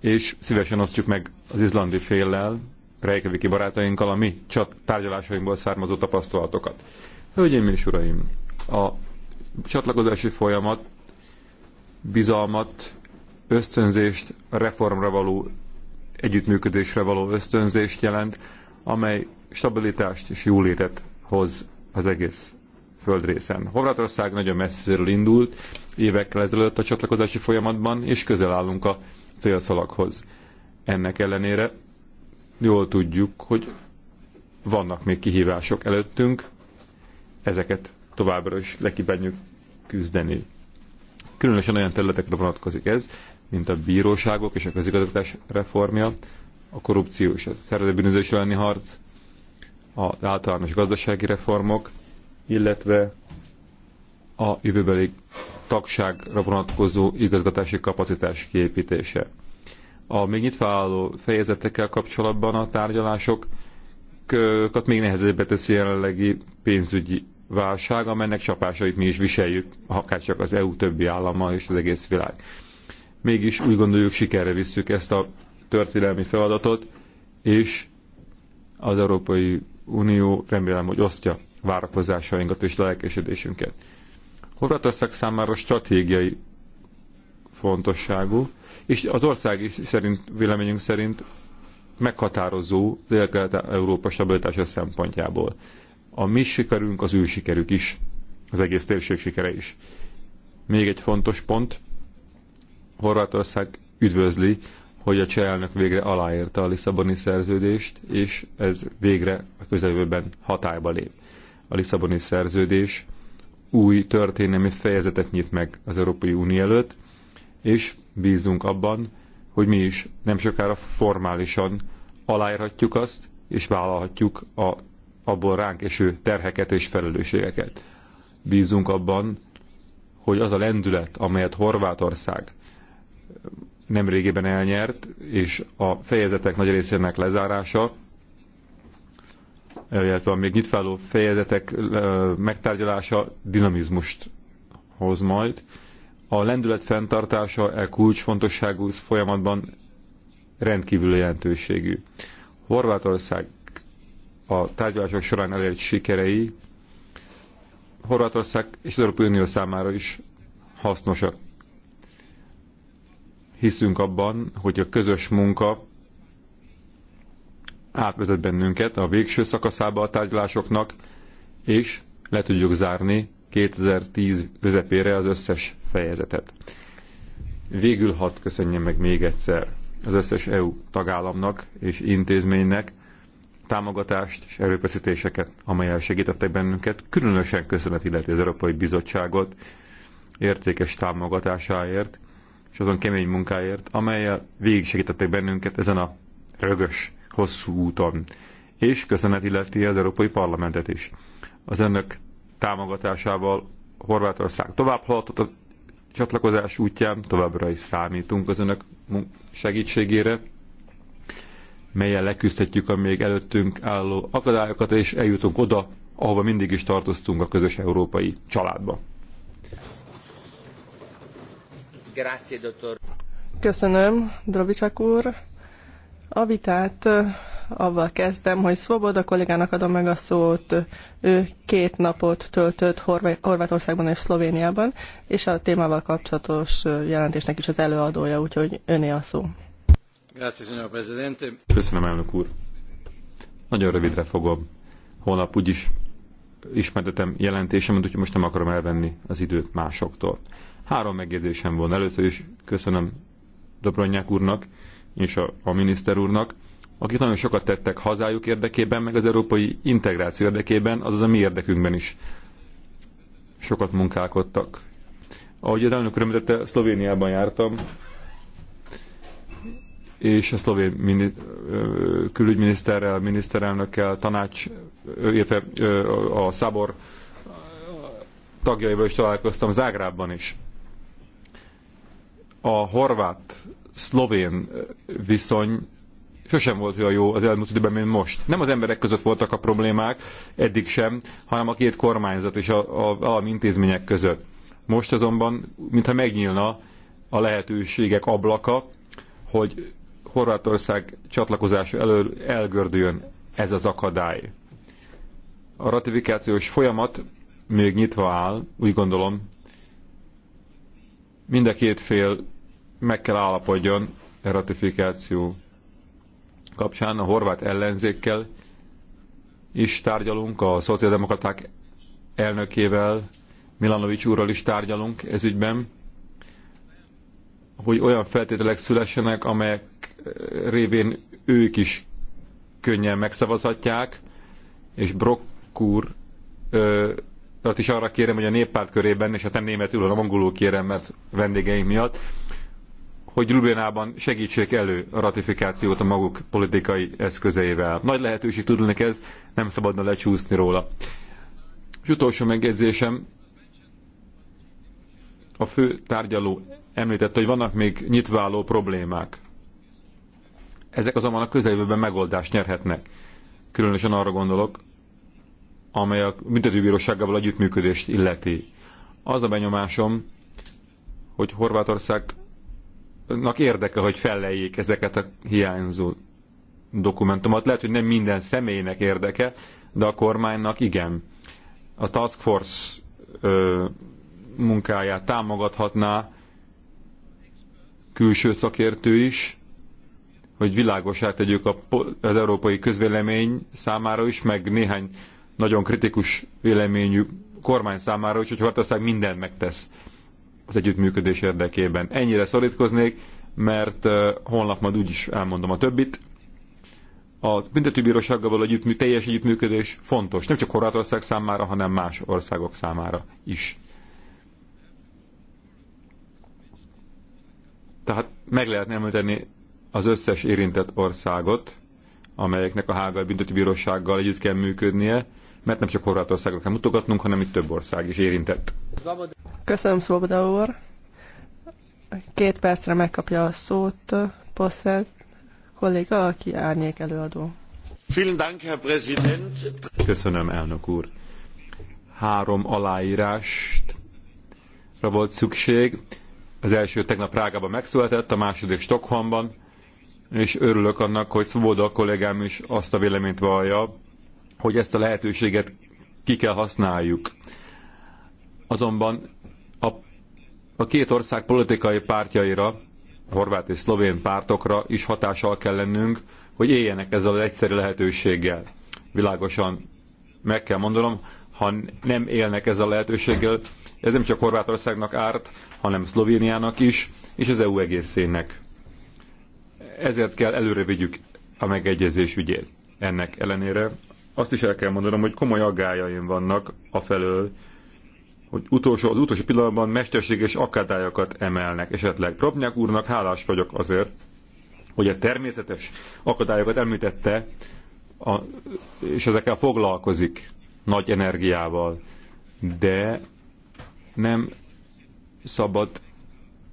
és szívesen osztjuk meg az izlandi féllel, rejkeviki barátainkkal a mi csat tárgyalásainkból származó tapasztalatokat. Hölgyeim és uraim, a csatlakozási folyamat bizalmat, ösztönzést, reformra való együttműködésre való ösztönzést jelent, amely stabilitást és jólétet hoz az egész földrészen. Horvátország nagyon messziről indult évekkel ezelőtt a csatlakozási folyamatban, és közel állunk a célszalaghoz. Ennek ellenére jól tudjuk, hogy vannak még kihívások előttünk, ezeket továbbra is lekibennjük küzdeni. Különösen olyan területekre vonatkozik ez, mint a bíróságok és a közigazgatás reformja, a korrupció és a szervezetbűnözés elleni harc, az általános gazdasági reformok, illetve a jövőbeli tagságra vonatkozó igazgatási kapacitás kiépítése. A még nyitva álló fejezetekkel kapcsolatban a tárgyalásokat még nehezebbé teszi jelenlegi pénzügyi válság, amelynek csapásait mi is viseljük, akár csak az EU többi állama és az egész világ. Mégis úgy gondoljuk, sikerre visszük ezt a történelmi feladatot, és az Európai Unió remélem, hogy osztja várakozásainkat és lelkesedésünket. Horvátország számára stratégiai fontosságú, és az ország is szerint, véleményünk szerint meghatározó dél európa stabilitása szempontjából. A mi sikerünk az ő sikerük is, az egész térség sikere is. Még egy fontos pont, Horvátország üdvözli, hogy a cseh elnök végre aláírta a Lisszaboni szerződést, és ez végre a közeljövőben hatályba lép a Lisszaboni szerződés új történelmi fejezetet nyit meg az Európai Unió előtt, és bízunk abban, hogy mi is nem sokára formálisan aláírhatjuk azt, és vállalhatjuk a, abból ránk eső terheket és felelősségeket. Bízunk abban, hogy az a lendület, amelyet Horvátország nemrégében elnyert, és a fejezetek nagy részének lezárása, illetve a még nyitváló fejezetek megtárgyalása dinamizmust hoz majd. A lendület fenntartása e kulcsfontosságú folyamatban rendkívül jelentőségű. Horvátország a tárgyalások során elért sikerei Horvátország és az Európai Unió számára is hasznosak. Hiszünk abban, hogy a közös munka átvezet bennünket a végső szakaszába a tárgyalásoknak, és le tudjuk zárni 2010 közepére az összes fejezetet. Végül hat köszönjem meg még egyszer az összes EU tagállamnak és intézménynek támogatást és erőfeszítéseket, amelyel segítettek bennünket. Különösen köszönet illeti az Európai Bizottságot értékes támogatásáért és azon kemény munkáért, amelyel végig segítettek bennünket ezen a rögös hosszú úton. És köszönet illeti az Európai Parlamentet is. Az önök támogatásával Horvátország tovább haladott a csatlakozás útján, továbbra is számítunk az önök segítségére, melyen leküzdhetjük a még előttünk álló akadályokat, és eljutunk oda, ahova mindig is tartoztunk a közös európai családba. Köszönöm, Drobicsak úr. A vitát avval kezdem, hogy Szvoboda kollégának adom meg a szót. Ő két napot töltött Horvátországban és Szlovéniában, és a témával kapcsolatos jelentésnek is az előadója, úgyhogy öné a szó. Köszönöm, elnök úr. Nagyon rövidre fogom. Holnap úgyis ismertetem jelentésemet, úgyhogy most nem akarom elvenni az időt másoktól. Három megjegyzésem volna. Először is köszönöm Dobronyák úrnak, és a, a miniszter úrnak, akik nagyon sokat tettek hazájuk érdekében, meg az európai integráció érdekében, azaz a mi érdekünkben is sokat munkálkodtak. Ahogy az elnök örömetette, Szlovéniában jártam, és a szlovén mini, külügyminiszterrel, miniszterelnökkel, tanács, illetve a Szabor tagjaival is találkoztam, Zágrábban is. A horvát szlovén viszony sosem volt olyan jó az elmúlt időben, mint most. Nem az emberek között voltak a problémák, eddig sem, hanem a két kormányzat és a, a, valami intézmények között. Most azonban, mintha megnyílna a lehetőségek ablaka, hogy Horvátország csatlakozása elől elgördüljön ez az akadály. A ratifikációs folyamat még nyitva áll, úgy gondolom, mind a két fél meg kell állapodjon a e ratifikáció kapcsán a horvát ellenzékkel is tárgyalunk, a szociáldemokraták elnökével, Milanovics úrral is tárgyalunk ez ügyben, hogy olyan feltételek szülessenek, amelyek révén ők is könnyen megszavazhatják, és Brock úr ö, is arra kérem, hogy a néppárt körében, és hát nem németül, hanem angolul kérem, mert vendégeim miatt, hogy Ljubljanában segítsék elő a ratifikációt a maguk politikai eszközeivel. Nagy lehetőség tudnak ez, nem szabadna lecsúszni róla. És utolsó megjegyzésem, a fő tárgyaló említette, hogy vannak még nyitváló problémák. Ezek azonban a közeljövőben megoldást nyerhetnek. Különösen arra gondolok, amely a büntetőbírósággal együttműködést illeti. Az a benyomásom, hogy Horvátország nak érdeke, hogy felleljék ezeket a hiányzó dokumentumot. Lehet, hogy nem minden személynek érdeke, de a kormánynak igen. A Task Force ö, munkáját támogathatná külső szakértő is, hogy világosá tegyük a, az európai közvélemény számára is, meg néhány nagyon kritikus véleményű kormány számára is, hogy Hortország mindent megtesz az együttműködés érdekében. Ennyire szorítkoznék, mert holnap majd úgyis elmondom a többit. Az büntetőbírósággal való együttmű, teljes együttműködés fontos, nem csak Horvátország számára, hanem más országok számára is. Tehát meg lehetne említeni az összes érintett országot, amelyeknek a Hágai Büntetőbírósággal együtt kell működnie, mert nem csak Horvátországra kell mutogatnunk, hanem itt több ország is érintett. Köszönöm, Szoboda úr. Két percre megkapja a szót Poszelt kolléga, aki árnyék előadó. Köszönöm, elnök úr. Három aláírást volt szükség. Az első tegnap Prágában megszületett, a második Stockholmban, és örülök annak, hogy Szoboda kollégám is azt a véleményt vallja, hogy ezt a lehetőséget ki kell használjuk. Azonban a, a két ország politikai pártjaira, horvát és szlovén pártokra is hatással kell lennünk, hogy éljenek ezzel az egyszerű lehetőséggel. Világosan meg kell mondanom, ha nem élnek ezzel a lehetőséggel, ez nem csak Horvátországnak árt, hanem Szlovéniának is, és az EU egészének. Ezért kell előre vigyük a megegyezés ügyét. Ennek ellenére azt is el kell mondanom, hogy komoly aggájaim vannak afelől, hogy utolsó, az utolsó pillanatban mesterséges akadályokat emelnek esetleg. Propnyák úrnak hálás vagyok azért, hogy a természetes akadályokat említette, a, és ezekkel foglalkozik nagy energiával, de nem szabad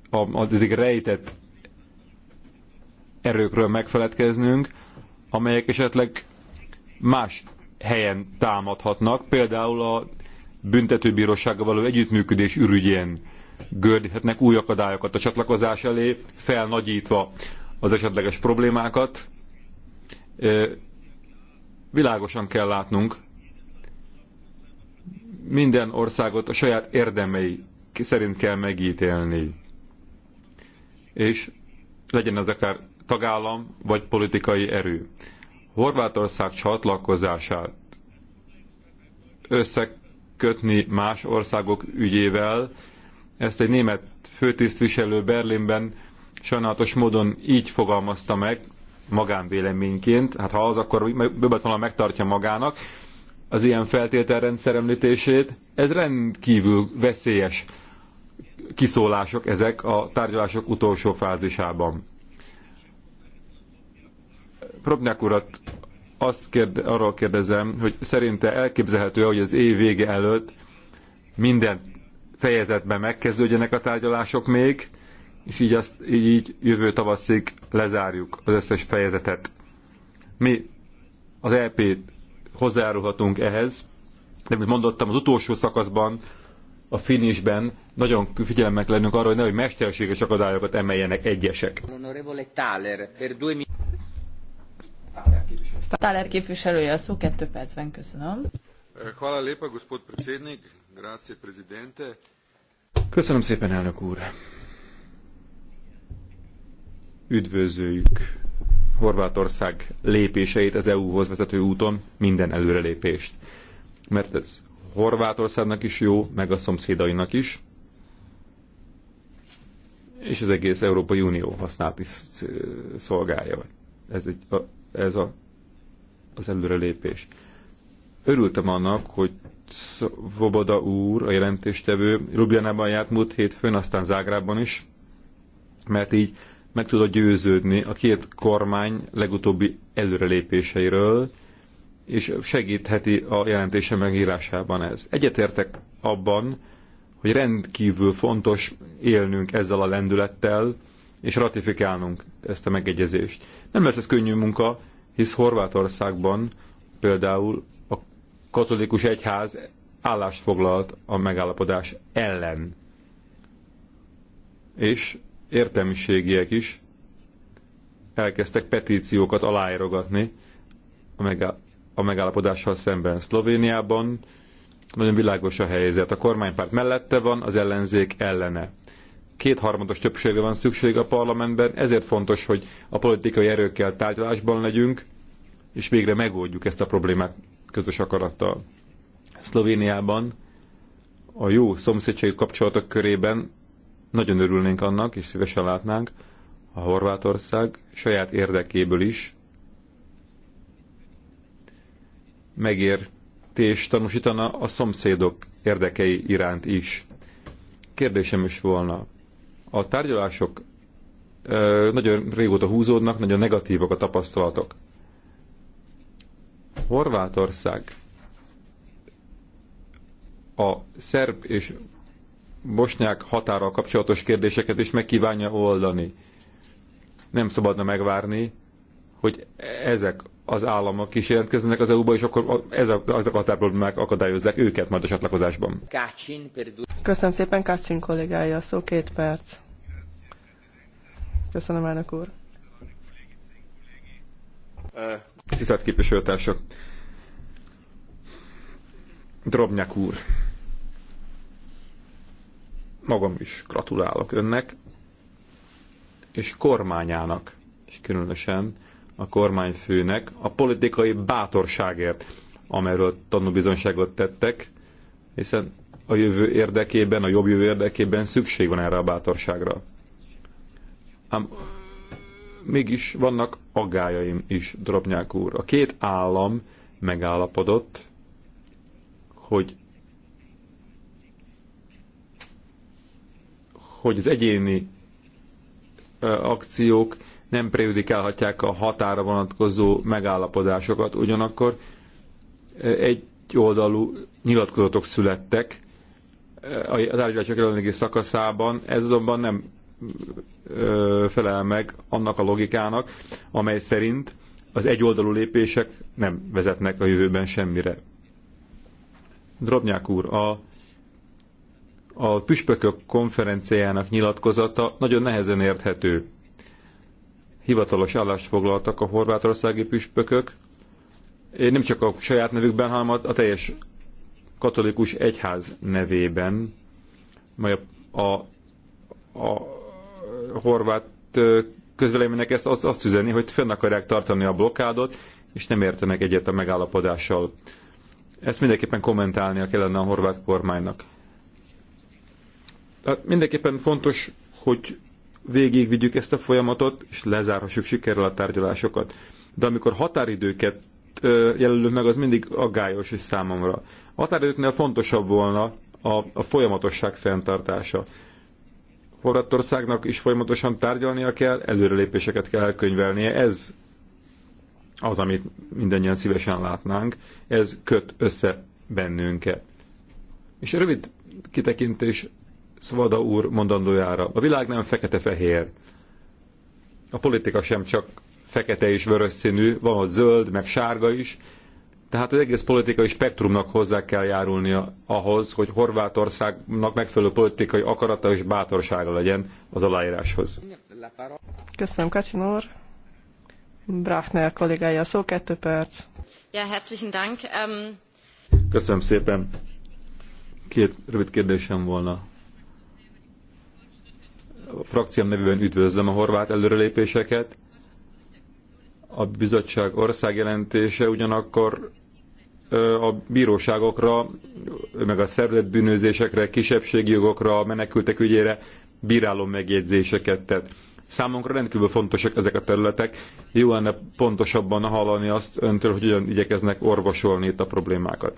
addig rejtett erőkről megfeledkeznünk, amelyek esetleg más helyen támadhatnak, például a büntetőbírósággal való együttműködés ürügyén gördíthetnek új akadályokat a csatlakozás elé, felnagyítva az esetleges problémákat. Világosan kell látnunk, minden országot a saját érdemei szerint kell megítélni. És legyen ez akár tagállam vagy politikai erő. Horvátország csatlakozását összekötni más országok ügyével, ezt egy német főtisztviselő Berlinben sajnálatos módon így fogalmazta meg, magánvéleményként, hát ha az, akkor volna megtartja magának az ilyen feltételrendszer említését. Ez rendkívül veszélyes kiszólások ezek a tárgyalások utolsó fázisában. Probnák urat azt kérde, arról kérdezem, hogy szerinte elképzelhető hogy az év vége előtt minden fejezetben megkezdődjenek a tárgyalások még, és így, azt, így jövő tavaszig lezárjuk az összes fejezetet. Mi az ep hozzájárulhatunk ehhez, de mint mondottam, az utolsó szakaszban, a finisben nagyon figyelmek lennünk arra, hogy nehogy mesterséges akadályokat emeljenek egyesek. Táler képviselője a szó, kettő percben köszönöm. Hvala lépa, gospod predsednik, grazie prezidente. Köszönöm szépen, elnök úr. Üdvözöljük Horvátország lépéseit az EU-hoz vezető úton, minden előrelépést. Mert ez Horvátországnak is jó, meg a szomszédainak is, és az egész Európai Unió hasznát is szolgálja. Ez, egy, a, ez a az előrelépés. Örültem annak, hogy Svoboda úr, a jelentéstevő, Ljubljanában járt múlt hétfőn, aztán Zágrában is, mert így meg tudod győződni a két kormány legutóbbi előrelépéseiről, és segítheti a jelentése megírásában ez. Egyetértek abban, hogy rendkívül fontos élnünk ezzel a lendülettel, és ratifikálnunk ezt a megegyezést. Nem lesz ez könnyű munka, hisz Horvátországban például a katolikus egyház állást foglalt a megállapodás ellen. És értelmiségiek is elkezdtek petíciókat aláírogatni a, megá a megállapodással szemben. Szlovéniában nagyon világos a helyzet. A kormánypárt mellette van, az ellenzék ellene kétharmados többségre van szükség a parlamentben, ezért fontos, hogy a politikai erőkkel tárgyalásban legyünk, és végre megoldjuk ezt a problémát közös akarattal. Szlovéniában a jó szomszédségi kapcsolatok körében nagyon örülnénk annak, és szívesen látnánk, a Horvátország saját érdekéből is megértést tanúsítana a szomszédok érdekei iránt is. Kérdésem is volna, a tárgyalások nagyon régóta húzódnak, nagyon negatívak a tapasztalatok. Horvátország a szerb és bosnyák határa kapcsolatos kérdéseket is meg kívánja oldani. Nem szabadna megvárni, hogy ezek az államok is jelentkeznek az EU-ba, és akkor ezek, a határproblémák akadályozzák őket majd a csatlakozásban. Köszönöm szépen, Kácsin kollégája, a szó két perc. Köszönöm, elnök úr. Tisztelt képviselőtársak! Drobnyák úr! Magam is gratulálok önnek, és kormányának, és különösen a kormányfőnek a politikai bátorságért, amelyről tanúbizonyságot tettek, hiszen a jövő érdekében, a jobb jövő érdekében szükség van erre a bátorságra. Ám mégis vannak aggájaim is, Drobnyák úr. A két állam megállapodott, hogy hogy az egyéni akciók nem prejudikálhatják a határa vonatkozó megállapodásokat, ugyanakkor egy oldalú nyilatkozatok születtek a tárgyalások jelenlegi szakaszában, ez azonban nem felel meg annak a logikának, amely szerint az egyoldalú lépések nem vezetnek a jövőben semmire. Drobnyák úr, a, a püspökök konferenciájának nyilatkozata nagyon nehezen érthető hivatalos állást foglaltak a horvátországi püspökök, nem csak a saját nevükben, hanem a teljes katolikus egyház nevében, majd a, a, a horvát közveleménynek ezt azt, azt üzeni, hogy fenn akarják tartani a blokádot, és nem értenek egyet a megállapodással. Ezt mindenképpen kommentálnia kellene a horvát kormánynak. Tehát mindenképpen fontos, hogy végigvigyük ezt a folyamatot, és lezárhassuk sikerrel a tárgyalásokat. De amikor határidőket jelölünk meg, az mindig aggályos is számomra. A határidőknél fontosabb volna a, a folyamatosság fenntartása. Horvátországnak is folyamatosan tárgyalnia kell, előrelépéseket kell elkönyvelnie. Ez az, amit mindannyian szívesen látnánk. Ez köt össze bennünket. És rövid kitekintés Szvada úr mondandójára. A világ nem fekete-fehér. A politika sem csak fekete és vörös színű, van ott zöld, meg sárga is. Tehát az egész politikai spektrumnak hozzá kell járulnia ahhoz, hogy Horvátországnak megfelelő politikai akarata és bátorsága legyen az aláíráshoz. Köszönöm, Kacsinor. Brachner kollégája szó, kettő perc. Ja, herzlichen Dank. Um... Köszönöm szépen. Két rövid kérdésem volna a frakcióm nevében üdvözlöm a horvát előrelépéseket. A bizottság országjelentése ugyanakkor a bíróságokra, meg a bűnözésekre, kisebbségi jogokra, a menekültek ügyére bíráló megjegyzéseket tett. Számunkra rendkívül fontosak ezek a területek. Jó lenne pontosabban hallani azt öntől, hogy hogyan igyekeznek orvosolni itt a problémákat.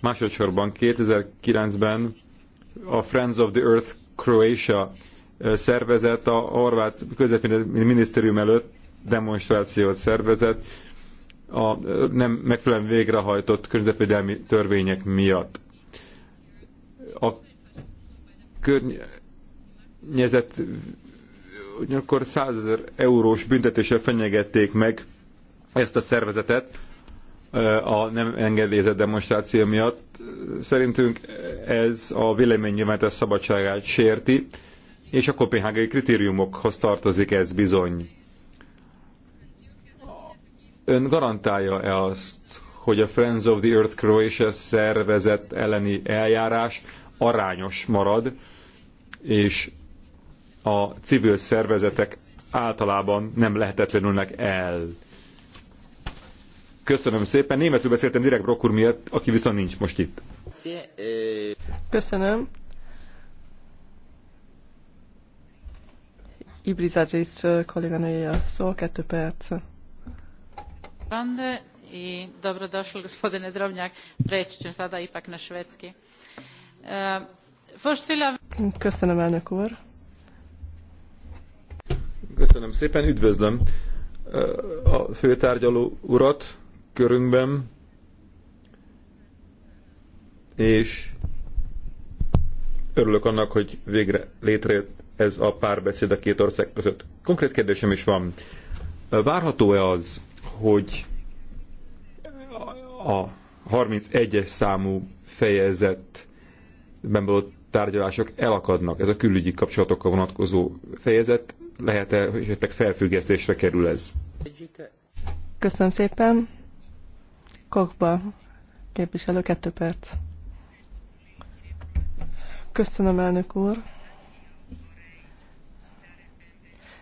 Másodszorban 2009-ben a Friends of the Earth Croatia szervezet a horvát minisztérium előtt demonstrációt szervezett a nem megfelelően végrehajtott környezetvédelmi törvények miatt. A környezet ugyanakkor 100 ezer eurós büntetéssel fenyegették meg ezt a szervezetet a nem engedélyezett demonstráció miatt. Szerintünk ez a véleménynyilvántás szabadságát sérti, és a kopenhágai kritériumokhoz tartozik ez bizony. Ön garantálja-e azt, hogy a Friends of the Earth Croatia szervezet elleni eljárás arányos marad, és a civil szervezetek általában nem lehetetlenülnek el. Köszönöm szépen. Németül beszéltem direkt Brock miatt, aki viszont nincs most itt. Köszönöm. Ibrizadzsisz kolléganője a szó, kettő perc. Rande, i dobrodošli gospodine Drobnjak, preći ću sada ipak na švedski. E, first Köszönöm, elnök úr. Köszönöm szépen, üdvözlöm a főtárgyaló urat körünkben, és örülök annak, hogy végre létrejött ez a párbeszéd a két ország között. Konkrét kérdésem is van. Várható-e az, hogy a 31-es számú fejezetben való tárgyalások elakadnak? Ez a külügyi kapcsolatokkal vonatkozó fejezet lehet-e, esetleg felfüggesztésre kerül ez? Köszönöm szépen. Kokba képviselő, kettő perc. Köszönöm, elnök úr.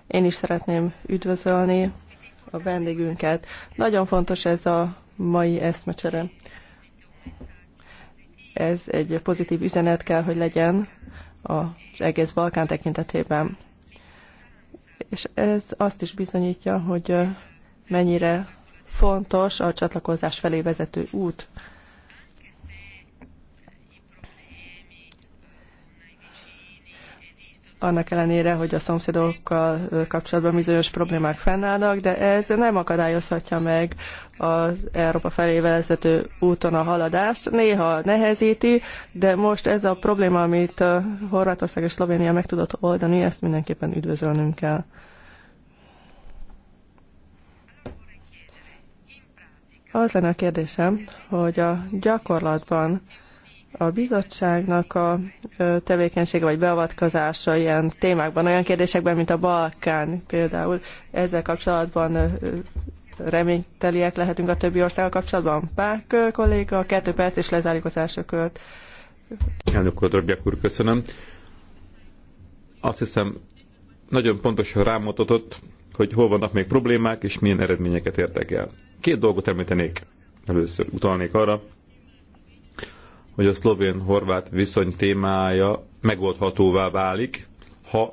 Én is szeretném üdvözölni a vendégünket. Nagyon fontos ez a mai eszmecsere. Ez egy pozitív üzenet kell, hogy legyen az egész Balkán tekintetében. És ez azt is bizonyítja, hogy mennyire fontos a csatlakozás felé vezető út. annak ellenére, hogy a szomszédokkal kapcsolatban bizonyos problémák fennállnak, de ez nem akadályozhatja meg az Európa felé vezető úton a haladást. Néha nehezíti, de most ez a probléma, amit Horvátország és Szlovénia meg tudott oldani, ezt mindenképpen üdvözölnünk kell. Az lenne a kérdésem, hogy a gyakorlatban a bizottságnak a tevékenysége vagy beavatkozása ilyen témákban, olyan kérdésekben, mint a Balkán például. Ezzel kapcsolatban reményteliek lehetünk a többi országgal kapcsolatban. Pák kolléga, kettő perc és lezárjuk az első kört. Elnök úr, köszönöm. Azt hiszem, nagyon pontosan rámutatott, hogy hol vannak még problémák, és milyen eredményeket értek el. Két dolgot említenék. Először utalnék arra, hogy a szlovén-horvát viszony témája megoldhatóvá válik, ha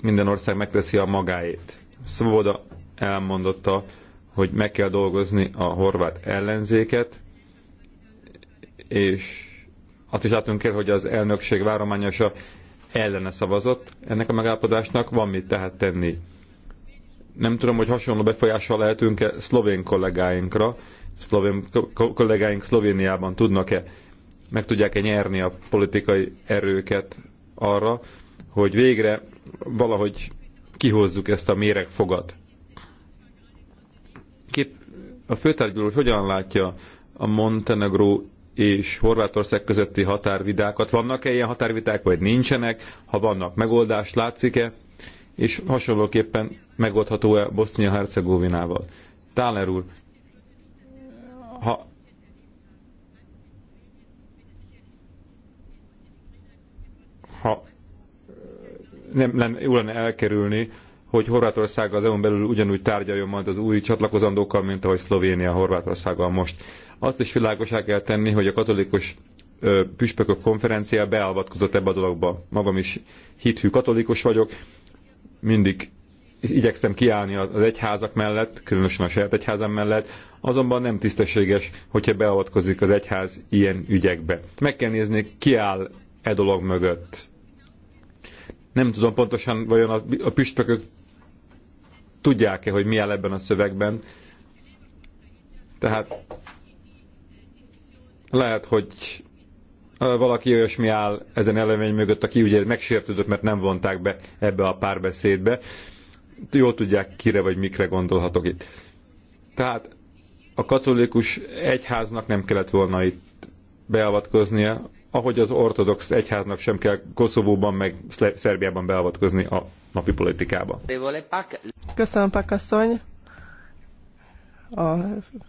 minden ország megteszi a magáét. Szvoboda elmondotta, hogy meg kell dolgozni a horvát ellenzéket, és azt is látunk kell, hogy az elnökség várományosa ellene szavazott ennek a megállapodásnak, van mit tehát tenni. Nem tudom, hogy hasonló befolyással lehetünk-e szlovén kollégáinkra, szlovén, kollégáink Szlovéniában tudnak-e, meg tudják-e nyerni a politikai erőket arra, hogy végre valahogy kihozzuk ezt a méregfogat. Kép, a főtárgyaló hogy hogyan látja a Montenegró és Horvátország közötti határvidákat. Vannak-e ilyen határviták, vagy nincsenek? Ha vannak, megoldást látszik-e? És hasonlóképpen megoldható-e Bosznia-Hercegovinával? Táler úr, ha ha nem lenne, jó lenne elkerülni, hogy Horvátország az EU-n belül ugyanúgy tárgyaljon majd az új csatlakozandókkal, mint ahogy Szlovénia Horvátországgal most. Azt is világosá kell tenni, hogy a katolikus ö, püspökök konferencia beavatkozott ebbe a dologba. Magam is hithű katolikus vagyok, mindig igyekszem kiállni az egyházak mellett, különösen a saját egyházam mellett, azonban nem tisztességes, hogyha beavatkozik az egyház ilyen ügyekbe. Meg kell nézni, ki áll e dolog mögött. Nem tudom pontosan, vajon a, a püspökök tudják-e, hogy mi áll ebben a szövegben. Tehát lehet, hogy valaki olyasmi áll ezen elemény mögött, aki ugye megsértődött, mert nem vonták be ebbe a párbeszédbe jól tudják, kire vagy mikre gondolhatok itt. Tehát a katolikus egyháznak nem kellett volna itt beavatkoznia, ahogy az ortodox egyháznak sem kell Koszovóban meg Szerbiában beavatkozni a napi politikába. Köszönöm, Pakasszony! A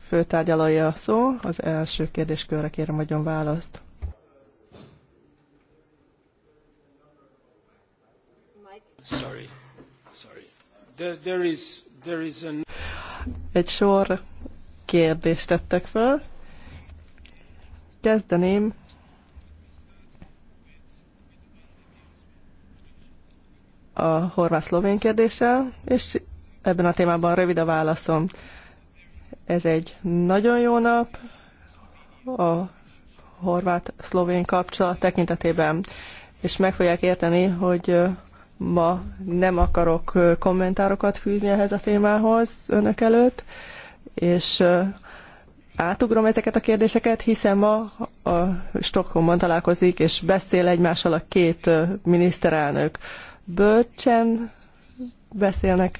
főtárgyalója a szó. Az első kérdéskörre kérem, adjon választ. Sorry. Egy sor kérdést tettek fel. Kezdeném a horvát-szlovén kérdéssel, és ebben a témában rövid a válaszom. Ez egy nagyon jó nap a horvát-szlovén kapcsolat tekintetében, és meg fogják érteni, hogy Ma nem akarok kommentárokat fűzni ehhez a témához önök előtt, és átugrom ezeket a kérdéseket, hiszen ma a Stockholmban találkozik, és beszél egymással a két miniszterelnök. Bölcsen beszélnek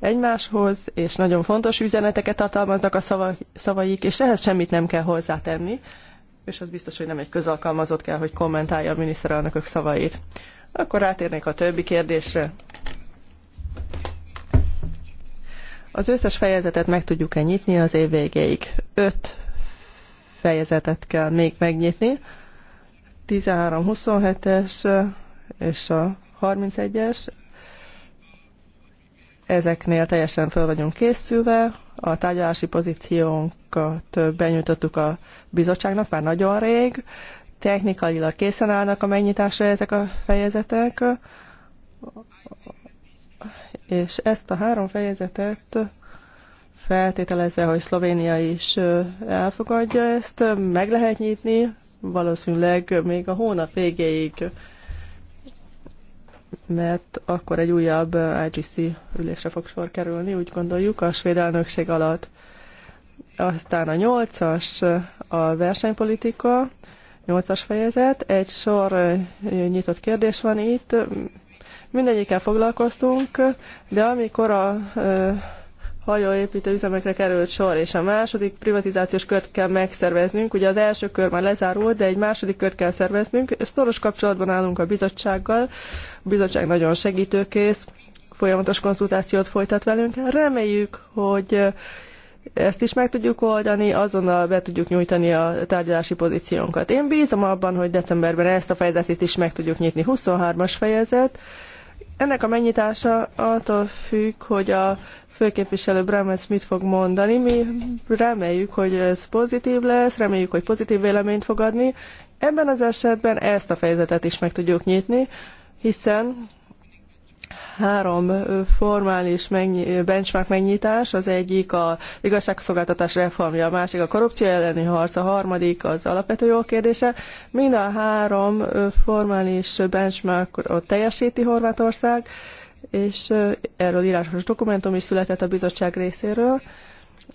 egymáshoz, és nagyon fontos üzeneteket tartalmaznak a szavaik, és ehhez semmit nem kell hozzátenni, és az biztos, hogy nem egy közalkalmazott kell, hogy kommentálja a miniszterelnökök szavait. Akkor rátérnék a többi kérdésre. Az összes fejezetet meg tudjuk-e nyitni az év végéig? Öt fejezetet kell még megnyitni. 13, 27-es és a 31-es. Ezeknél teljesen fel vagyunk készülve. A tárgyalási pozíciónkat benyújtottuk a bizottságnak már nagyon rég. Technikailag készen állnak a megnyitásra ezek a fejezetek, és ezt a három fejezetet feltételezve, hogy Szlovénia is elfogadja ezt, meg lehet nyitni, valószínűleg még a hónap végéig, mert akkor egy újabb IGC ülésre fog sor kerülni, úgy gondoljuk, a svéd elnökség alatt. Aztán a nyolcas a versenypolitika, Nyolcas fejezet, egy sor nyitott kérdés van itt, mindegyikkel foglalkoztunk, de amikor a hajóépítő üzemekre került sor, és a második privatizációs kört kell megszerveznünk. Ugye az első kör már lezárult, de egy második kört kell szerveznünk. Szoros kapcsolatban állunk a bizottsággal. A bizottság nagyon segítőkész, folyamatos konzultációt folytat velünk. Reméljük, hogy ezt is meg tudjuk oldani, azonnal be tudjuk nyújtani a tárgyalási pozíciónkat. Én bízom abban, hogy decemberben ezt a fejezetet is meg tudjuk nyitni. 23-as fejezet. Ennek a megnyitása attól függ, hogy a főképviselő Bremes mit fog mondani. Mi reméljük, hogy ez pozitív lesz, reméljük, hogy pozitív véleményt fog adni. Ebben az esetben ezt a fejezetet is meg tudjuk nyitni, hiszen Három formális mennyi, benchmark megnyitás, az egyik a igazságszolgáltatás reformja, a másik a korrupció elleni harc, a harmadik az alapvető jog kérdése. Mind a három formális benchmarkot teljesíti Horvátország, és erről írásos dokumentum is született a bizottság részéről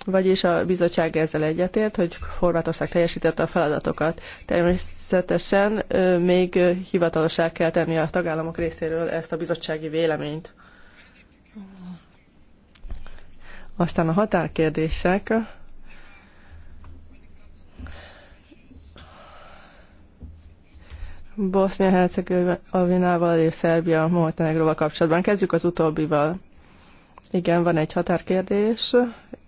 vagyis a bizottság ezzel egyetért, hogy Horvátország teljesítette a feladatokat. Természetesen még hivatalosá kell tenni a tagállamok részéről ezt a bizottsági véleményt. Aztán a határkérdések. Bosznia-Hercegovinával és Szerbia Montenegroval kapcsolatban. Kezdjük az utóbbival. Igen, van egy határkérdés,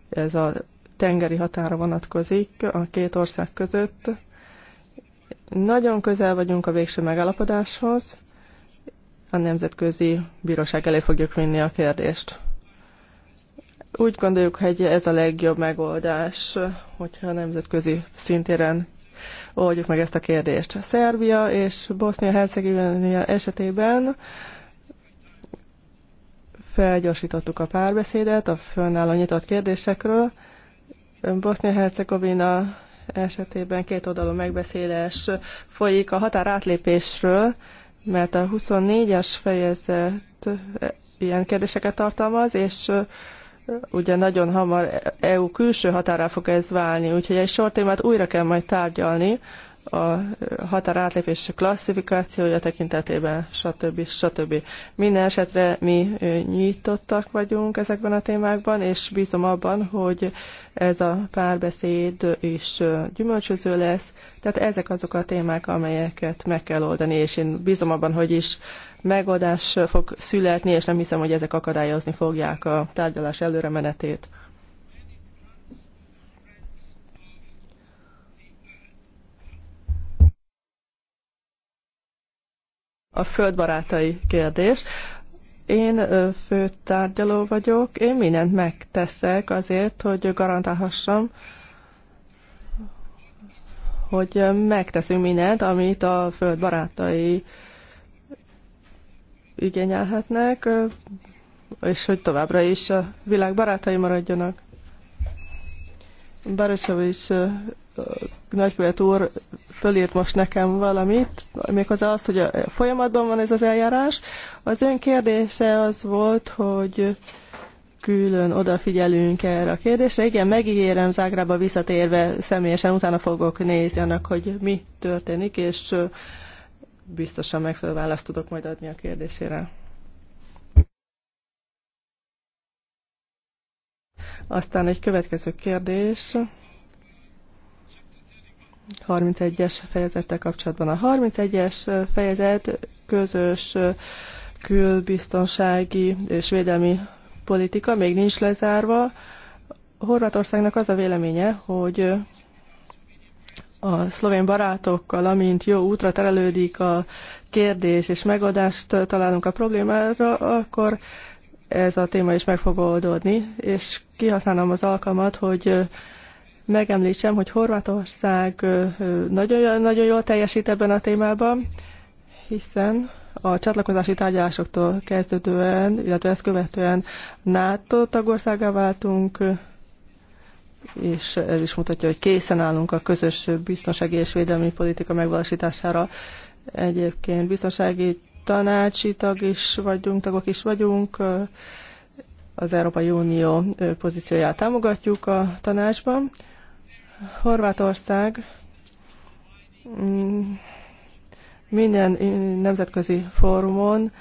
ez a tengeri határa vonatkozik a két ország között. Nagyon közel vagyunk a végső megállapodáshoz. A Nemzetközi Bíróság elé fogjuk vinni a kérdést. Úgy gondoljuk, hogy ez a legjobb megoldás, hogyha a nemzetközi szintéren oldjuk meg ezt a kérdést. Szerbia és Bosznia-Hercegovina esetében felgyorsítottuk a párbeszédet a fönnálló nyitott kérdésekről. Bosznia-Hercegovina esetében két oldalú megbeszélés folyik a határátlépésről, mert a 24-es fejezet ilyen kérdéseket tartalmaz, és ugye nagyon hamar EU külső határa fog ez válni, úgyhogy egy sor témát újra kell majd tárgyalni, a határátlépés klasszifikációja tekintetében, stb. stb. Minden esetre mi nyitottak vagyunk ezekben a témákban, és bízom abban, hogy ez a párbeszéd is gyümölcsöző lesz. Tehát ezek azok a témák, amelyeket meg kell oldani, és én bízom abban, hogy is megoldás fog születni, és nem hiszem, hogy ezek akadályozni fogják a tárgyalás előre menetét. a földbarátai kérdés. Én főtárgyaló vagyok, én mindent megteszek azért, hogy garantálhassam, hogy megteszünk mindent, amit a földbarátai igényelhetnek, és hogy továbbra is a világ barátai maradjanak. is nagykövet úr fölírt most nekem valamit, méghozzá azt, hogy a folyamatban van ez az eljárás. Az ön kérdése az volt, hogy külön odafigyelünk erre a kérdésre. Igen, megígérem Zágrába visszatérve személyesen, utána fogok nézni annak, hogy mi történik, és biztosan megfelelő választ tudok majd adni a kérdésére. Aztán egy következő kérdés. 31-es fejezettel kapcsolatban. A 31-es fejezet közös külbiztonsági és védelmi politika még nincs lezárva. Horvátországnak az a véleménye, hogy a szlovén barátokkal, amint jó útra terelődik a kérdés és megoldást találunk a problémára, akkor ez a téma is meg fog oldódni, és kihasználom az alkalmat, hogy megemlítsem, hogy Horvátország nagyon, nagyon jól teljesít ebben a témában, hiszen a csatlakozási tárgyalásoktól kezdődően, illetve ezt követően NATO tagországá váltunk, és ez is mutatja, hogy készen állunk a közös biztonsági és védelmi politika megvalósítására. Egyébként biztonsági tanácsi tag is vagyunk, tagok is vagyunk, az Európai Unió pozícióját támogatjuk a tanácsban, Horvátország mm, minden nemzetközi fórumon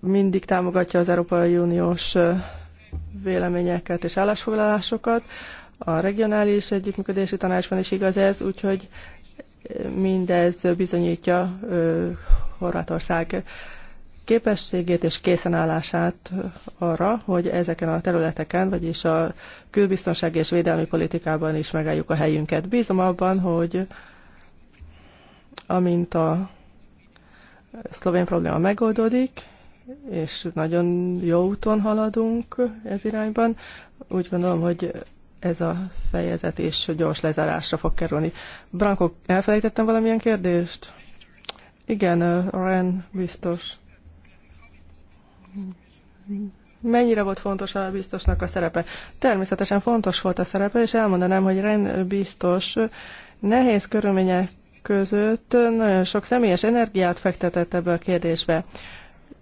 mindig támogatja az Európai Uniós véleményeket és állásfoglalásokat. A regionális együttműködési tanácsban is igaz ez, úgyhogy mindez bizonyítja Horvátország képességét és készenállását arra, hogy ezeken a területeken, vagyis a külbiztonsági és védelmi politikában is megálljuk a helyünket. Bízom abban, hogy amint a szlovén probléma megoldódik, és nagyon jó úton haladunk ez irányban, úgy gondolom, hogy ez a fejezet és gyors lezárásra fog kerülni. Branko, elfelejtettem valamilyen kérdést? Igen, Ren biztos mennyire volt fontos a biztosnak a szerepe. Természetesen fontos volt a szerepe, és elmondanám, hogy Ren biztos nehéz körülmények között nagyon sok személyes energiát fektetett ebbe a kérdésbe.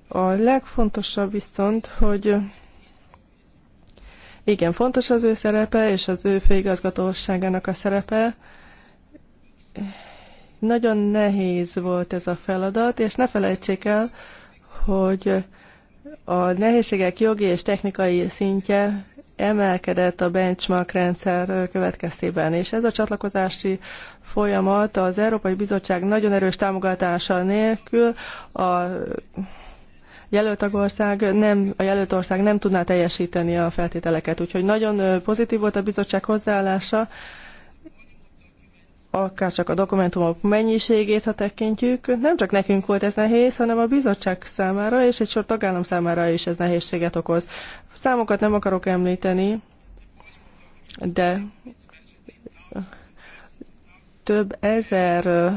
A legfontosabb viszont, hogy igen, fontos az ő szerepe, és az ő főigazgatóságának a szerepe. Nagyon nehéz volt ez a feladat, és ne felejtsék el, hogy a nehézségek jogi és technikai szintje emelkedett a benchmark rendszer következtében, és ez a csatlakozási folyamat az Európai Bizottság nagyon erős támogatása nélkül a jelölt ország nem, a jelölt ország nem tudná teljesíteni a feltételeket. Úgyhogy nagyon pozitív volt a bizottság hozzáállása, akár csak a dokumentumok mennyiségét, ha tekintjük, nem csak nekünk volt ez nehéz, hanem a bizottság számára és egy sor tagállam számára is ez nehézséget okoz. Számokat nem akarok említeni, de több ezer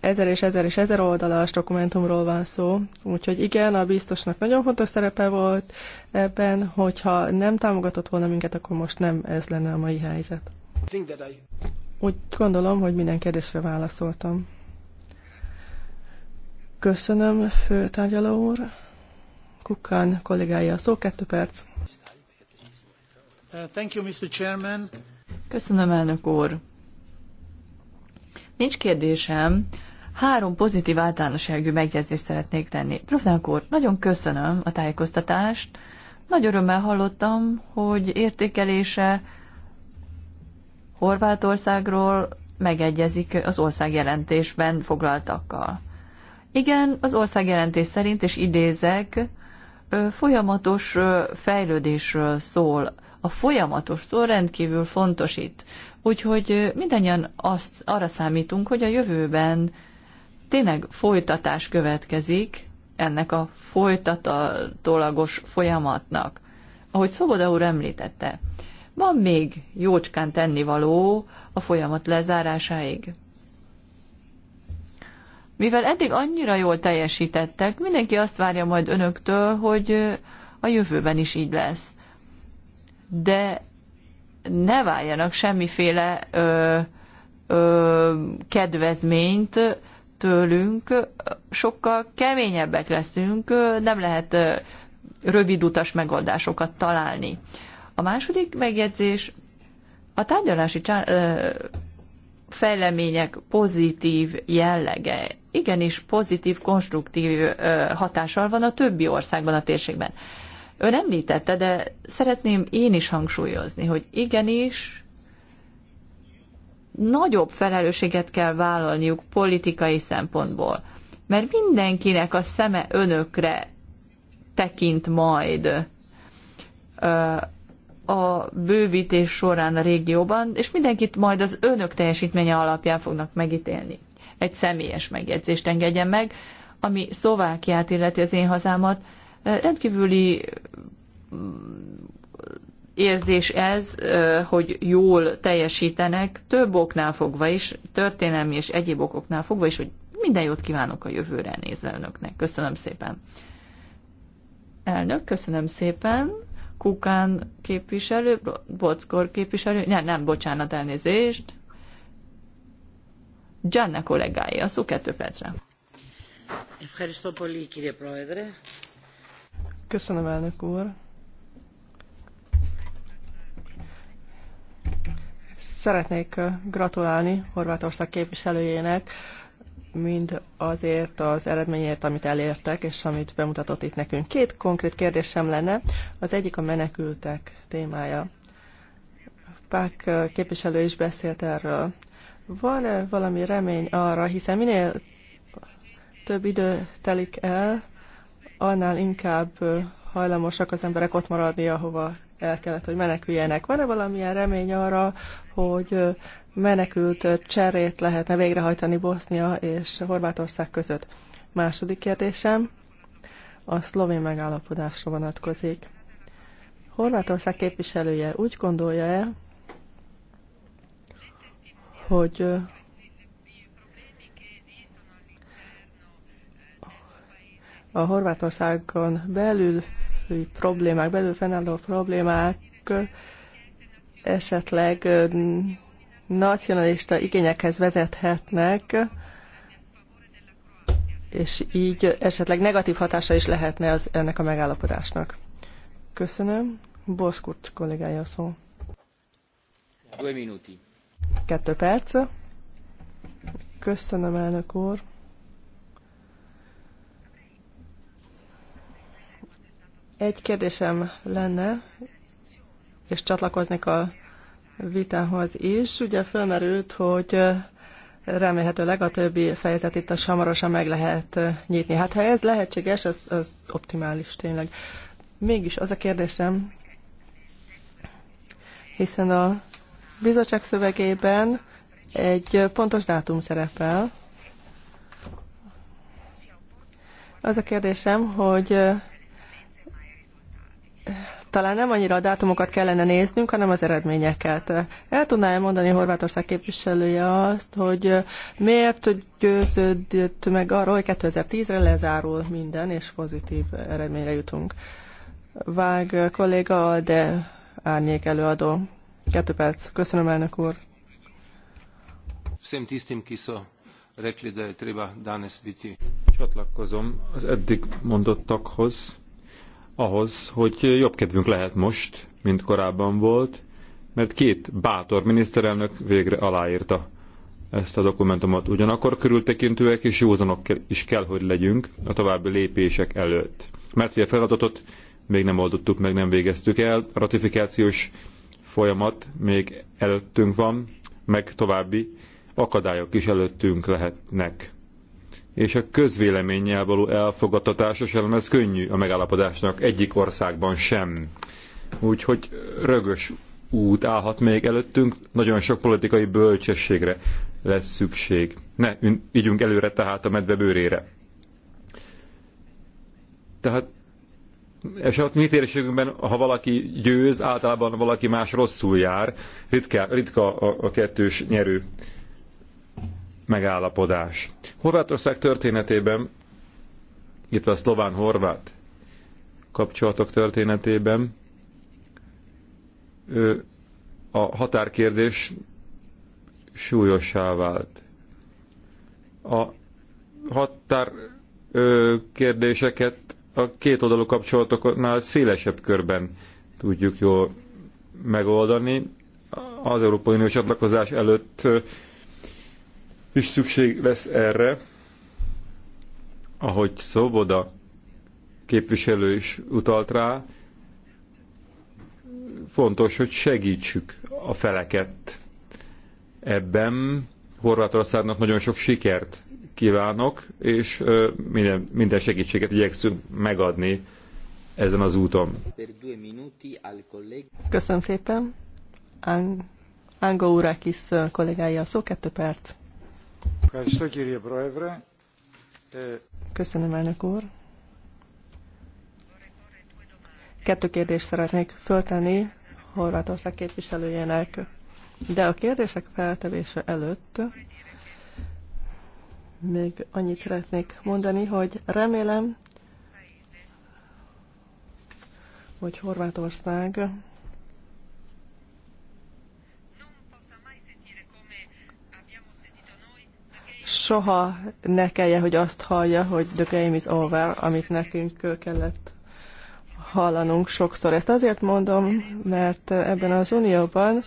ezer és ezer és ezer oldalas dokumentumról van szó, úgyhogy igen, a biztosnak nagyon fontos szerepe volt ebben, hogyha nem támogatott volna minket, akkor most nem ez lenne a mai helyzet. Úgy gondolom, hogy minden kérdésre válaszoltam. Köszönöm, főtárgyaló úr. kukán, kollégája a szó, kettő perc. Uh, thank you, Mr. Chairman. Köszönöm, elnök úr. Nincs kérdésem. Három pozitív általánosságú megjegyzést szeretnék tenni. Profnák úr, nagyon köszönöm a tájékoztatást. Nagy örömmel hallottam, hogy értékelése Horvátországról megegyezik az országjelentésben foglaltakkal. Igen, az országjelentés szerint, és idézek, folyamatos fejlődésről szól. A folyamatos szó rendkívül fontos itt. Úgyhogy mindannyian azt, arra számítunk, hogy a jövőben tényleg folytatás következik ennek a folytatólagos folyamatnak. Ahogy Szoboda úr említette, van még jócskán tennivaló a folyamat lezárásáig. Mivel eddig annyira jól teljesítettek, mindenki azt várja majd önöktől, hogy a jövőben is így lesz. De ne váljanak semmiféle ö, ö, kedvezményt tőlünk, sokkal keményebbek leszünk, nem lehet rövidutas megoldásokat találni. A második megjegyzés, a tárgyalási csá- ö, fejlemények pozitív jellege igenis pozitív, konstruktív ö, hatással van a többi országban a térségben. Ön említette, de szeretném én is hangsúlyozni, hogy igenis nagyobb felelősséget kell vállalniuk politikai szempontból, mert mindenkinek a szeme önökre tekint majd. Ö, a bővítés során a régióban, és mindenkit majd az önök teljesítménye alapján fognak megítélni. Egy személyes megjegyzést engedjen meg, ami Szlovákiát illeti az én hazámat. Rendkívüli mm, érzés ez, hogy jól teljesítenek, több oknál fogva is, történelmi és egyéb okoknál fogva is, hogy minden jót kívánok a jövőre nézve önöknek. Köszönöm szépen. Elnök, köszönöm szépen. Kukán képviselő, Bockor képviselő, nem, nem, bocsánat, elnézést. Gianna kollégája, szó kettő percre. Köszönöm, elnök úr. Szeretnék gratulálni Horvátország képviselőjének mind azért az eredményért, amit elértek, és amit bemutatott itt nekünk. Két konkrét kérdésem lenne. Az egyik a menekültek témája. Pák képviselő is beszélt erről. Van-e valami remény arra, hiszen minél több idő telik el, annál inkább hajlamosak az emberek ott maradni, ahova el kellett, hogy meneküljenek. Van-e valamilyen remény arra, hogy menekült cserét lehetne végrehajtani Bosznia és Horvátország között. Második kérdésem a szlovén megállapodásra vonatkozik. Horvátország képviselője úgy gondolja-e, hogy a Horvátországon belül problémák, belül fennálló problémák esetleg nacionalista igényekhez vezethetnek, és így esetleg negatív hatása is lehetne az, ennek a megállapodásnak. Köszönöm. Boszkurt kollégája szó. Kettő perc. Köszönöm, elnök úr. Egy kérdésem lenne, és csatlakoznék a vitához is. Ugye fölmerült, hogy remélhetőleg a többi fejezet itt a samarosan meg lehet nyitni. Hát ha ez lehetséges, az, az optimális tényleg. Mégis az a kérdésem, hiszen a bizottság szövegében egy pontos dátum szerepel. Az a kérdésem, hogy talán nem annyira a dátumokat kellene néznünk, hanem az eredményeket. El tudná-e mondani Horvátország képviselője azt, hogy miért győződött meg arról, hogy 2010-re lezárul minden, és pozitív eredményre jutunk? Vág kolléga, de árnyék előadó. Kettő perc. Köszönöm, elnök úr. Vsem tistim, ki rekli, da treba danes biti. Csatlakozom az eddig mondottakhoz ahhoz, hogy jobb kedvünk lehet most, mint korábban volt, mert két bátor miniszterelnök végre aláírta ezt a dokumentumot. Ugyanakkor körültekintőek és józanok is kell, hogy legyünk a további lépések előtt. Mert hogy a feladatot még nem oldottuk, meg nem végeztük el, a ratifikációs folyamat még előttünk van, meg további akadályok is előttünk lehetnek és a közvéleménnyel való elfogadtatása sem lesz könnyű a megállapodásnak egyik országban sem. Úgyhogy rögös út állhat még előttünk, nagyon sok politikai bölcsességre lesz szükség. Ne, ígyünk előre tehát a medve bőrére. Tehát és ott hát mi térségünkben, ha valaki győz, általában valaki más rosszul jár, ritka, ritka a, a kettős nyerő megállapodás. Horvátország történetében, itt a szlován-horvát kapcsolatok történetében a határkérdés súlyossá vált. A határ kérdéseket a oldalú kapcsolatoknál szélesebb körben tudjuk jól megoldani. Az Európai Unió csatlakozás előtt is szükség lesz erre, ahogy Szoboda képviselő is utalt rá, fontos, hogy segítsük a feleket. Ebben Horvátországnak nagyon sok sikert kívánok, és minden, minden segítséget igyekszünk megadni ezen az úton. Köszönöm szépen. Ang Ango Urakis kollégája a szó, kettő perc. Köszönöm, elnök úr. Kettő kérdést szeretnék föltenni Horvátország képviselőjének, de a kérdések feltevése előtt még annyit szeretnék mondani, hogy remélem, hogy Horvátország soha ne kelljen, hogy azt hallja, hogy the game is over, amit nekünk kellett hallanunk sokszor. Ezt azért mondom, mert ebben az unióban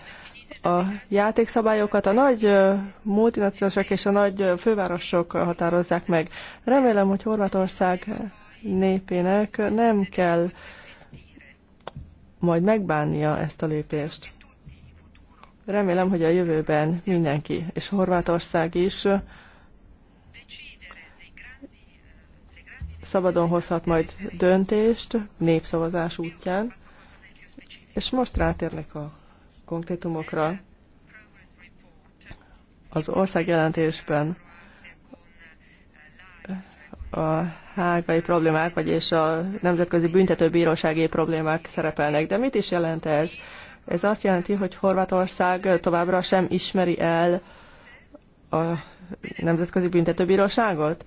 a játékszabályokat a nagy multinacionalisok és a nagy fővárosok határozzák meg. Remélem, hogy Horvátország népének nem kell majd megbánnia ezt a lépést. Remélem, hogy a jövőben mindenki, és Horvátország is szabadon hozhat majd döntést népszavazás útján. És most rátérnek a konkrétumokra. Az országjelentésben a hágai problémák, vagyis a Nemzetközi Büntetőbírósági problémák szerepelnek. De mit is jelent ez? Ez azt jelenti, hogy Horvátország továbbra sem ismeri el a Nemzetközi Büntetőbíróságot?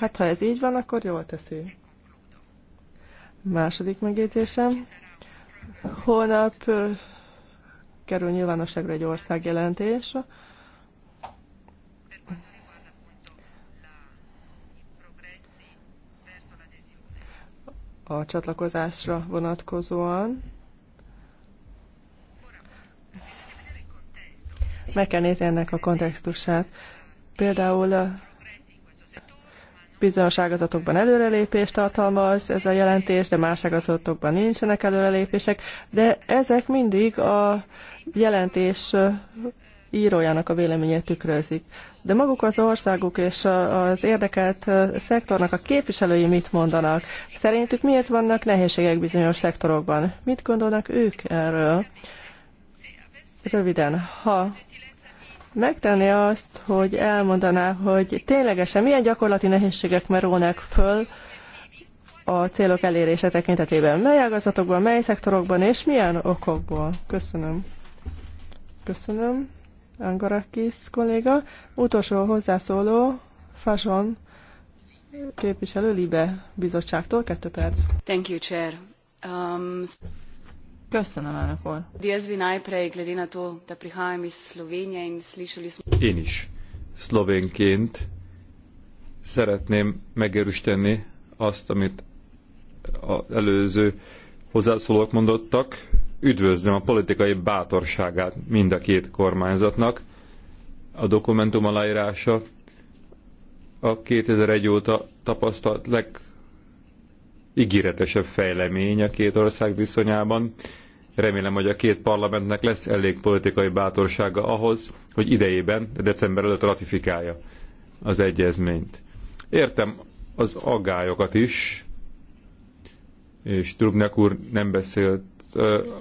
Hát, ha ez így van, akkor jól teszi. Második megjegyzésem. Holnap kerül nyilvánosságra egy országjelentés. A csatlakozásra vonatkozóan. Meg kell nézni ennek a kontextusát. Például a Bizonyos ágazatokban előrelépést tartalmaz ez a jelentés, de más ágazatokban nincsenek előrelépések, de ezek mindig a jelentés írójának a véleményét tükrözik. De maguk az országok és az érdekelt szektornak a képviselői mit mondanak? Szerintük miért vannak nehézségek bizonyos szektorokban? Mit gondolnak ők erről? Röviden, ha megtenni azt, hogy elmondaná, hogy ténylegesen milyen gyakorlati nehézségek merülnek föl a célok elérése tekintetében. Mely ágazatokban, mely szektorokban és milyen okokból? Köszönöm. Köszönöm, Angarakis kolléga. Utolsó hozzászóló, Fason képviselő Libe bizottságtól, kettő perc. Thank you, Chair. Um... Köszönöm, elnök úr. Én is szlovénként szeretném megerősíteni azt, amit az előző hozzászólók mondottak. Üdvözlöm a politikai bátorságát mind a két kormányzatnak. A dokumentum aláírása a 2001 óta tapasztalt leg ígéretesebb fejlemény a két ország viszonyában. Remélem, hogy a két parlamentnek lesz elég politikai bátorsága ahhoz, hogy idejében, december előtt ratifikálja az egyezményt. Értem az aggályokat is, és Trubnek úr nem beszélt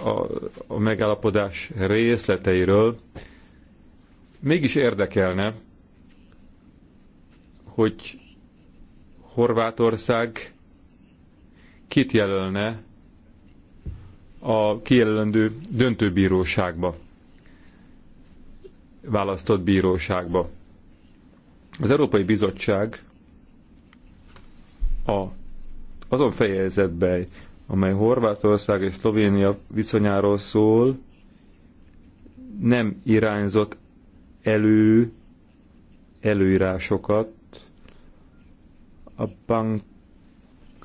a, a megállapodás részleteiről. Mégis érdekelne, hogy Horvátország kit jelölne a kijelölendő döntőbíróságba, választott bíróságba. Az Európai Bizottság a, azon fejezetben, amely Horvátország és Szlovénia viszonyáról szól, nem irányzott elő előírásokat a bank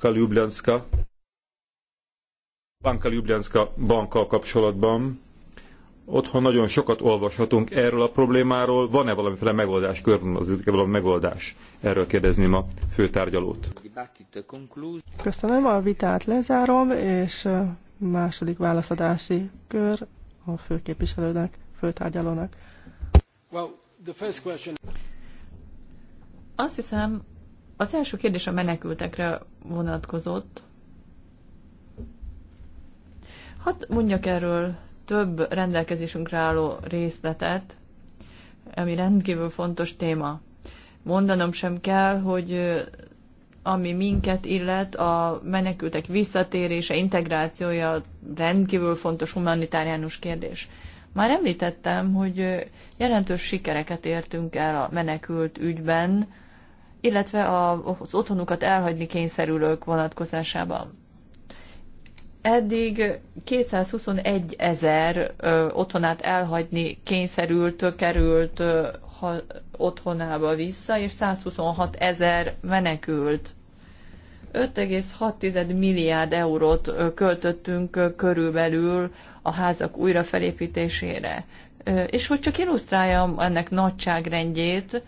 Banka Ljubljanska Banka Ljubljanska bankkal kapcsolatban. Otthon nagyon sokat olvashatunk erről a problémáról. Van-e valamiféle megoldás, körvonalazódik-e valami megoldás? Erről kérdezném a főtárgyalót. Köszönöm, a vitát lezárom, és második válaszadási kör a főképviselőnek, főtárgyalónak. Well, the first question... Azt hiszem, az első kérdés a menekültekre vonatkozott. Hát mondjak erről több rendelkezésünkre álló részletet, ami rendkívül fontos téma. Mondanom sem kell, hogy ami minket illet, a menekültek visszatérése, integrációja rendkívül fontos humanitáriánus kérdés. Már említettem, hogy jelentős sikereket értünk el a menekült ügyben, illetve az otthonukat elhagyni kényszerülők vonatkozásában. Eddig 221 ezer otthonát elhagyni kényszerült, került ha, otthonába vissza, és 126 ezer menekült. 5,6 milliárd eurót költöttünk körülbelül a házak újrafelépítésére. És hogy csak illusztráljam ennek nagyságrendjét,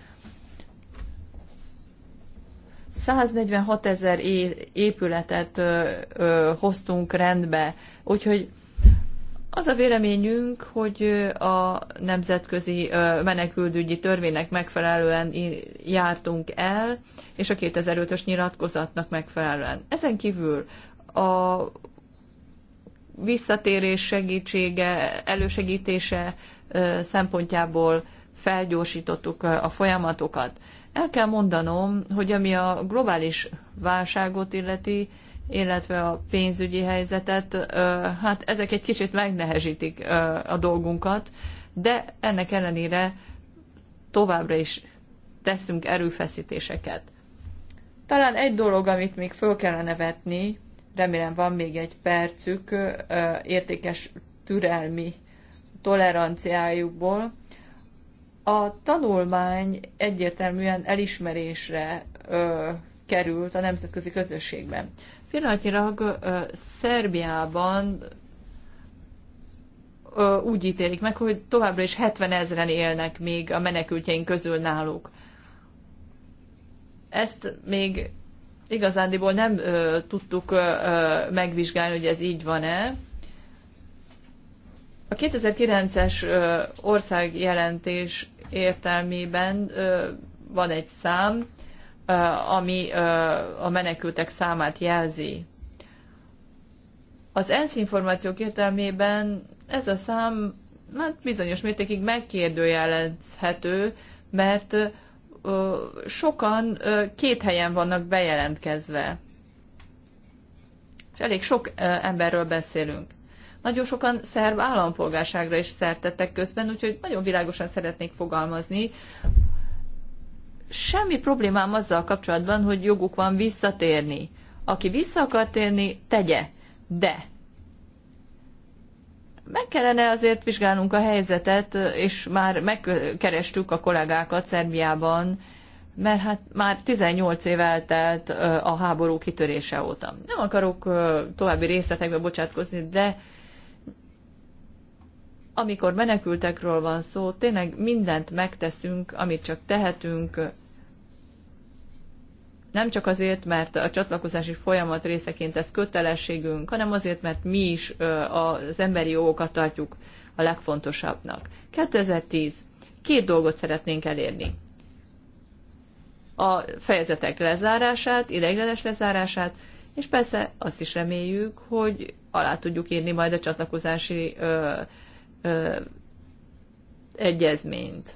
146 ezer épületet ö, ö, hoztunk rendbe, úgyhogy az a véleményünk, hogy a nemzetközi menekültügyi törvénynek megfelelően jártunk el, és a 2005-ös nyilatkozatnak megfelelően. Ezen kívül a visszatérés segítsége, elősegítése szempontjából felgyorsítottuk a folyamatokat. El kell mondanom, hogy ami a globális válságot illeti, illetve a pénzügyi helyzetet, hát ezek egy kicsit megnehezítik a dolgunkat, de ennek ellenére továbbra is teszünk erőfeszítéseket. Talán egy dolog, amit még föl kellene vetni, remélem van még egy percük értékes türelmi toleranciájukból, a tanulmány egyértelműen elismerésre ö, került a nemzetközi közösségben. Pillanatnyilag Szerbiában ö, úgy ítélik meg, hogy továbbra is 70 ezeren élnek még a menekültjeink közül náluk. Ezt még igazándiból nem ö, tudtuk ö, megvizsgálni, hogy ez így van-e. A 2009-es országjelentés értelmében van egy szám, ami a menekültek számát jelzi. Az ENSZ információk értelmében ez a szám hát bizonyos mértékig megkérdőjelezhető, mert sokan két helyen vannak bejelentkezve. És elég sok emberről beszélünk. Nagyon sokan szerb állampolgárságra is szertettek közben, úgyhogy nagyon világosan szeretnék fogalmazni. Semmi problémám azzal kapcsolatban, hogy joguk van visszatérni. Aki vissza akar térni, tegye. De meg kellene azért vizsgálnunk a helyzetet, és már megkerestük a kollégákat Szerbiában, mert hát már 18 év eltelt a háború kitörése óta. Nem akarok további részletekbe bocsátkozni, de amikor menekültekről van szó, tényleg mindent megteszünk, amit csak tehetünk, nem csak azért, mert a csatlakozási folyamat részeként ez kötelességünk, hanem azért, mert mi is az emberi jogokat tartjuk a legfontosabbnak. 2010. Két dolgot szeretnénk elérni. A fejezetek lezárását, ideiglenes lezárását, és persze azt is reméljük, hogy alá tudjuk írni majd a csatlakozási ö, egyezményt.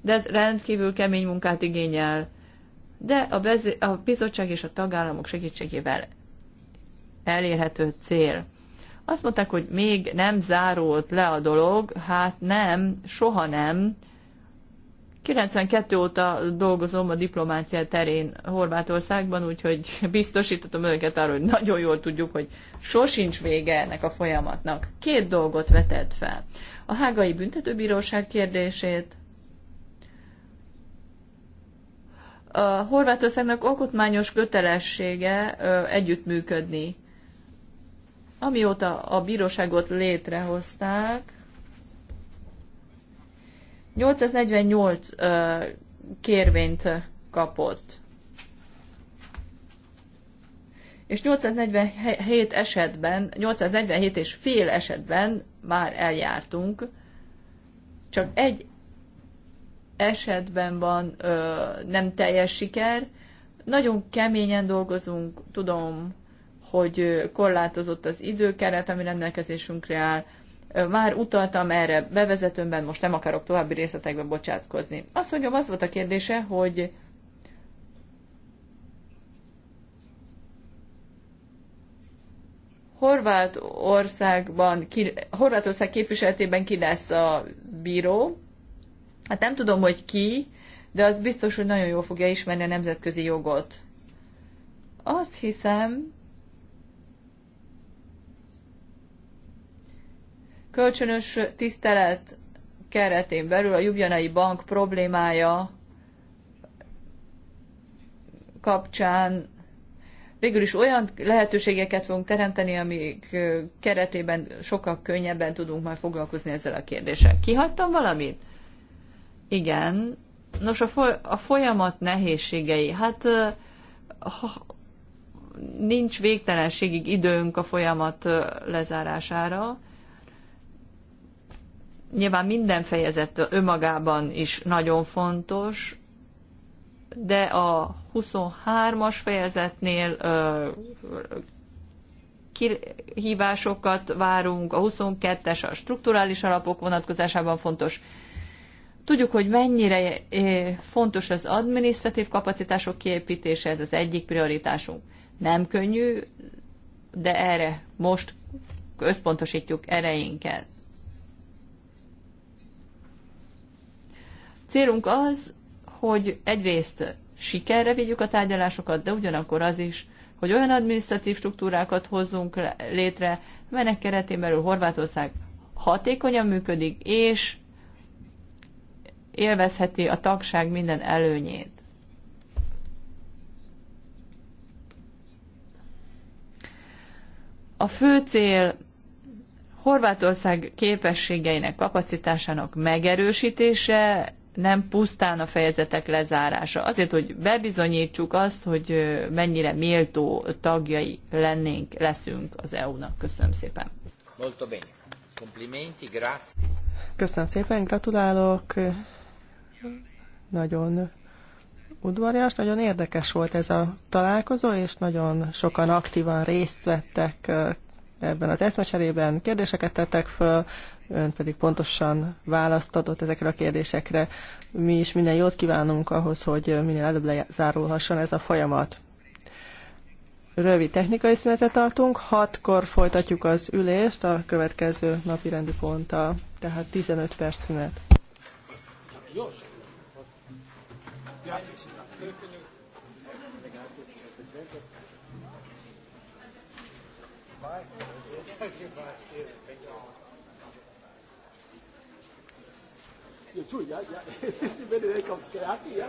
De ez rendkívül kemény munkát igényel, de a, bez- a bizottság és a tagállamok segítségével elérhető cél. Azt mondták, hogy még nem zárult le a dolog, hát nem, soha nem, 92 óta dolgozom a diplomácia terén Horvátországban, úgyhogy biztosítatom önöket arra, hogy nagyon jól tudjuk, hogy sosincs vége ennek a folyamatnak. Két dolgot vetett fel. A hágai büntetőbíróság kérdését, a Horvátországnak alkotmányos kötelessége együttműködni. Amióta a bíróságot létrehozták, 848 ö, kérvényt kapott. És 847 esetben, 847 és fél esetben már eljártunk, csak egy esetben van ö, nem teljes siker. Nagyon keményen dolgozunk, tudom, hogy korlátozott az időkeret, ami rendelkezésünkre áll, már utaltam erre bevezetőmben, most nem akarok további részletekbe bocsátkozni. Azt mondjam, az volt a kérdése, hogy Horvátországban, ki, Horvátország képviseletében ki lesz a bíró. Hát nem tudom, hogy ki, de az biztos, hogy nagyon jól fogja ismerni a nemzetközi jogot. Azt hiszem, Kölcsönös tisztelet keretén belül a Jubjanai Bank problémája kapcsán végül is olyan lehetőségeket fogunk teremteni, amik keretében sokkal könnyebben tudunk majd foglalkozni ezzel a kérdéssel. Kihagytam valamit? Igen. Nos, a, foly- a folyamat nehézségei. Hát ha, nincs végtelenségig időnk a folyamat lezárására. Nyilván minden fejezet önmagában is nagyon fontos, de a 23-as fejezetnél ö, kihívásokat várunk, a 22-es a strukturális alapok vonatkozásában fontos. Tudjuk, hogy mennyire fontos az adminisztratív kapacitások kiépítése, ez az egyik prioritásunk. Nem könnyű, de erre most összpontosítjuk ereinket. Célunk az, hogy egyrészt sikerre vigyük a tárgyalásokat, de ugyanakkor az is, hogy olyan adminisztratív struktúrákat hozzunk létre, melynek keretén belül Horvátország hatékonyan működik, és élvezheti a tagság minden előnyét. A fő cél Horvátország képességeinek, kapacitásának megerősítése, nem pusztán a fejezetek lezárása. Azért, hogy bebizonyítsuk azt, hogy mennyire méltó tagjai lennénk, leszünk az EU-nak. Köszönöm szépen. Molto bene. Complimenti, grazie. Köszönöm szépen, gratulálok. Nagyon udvarias, nagyon érdekes volt ez a találkozó, és nagyon sokan aktívan részt vettek ebben az eszmecserében, kérdéseket tettek föl, ön pedig pontosan választ adott ezekre a kérdésekre. Mi is minden jót kívánunk ahhoz, hogy minél előbb lezárulhasson ez a folyamat. Rövid technikai szünetet tartunk, hatkor folytatjuk az ülést a következő napi rendi ponttal, tehát 15 perc szünet. Jó. Io giù, ja, ja, si vede dei cascherati, ja.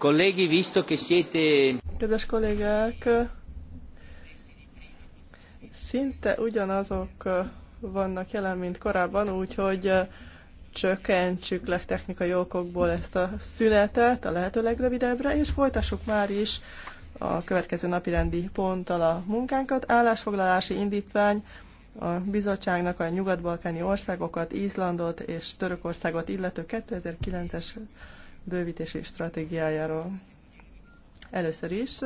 Colleghi, visto che siete... Kedves kollégák, szinte ugyanazok eh, vannak jelen, mint korábban, úgyhogy eh, csökkentsük le technikai okokból ezt a szünetet a lehető legrövidebbre, és folytassuk már is a következő napirendi ponttal a munkánkat. Állásfoglalási indítvány a bizottságnak a nyugat-balkáni országokat, Izlandot és Törökországot illető 2009-es bővítési stratégiájáról. Először is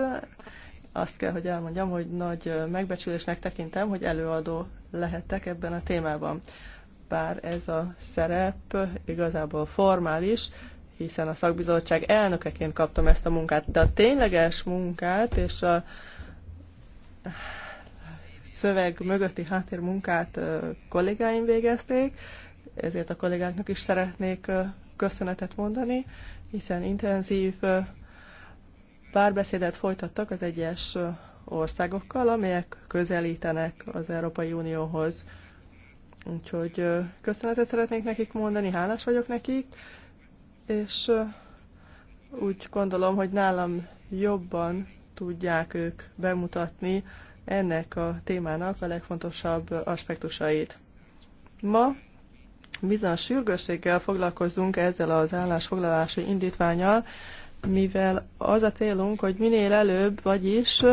azt kell, hogy elmondjam, hogy nagy megbecsülésnek tekintem, hogy előadó lehettek ebben a témában. Bár ez a szerep igazából formális, hiszen a szakbizottság elnökeként kaptam ezt a munkát, de a tényleges munkát és a szöveg mögötti háttérmunkát kollégáim végezték, ezért a kollégáknak is szeretnék köszönetet mondani, hiszen intenzív párbeszédet folytattak az egyes országokkal, amelyek közelítenek az Európai Unióhoz. Úgyhogy köszönetet szeretnék nekik mondani, hálás vagyok nekik, és úgy gondolom, hogy nálam jobban tudják ők bemutatni ennek a témának a legfontosabb aspektusait. Ma bizonyos sürgősséggel foglalkozzunk ezzel az állásfoglalási indítványal, mivel az a célunk, hogy minél előbb, vagyis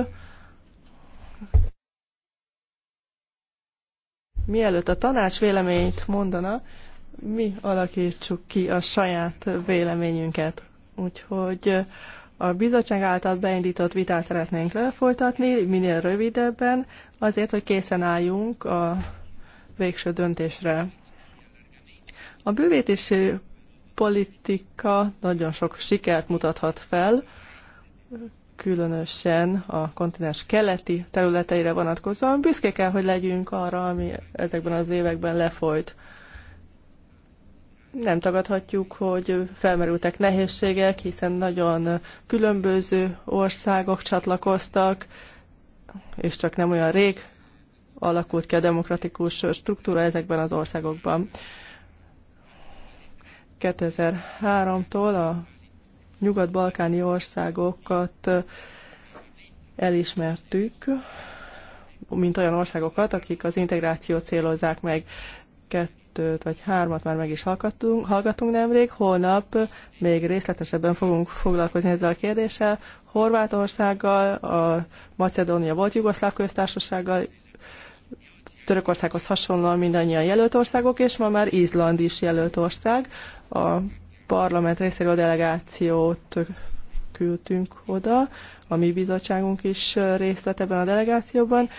mielőtt a tanács véleményt mondana, mi alakítsuk ki a saját véleményünket. Úgyhogy a bizottság által beindított vitát szeretnénk lefolytatni, minél rövidebben, azért, hogy készen álljunk a végső döntésre. A bővítési politika nagyon sok sikert mutathat fel, különösen a kontinens keleti területeire vonatkozóan. Büszke kell, hogy legyünk arra, ami ezekben az években lefolyt. Nem tagadhatjuk, hogy felmerültek nehézségek, hiszen nagyon különböző országok csatlakoztak, és csak nem olyan rég alakult ki a demokratikus struktúra ezekben az országokban. 2003-tól a nyugat-balkáni országokat elismertük, mint olyan országokat, akik az integrációt célozzák meg. Kettőt vagy hármat már meg is hallgatunk, hallgatunk nemrég. Holnap még részletesebben fogunk foglalkozni ezzel a kérdéssel. Horvátországgal, a Macedónia volt Jugoszláv köztársasággal, Törökországhoz hasonlóan mindannyian jelölt országok, és ma már Izland is jelölt ország a parlament részéről delegációt küldtünk oda, a mi bizottságunk is részt vett ebben a delegációban.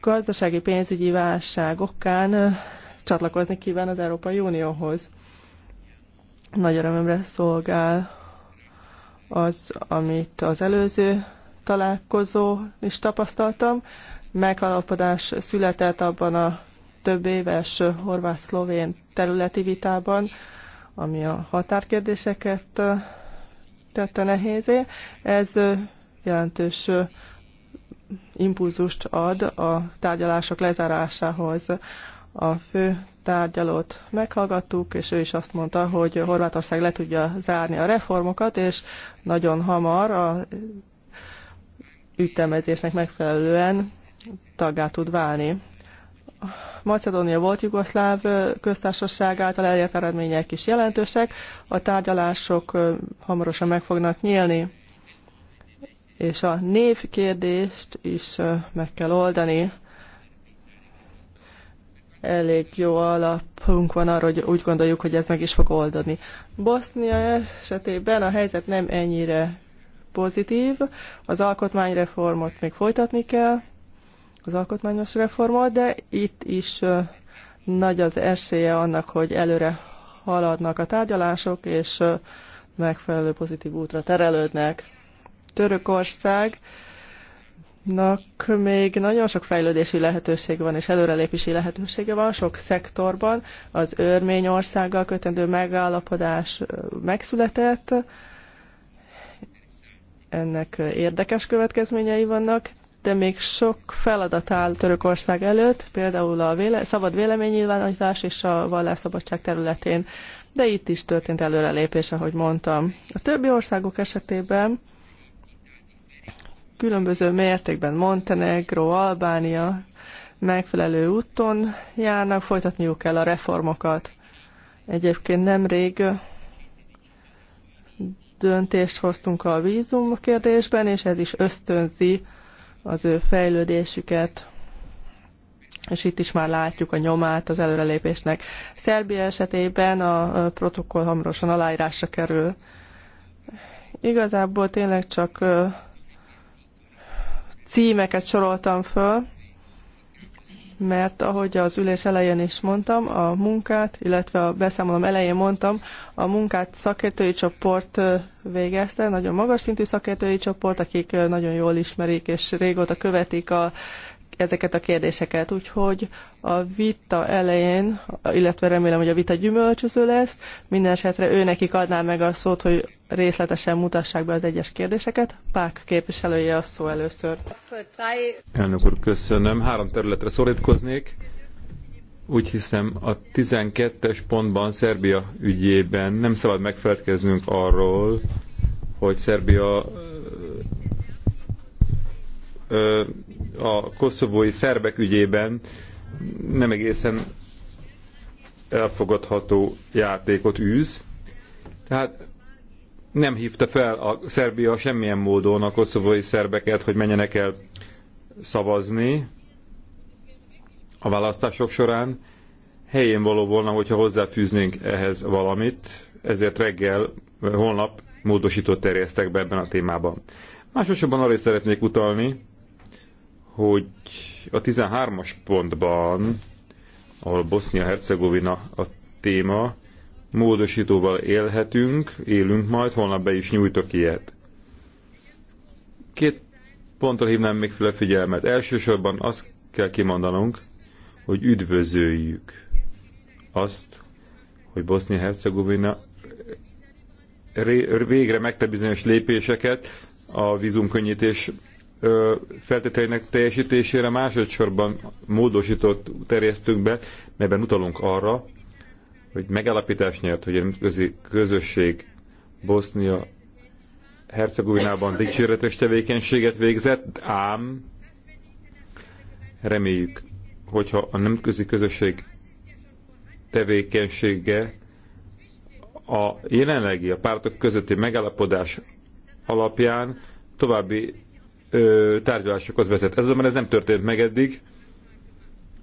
Gazdasági pénzügyi válság okán csatlakozni kíván az Európai Unióhoz. Nagy örömömre szolgál az, amit az előző találkozó is tapasztaltam. Megalapodás született abban a több éves horvát-szlovén területi vitában, ami a határkérdéseket tette nehézé. Ez jelentős impulzust ad a tárgyalások lezárásához. A fő tárgyalót meghallgattuk, és ő is azt mondta, hogy Horvátország le tudja zárni a reformokat, és nagyon hamar a ütemezésnek megfelelően taggá tud válni. Macedónia volt Jugoszláv köztársaság által elért eredmények is jelentősek, a tárgyalások hamarosan meg fognak nyílni, és a névkérdést is meg kell oldani. Elég jó alapunk van arra, hogy úgy gondoljuk, hogy ez meg is fog oldani. Bosznia esetében a helyzet nem ennyire pozitív, az alkotmányreformot még folytatni kell, az alkotmányos reformot, de itt is nagy az esélye annak, hogy előre haladnak a tárgyalások, és megfelelő pozitív útra terelődnek. Törökországnak még nagyon sok fejlődési lehetőség van, és előrelépési lehetősége van sok szektorban. Az Örményországgal kötendő megállapodás megszületett, ennek érdekes következményei vannak, de még sok feladat áll Törökország előtt, például a véle, szabad véleménynyilvánítás és a vallásszabadság területén, de itt is történt előrelépés, ahogy mondtam. A többi országok esetében különböző mértékben Montenegro, Albánia megfelelő úton járnak, folytatniuk kell a reformokat. Egyébként nemrég döntést hoztunk a vízum kérdésben, és ez is ösztönzi az ő fejlődésüket, és itt is már látjuk a nyomát az előrelépésnek. Szerbia esetében a protokoll hamarosan aláírásra kerül. Igazából tényleg csak címeket soroltam föl, mert ahogy az ülés elején is mondtam, a munkát, illetve a beszámolom elején mondtam, a munkát szakértői csoport végezte, nagyon magas szintű szakértői csoport, akik nagyon jól ismerik és régóta követik a ezeket a kérdéseket. Úgyhogy a vita elején, illetve remélem, hogy a vita gyümölcsöző lesz, minden esetre ő nekik adná meg a szót, hogy részletesen mutassák be az egyes kérdéseket. Pák képviselője a szó először. Elnök úr, köszönöm. Három területre szorítkoznék. Úgy hiszem, a 12-es pontban Szerbia ügyében nem szabad megfeledkeznünk arról, hogy Szerbia a koszovói szerbek ügyében nem egészen elfogadható játékot űz. Tehát nem hívta fel a Szerbia semmilyen módon a koszovói szerbeket, hogy menjenek el szavazni a választások során. Helyén való volna, hogyha hozzáfűznénk ehhez valamit, ezért reggel, holnap módosított terjesztek be ebben a témában. Másosabban arra is szeretnék utalni, hogy a 13-as pontban, ahol Bosznia-Hercegovina a téma, módosítóval élhetünk, élünk majd, holnap be is nyújtok ilyet. Két ponttal hívnám még fel a figyelmet. Elsősorban azt kell kimondanunk, hogy üdvözöljük azt, hogy Bosznia-Hercegovina végre megte bizonyos lépéseket a vízumkönnyítés feltételeinek teljesítésére másodszorban módosított terjesztünk be, melyben utalunk arra, hogy megállapítás nyert, hogy a közi közösség Bosznia Hercegovinában dicséretes tevékenységet végzett, ám reméljük, hogyha a nemközi közösség tevékenysége a jelenlegi a pártok közötti megállapodás alapján további ö, tárgyalásokhoz vezet. Ez azonban ez nem történt meg eddig.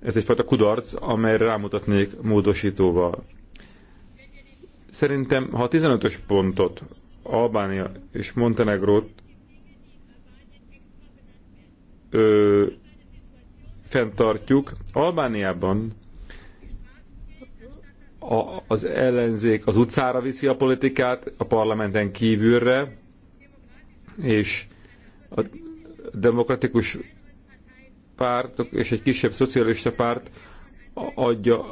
Ez egyfajta kudarc, amelyre rámutatnék módosítóval. Szerintem, ha a 15-ös pontot Albánia és Montenegrót ö, fenntartjuk, Albániában a, az ellenzék az utcára viszi a politikát, a parlamenten kívülre, és a demokratikus párt és egy kisebb szocialista párt adja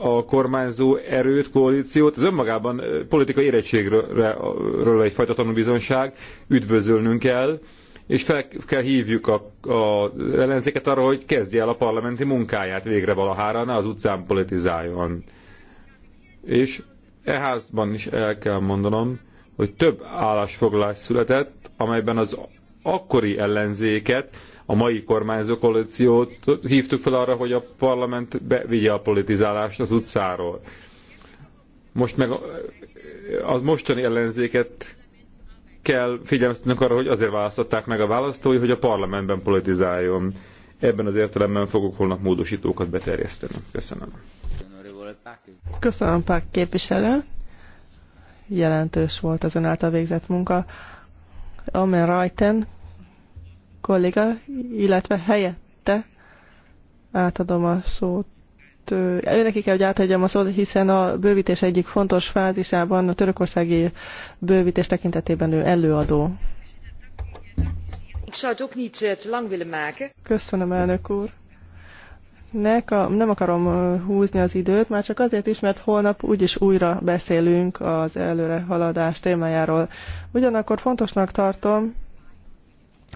a kormányzó erőt, koalíciót, ez önmagában politikai érettségről egyfajta tanúbizonság, üdvözölnünk kell, és fel kell hívjuk a, a ellenzéket arra, hogy kezdje el a parlamenti munkáját végre valahára, ne az utcán politizáljon. És e házban is el kell mondanom, hogy több állásfoglalás született, amelyben az akkori ellenzéket, a mai kormányzó koalíciót hívtuk fel arra, hogy a parlament bevigye a politizálást az utcáról. Most meg az mostani ellenzéket kell figyelmeztetnünk arra, hogy azért választották meg a választói, hogy a parlamentben politizáljon. Ebben az értelemben fogok holnap módosítókat beterjeszteni. Köszönöm. Köszönöm, Pák képviselő. Jelentős volt az ön által végzett munka. Amen Rajten kolléga, illetve helyette átadom a szót. Önnekik kell, hogy átadjam a szót, hiszen a bővítés egyik fontos fázisában a törökországi bővítés tekintetében ő előadó. Eh, Köszönöm, elnök úr. Nek a, nem akarom húzni az időt, már csak azért is, mert holnap úgyis újra beszélünk az előre haladás témájáról. Ugyanakkor fontosnak tartom,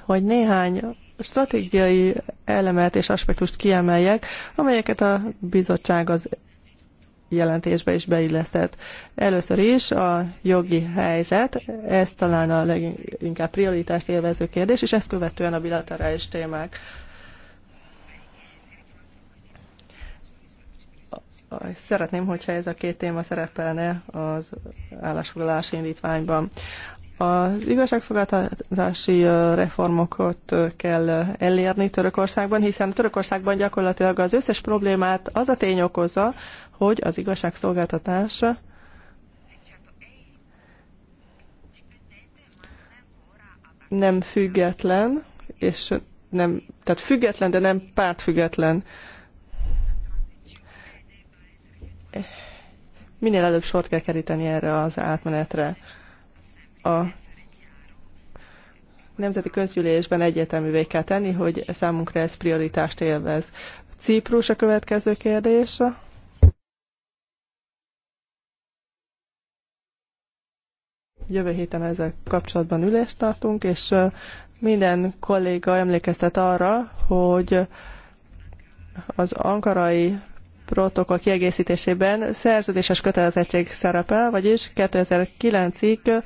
hogy néhány stratégiai elemet és aspektust kiemeljek, amelyeket a bizottság az jelentésbe is beillesztett. Először is a jogi helyzet, ez talán a leginkább prioritást élvező kérdés, és ezt követően a bilaterális témák. Szeretném, hogyha ez a két téma szerepelne az állásfoglalási indítványban. Az igazságszolgáltatási reformokat kell elérni Törökországban, hiszen Törökországban gyakorlatilag az összes problémát az a tény okozza, hogy az igazságszolgáltatás nem független, és nem, tehát független, de nem pártfüggetlen minél előbb sort kell keríteni erre az átmenetre. A nemzeti közgyűlésben egyértelművé kell tenni, hogy számunkra ez prioritást élvez. Ciprus a következő kérdés. Jövő héten ezzel kapcsolatban ülést tartunk, és minden kolléga emlékeztet arra, hogy az ankarai protokoll kiegészítésében szerződéses kötelezettség szerepel, vagyis 2009-ig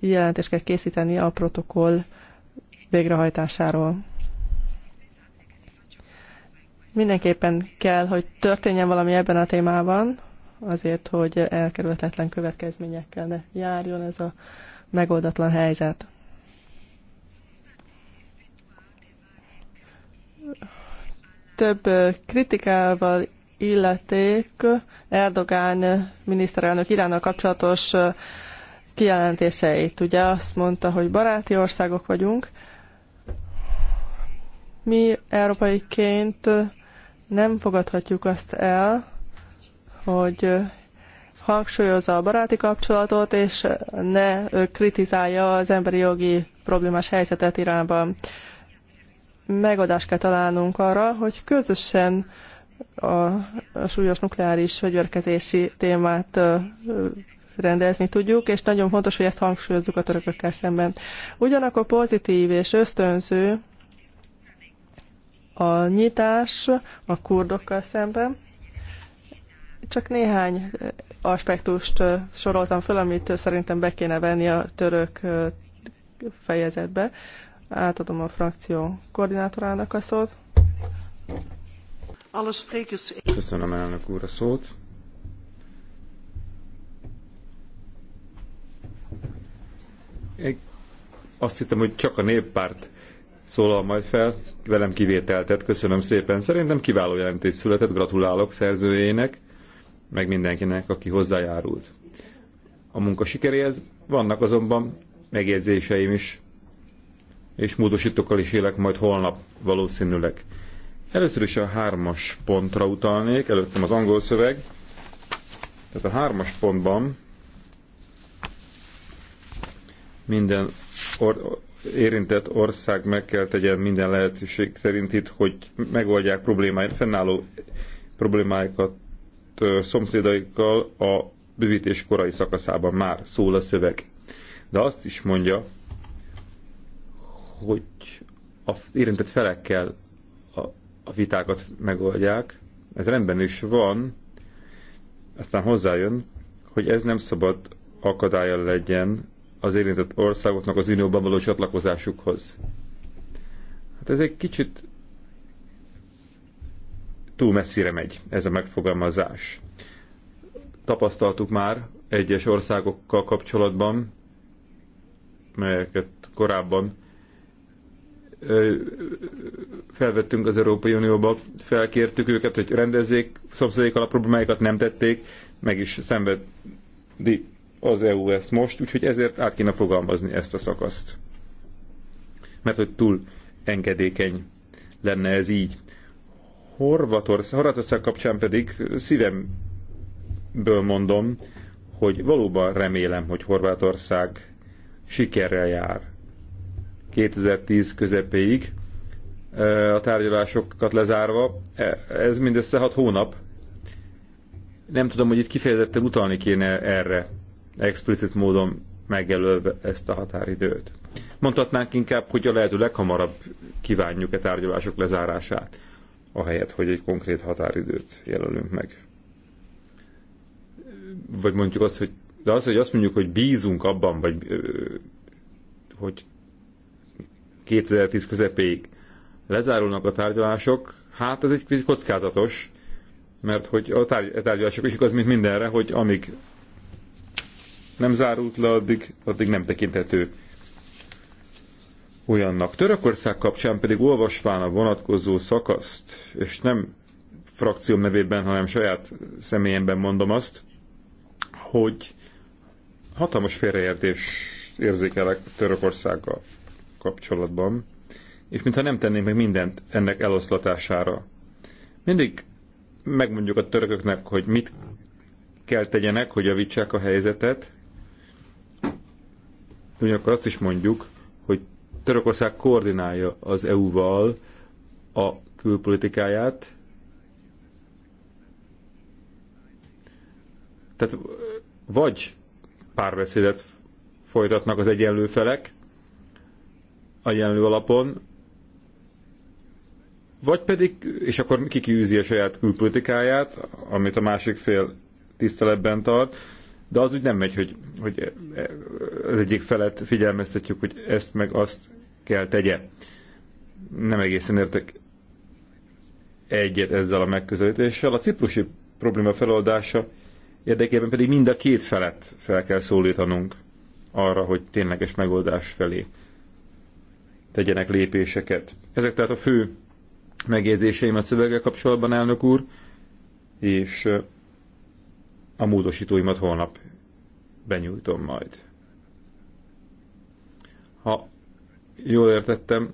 jelentést kell készíteni a protokoll végrehajtásáról. Mindenképpen kell, hogy történjen valami ebben a témában, azért, hogy elkerülhetetlen következményekkel ne járjon ez a megoldatlan helyzet több kritikával illeték Erdogán miniszterelnök Iránnal kapcsolatos kijelentéseit. Ugye azt mondta, hogy baráti országok vagyunk. Mi európaiként nem fogadhatjuk azt el, hogy hangsúlyozza a baráti kapcsolatot, és ne kritizálja az emberi jogi problémás helyzetet Iránban megoldást kell találnunk arra, hogy közösen a, a súlyos nukleáris fegyverkezési témát rendezni tudjuk, és nagyon fontos, hogy ezt hangsúlyozzuk a törökökkel szemben. Ugyanakkor pozitív és ösztönző a nyitás a kurdokkal szemben. Csak néhány aspektust soroltam föl, amit szerintem be kéne venni a török fejezetbe. Átadom a frakció koordinátorának a szót. Köszönöm elnök úr a szót. Én azt hittem, hogy csak a néppárt szólal majd fel, velem kivételtet, köszönöm szépen. Szerintem kiváló jelentés született, gratulálok szerzőjének, meg mindenkinek, aki hozzájárult. A munka sikeréhez vannak azonban megjegyzéseim is és módosítókkal is élek majd holnap valószínűleg. Először is a hármas pontra utalnék, előttem az angol szöveg. Tehát a hármas pontban minden or- érintett ország meg kell tegyen minden lehetőség szerint itt, hogy megoldják problémáit, fennálló problémáikat szomszédaikkal a bővítés korai szakaszában már szól a szöveg. De azt is mondja, hogy az érintett felekkel a, a vitákat megoldják. Ez rendben is van, aztán hozzájön, hogy ez nem szabad akadálya legyen az érintett országoknak az unióban való csatlakozásukhoz. Hát ez egy kicsit túl messzire megy ez a megfogalmazás. Tapasztaltuk már egyes országokkal kapcsolatban, melyeket korábban felvettünk az Európai Unióba, felkértük őket, hogy rendezzék szomszédék alapproblémáikat, nem tették, meg is szenvedi az EU ezt most, úgyhogy ezért át kéne fogalmazni ezt a szakaszt. Mert hogy túl engedékeny lenne ez így. Horvatország, Horvatország kapcsán pedig szívemből mondom, hogy valóban remélem, hogy Horvátország sikerrel jár 2010 közepéig a tárgyalásokat lezárva. E, ez mindössze 6 hónap. Nem tudom, hogy itt kifejezetten utalni kéne erre, explicit módon megjelölve ezt a határidőt. Mondhatnánk inkább, hogy a lehető leghamarabb kívánjuk-e tárgyalások lezárását, ahelyett, hogy egy konkrét határidőt jelölünk meg. Vagy mondjuk azt, hogy de az, hogy azt mondjuk, hogy bízunk abban, vagy hogy 2010 közepéig lezárulnak a tárgyalások, hát ez egy kicsit kockázatos, mert hogy a tárgyalások is igaz, mint mindenre, hogy amíg nem zárult le, addig, addig nem tekinthető olyannak. Törökország kapcsán pedig olvasván a vonatkozó szakaszt, és nem frakcióm nevében, hanem saját személyemben mondom azt, hogy hatalmas félreértés érzékelek Törökországgal kapcsolatban, és mintha nem tennénk meg mindent ennek eloszlatására. Mindig megmondjuk a törököknek, hogy mit kell tegyenek, hogy javítsák a helyzetet. Ugyanakkor azt is mondjuk, hogy Törökország koordinálja az EU-val a külpolitikáját. Tehát vagy párbeszédet folytatnak az egyenlő felek, a jelenlő alapon, vagy pedig, és akkor kikiűzi a saját külpolitikáját, amit a másik fél tiszteletben tart, de az úgy nem megy, hogy, hogy az egyik felet figyelmeztetjük, hogy ezt meg azt kell tegye. Nem egészen értek egyet ezzel a megközelítéssel. A ciprusi probléma feloldása érdekében pedig mind a két felet fel kell szólítanunk arra, hogy tényleges megoldás felé tegyenek lépéseket. Ezek tehát a fő megjegyzéseim a szöveggel kapcsolatban, elnök úr, és a módosítóimat holnap benyújtom majd. Ha jól értettem,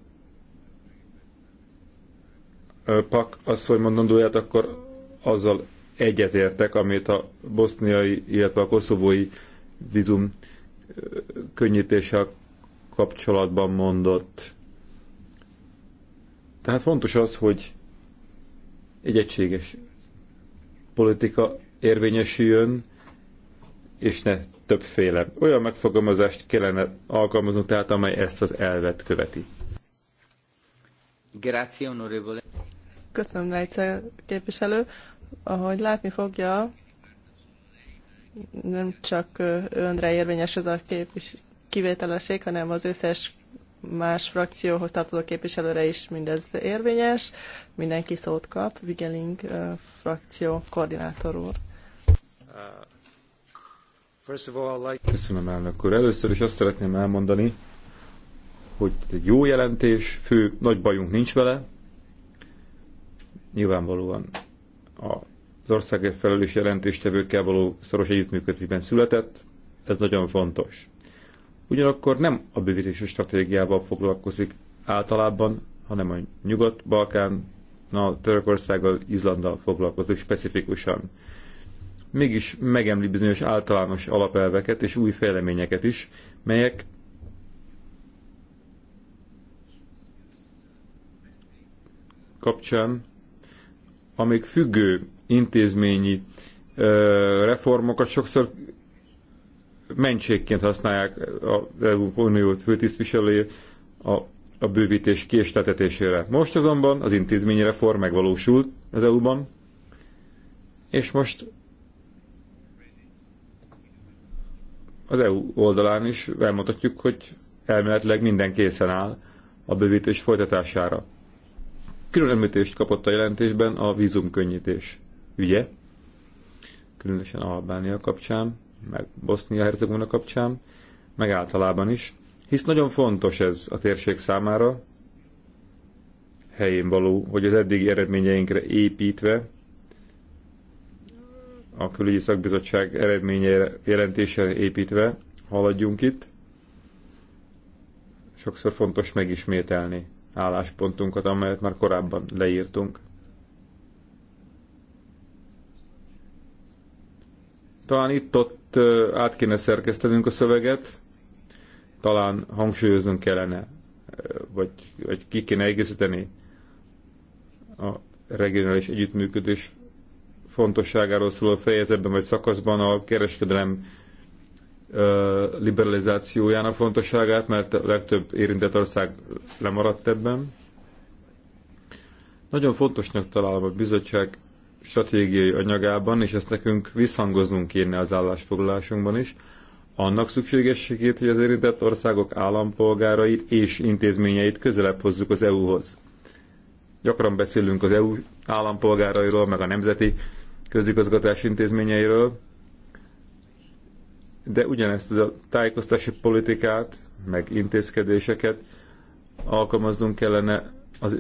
Pak asszony mondandóját, akkor azzal egyetértek, amit a boszniai, illetve a koszovói vízum könnyítéssel kapcsolatban mondott. Tehát fontos az, hogy egy egységes politika érvényesüljön, és ne többféle. Olyan megfogalmazást kellene alkalmaznunk, tehát amely ezt az elvet követi. Grazie, onorevole. Köszönöm, Lejce képviselő. Ahogy látni fogja, nem csak önre érvényes ez a képvis, kivételesség, hanem az összes más frakcióhoz tartozó képviselőre is mindez érvényes. Mindenki szót kap, Vigeling uh, frakció koordinátor úr. Köszönöm, elnök úr. Először is azt szeretném elmondani, hogy egy jó jelentés, fő, nagy bajunk nincs vele. Nyilvánvalóan az országért felelős jelentéstevőkkel való szoros együttműködésben született, ez nagyon fontos ugyanakkor nem a bővítési stratégiával foglalkozik általában, hanem a Nyugat-Balkán, a Törökországgal, Izlanddal foglalkozik specifikusan. Mégis megemli bizonyos általános alapelveket és új fejleményeket is, melyek kapcsán, amik függő intézményi reformokat sokszor mentségként használják az Uniót főtisztviselői a, a bővítés késletetésére. Most azonban az intézményi reform megvalósult az EU-ban, és most az EU oldalán is elmondhatjuk, hogy elméletileg minden készen áll a bővítés folytatására. Külön említést kapott a jelentésben a vízumkönnyítés ügye, különösen Albánia kapcsán meg Bosznia-Hercegovina kapcsán, meg általában is, hisz nagyon fontos ez a térség számára, helyén való, hogy az eddigi eredményeinkre építve a külügyi szakbizottság eredményeire, jelentésére építve haladjunk itt. Sokszor fontos megismételni álláspontunkat, amelyet már korábban leírtunk. Talán itt-ott át kéne szerkesztenünk a szöveget, talán hangsúlyoznunk kellene, vagy, vagy ki kéne egészíteni a regionális együttműködés fontosságáról szóló fejezetben vagy szakaszban a kereskedelem liberalizációjának fontosságát, mert a legtöbb érintett ország lemaradt ebben. Nagyon fontosnak találom a bizottság stratégiai anyagában, és ezt nekünk visszhangoznunk kéne az állásfoglalásunkban is, annak szükségességét, hogy az érintett országok állampolgárait és intézményeit közelebb hozzuk az EU-hoz. Gyakran beszélünk az EU állampolgárairól, meg a nemzeti közigazgatás intézményeiről, de ugyanezt a tájékoztási politikát, meg intézkedéseket alkalmaznunk kellene az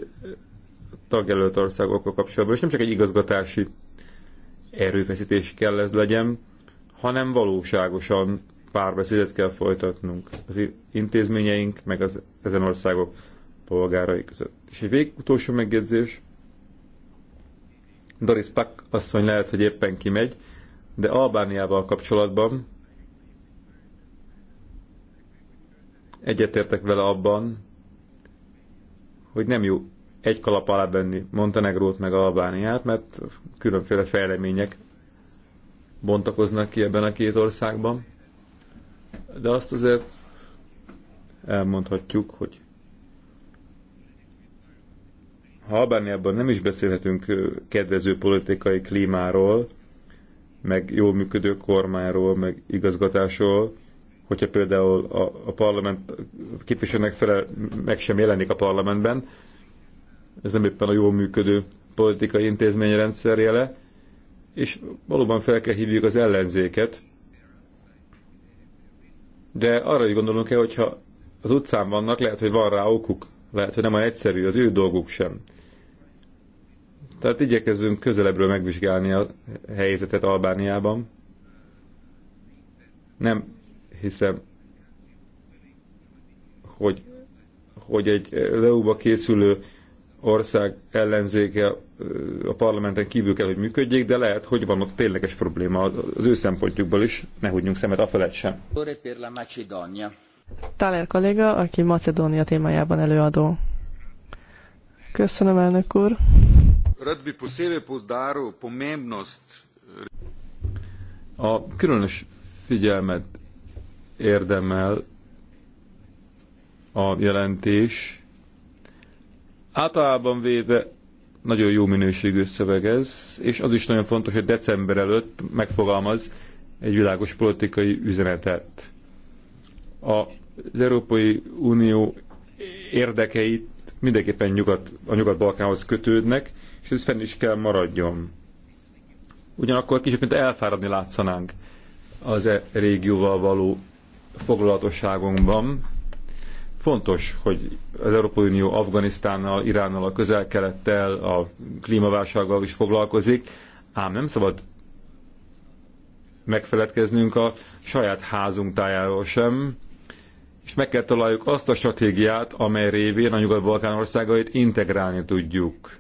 tagjelölt országokkal kapcsolatban, és nem csak egy igazgatási erőfeszítés kell ez legyen, hanem valóságosan párbeszédet kell folytatnunk az intézményeink, meg az ezen országok polgárai között. És egy végutolsó megjegyzés, Doris Pak asszony lehet, hogy éppen kimegy, de Albániával kapcsolatban egyetértek vele abban, hogy nem jó egy kalap alá venni Montenegrót meg Albániát, mert különféle fejlemények bontakoznak ki ebben a két országban. De azt azért elmondhatjuk, hogy ha Albániában nem is beszélhetünk kedvező politikai klímáról, meg jól működő kormányról, meg igazgatásról, hogyha például a, a parlament képviselőnek fele meg sem jelenik a parlamentben, ez nem éppen a jól működő politikai intézményrendszer jele, és valóban fel kell hívjuk az ellenzéket, de arra is gondolunk kell, hogyha az utcán vannak, lehet, hogy van rá okuk, lehet, hogy nem a egyszerű, az ő dolguk sem. Tehát igyekezzünk közelebbről megvizsgálni a helyzetet Albániában. Nem hiszem, hogy, hogy egy leuba készülő ország ellenzéke a parlamenten kívül kell, hogy működjék, de lehet, hogy van ott tényleges probléma az ő szempontjukból is, ne húgyjunk szemet a felett sem. Táler kolléga, aki Macedónia témájában előadó. Köszönöm, elnök úr. A különös figyelmet érdemel a jelentés, Általában véve nagyon jó minőségű szöveg ez, és az is nagyon fontos, hogy december előtt megfogalmaz egy világos politikai üzenetet. Az Európai Unió érdekeit mindenképpen nyugat, a Nyugat-Balkánhoz kötődnek, és ez fenn is kell maradjon. Ugyanakkor kicsit, mint elfáradni látszanánk az e régióval való foglalatosságunkban, Fontos, hogy az Európai Unió Afganisztánnal, Iránnal, a közel-kelettel, a klímaválsággal is foglalkozik, ám nem szabad megfeledkeznünk a saját házunk tájáról sem, és meg kell találjuk azt a stratégiát, amely révén a Nyugat-Balkán országait integrálni tudjuk.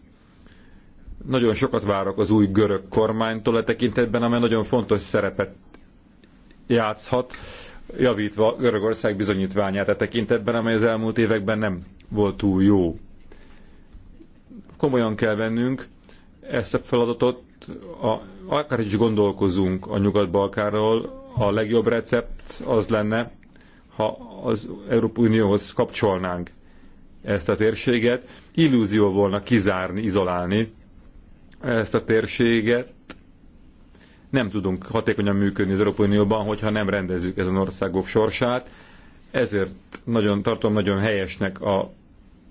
Nagyon sokat várok az új görög kormánytól a e tekintetben, amely nagyon fontos szerepet játszhat javítva Görögország bizonyítványát a e tekintetben, amely az elmúlt években nem volt túl jó. Komolyan kell vennünk ezt a feladatot, a, akár is gondolkozunk a Nyugat-Balkáról, a legjobb recept az lenne, ha az Európai Unióhoz kapcsolnánk ezt a térséget. Illúzió volna kizárni, izolálni ezt a térséget, nem tudunk hatékonyan működni az Európai Unióban, hogyha nem rendezzük ezen országok sorsát. Ezért nagyon, tartom nagyon helyesnek a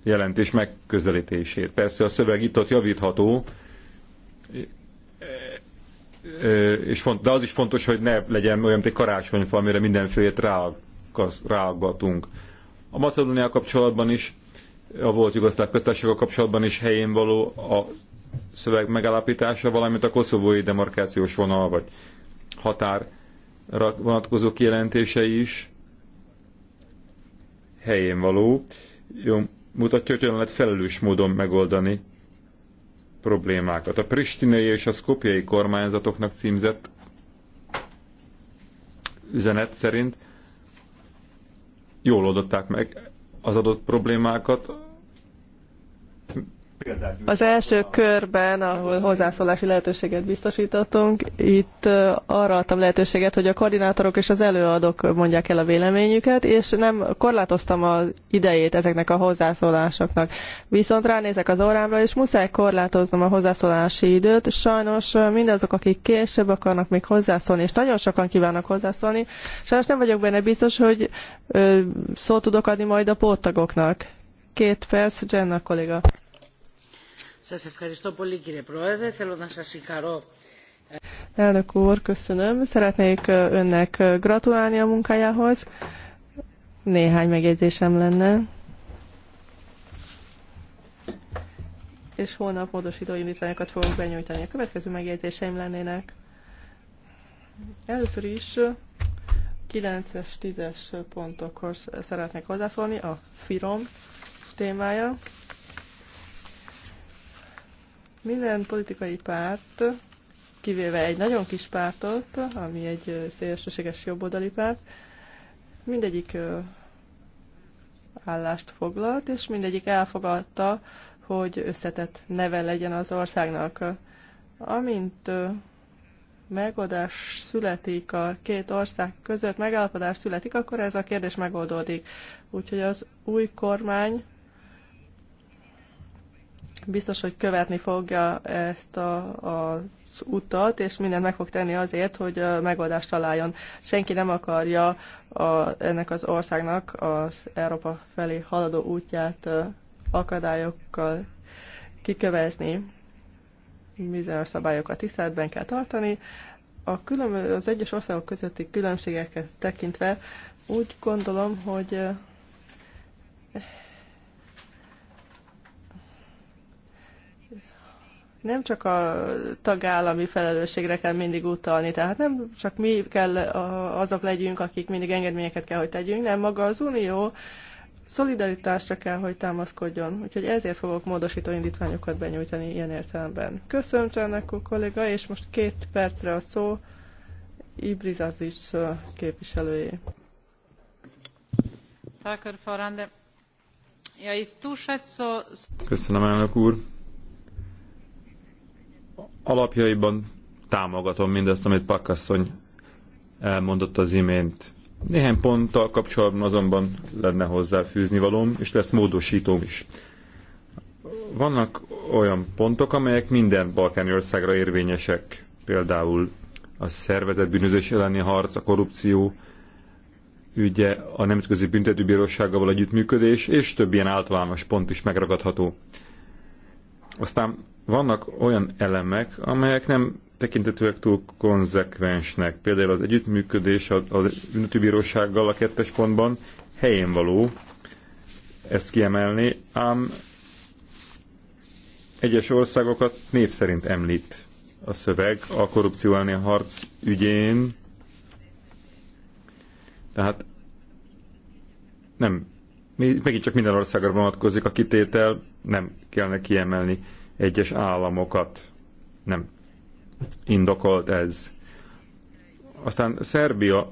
jelentés megközelítését. Persze a szöveg itt ott javítható, e, e, és font, de az is fontos, hogy ne legyen olyan, mint egy karácsonyfa, amire mindenfélét ráaggatunk. A Macedónia kapcsolatban is, a volt jugoszláv köztársaság kapcsolatban is helyén való a szöveg megállapítása, valamint a koszovói demarkációs vonal vagy határra vonatkozó kijelentései is helyén való. Jó, mutatja, hogy olyan lehet felelős módon megoldani problémákat. A pristinei és a szkopjai kormányzatoknak címzett üzenet szerint jól oldották meg az adott problémákat, az első körben, ahol hozzászólási lehetőséget biztosítottunk, itt arra adtam lehetőséget, hogy a koordinátorok és az előadók mondják el a véleményüket, és nem korlátoztam az idejét ezeknek a hozzászólásoknak. Viszont ránézek az órámra, és muszáj korlátoznom a hozzászólási időt. Sajnos mindazok, akik később akarnak még hozzászólni, és nagyon sokan kívánnak hozzászólni, sajnos nem vagyok benne biztos, hogy szót tudok adni majd a póttagoknak. Két perc, Jenna kolléga. Elnök úr, köszönöm. Szeretnék önnek gratulálni a munkájához. Néhány megjegyzésem lenne. És holnap módosító indítványokat fogok benyújtani. A következő megjegyzéseim lennének. Először is 9-es, 10-es pontokhoz szeretnék hozzászólni. A FIROM témája. Minden politikai párt, kivéve egy nagyon kis pártot, ami egy szélsőséges jobboldali párt, mindegyik állást foglalt, és mindegyik elfogadta, hogy összetett neve legyen az országnak. Amint megoldás születik a két ország között, megállapodás születik, akkor ez a kérdés megoldódik. Úgyhogy az új kormány biztos, hogy követni fogja ezt a, az utat, és mindent meg fog tenni azért, hogy megoldást találjon. Senki nem akarja a, ennek az országnak az Európa felé haladó útját akadályokkal kikövezni. Bizonyos szabályokat tiszteletben kell tartani. A külön, az egyes országok közötti különbségeket tekintve úgy gondolom, hogy nem csak a tagállami felelősségre kell mindig utalni, tehát nem csak mi kell azok legyünk, akik mindig engedményeket kell, hogy tegyünk, nem maga az Unió szolidaritásra kell, hogy támaszkodjon. Úgyhogy ezért fogok módosító indítványokat benyújtani ilyen értelemben. Köszönöm Csernek kolléga, és most két percre a szó Ibrizazic képviselőjé. Köszönöm, elnök úr alapjaiban támogatom mindezt, amit Pakasszony elmondott az imént. Néhány ponttal kapcsolatban azonban lenne hozzáfűzni valóm, és lesz módosítóm is. Vannak olyan pontok, amelyek minden balkáni országra érvényesek, például a szervezetbűnözés elleni harc, a korrupció, ügye, a Nemzetközi Büntetőbírósággal együttműködés, és több ilyen általános pont is megragadható. Aztán vannak olyan elemek, amelyek nem tekintetőek túl konzekvensnek. Például az együttműködés az büntetőbírósággal a kettes pontban helyén való ezt kiemelni, ám egyes országokat név szerint említ a szöveg a korrupció elleni harc ügyén. Tehát nem, megint csak minden országra vonatkozik a kitétel, nem kellene kiemelni egyes államokat. Nem indokolt ez. Aztán Szerbia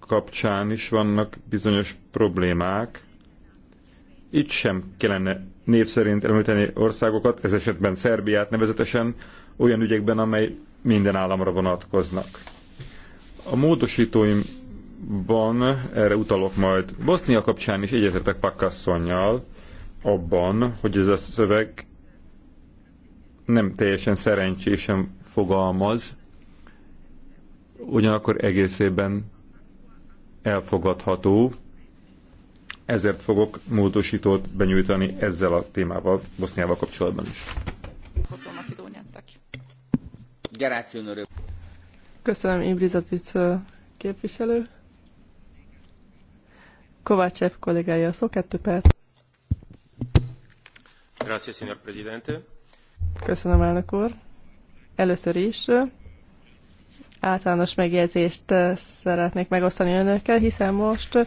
kapcsán is vannak bizonyos problémák. Itt sem kellene név szerint említeni országokat, ez esetben Szerbiát nevezetesen, olyan ügyekben, amely minden államra vonatkoznak. A módosítóimban erre utalok majd. Bosznia kapcsán is egyetértek Pakasszonnyal abban, hogy ez a szöveg nem teljesen szerencsésen fogalmaz, ugyanakkor egészében elfogadható, ezért fogok módosítót benyújtani ezzel a témával, Boszniával kapcsolatban is. Köszönöm, Ibrizatic képviselő. F. kollégája, szó kettő perc. Grazie, signor Presidente. Köszönöm, elnök úr. Először is általános megjegyzést szeretnék megosztani önökkel, hiszen most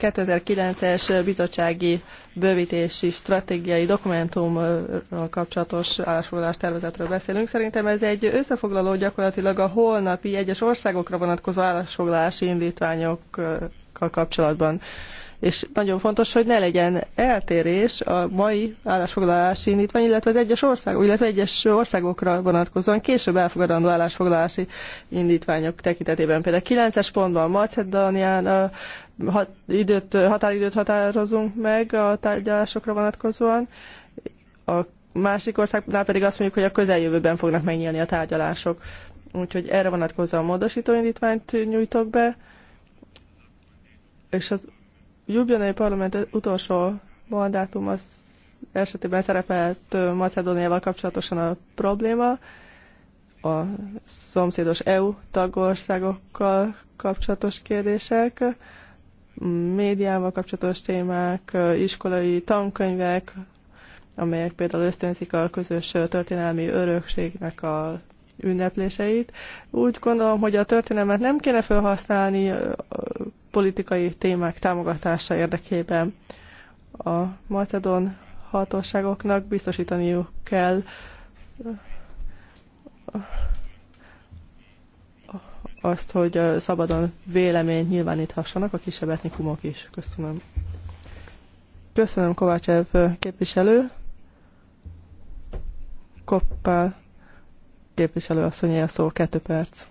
2009-es bizottsági bővítési stratégiai dokumentumról kapcsolatos állásfoglalás tervezetről beszélünk. Szerintem ez egy összefoglaló gyakorlatilag a holnapi egyes országokra vonatkozó állásfoglalási indítványokkal kapcsolatban és nagyon fontos, hogy ne legyen eltérés a mai állásfoglalási indítvány, illetve az egyes országok, illetve egyes országokra vonatkozóan később elfogadandó állásfoglalási indítványok tekintetében. Például 9-es pontban Macedónián időt, határidőt határozunk meg a tárgyalásokra vonatkozóan, a másik országnál pedig azt mondjuk, hogy a közeljövőben fognak megnyílni a tárgyalások. Úgyhogy erre vonatkozóan módosító indítványt nyújtok be, és az Jubjanai parlament utolsó mandátum az esetében szerepelt Macedóniával kapcsolatosan a probléma, a szomszédos EU tagországokkal kapcsolatos kérdések, médiával kapcsolatos témák, iskolai tankönyvek, amelyek például ösztönzik a közös történelmi örökségnek a ünnepléseit. Úgy gondolom, hogy a történelmet nem kéne felhasználni politikai témák támogatása érdekében. A macedon hatóságoknak biztosítaniuk kell azt, hogy szabadon véleményt nyilváníthassanak a kisebb etnikumok is. Köszönöm. Köszönöm Kovácsev képviselő. Koppel Képviselő a szó, kettő perc.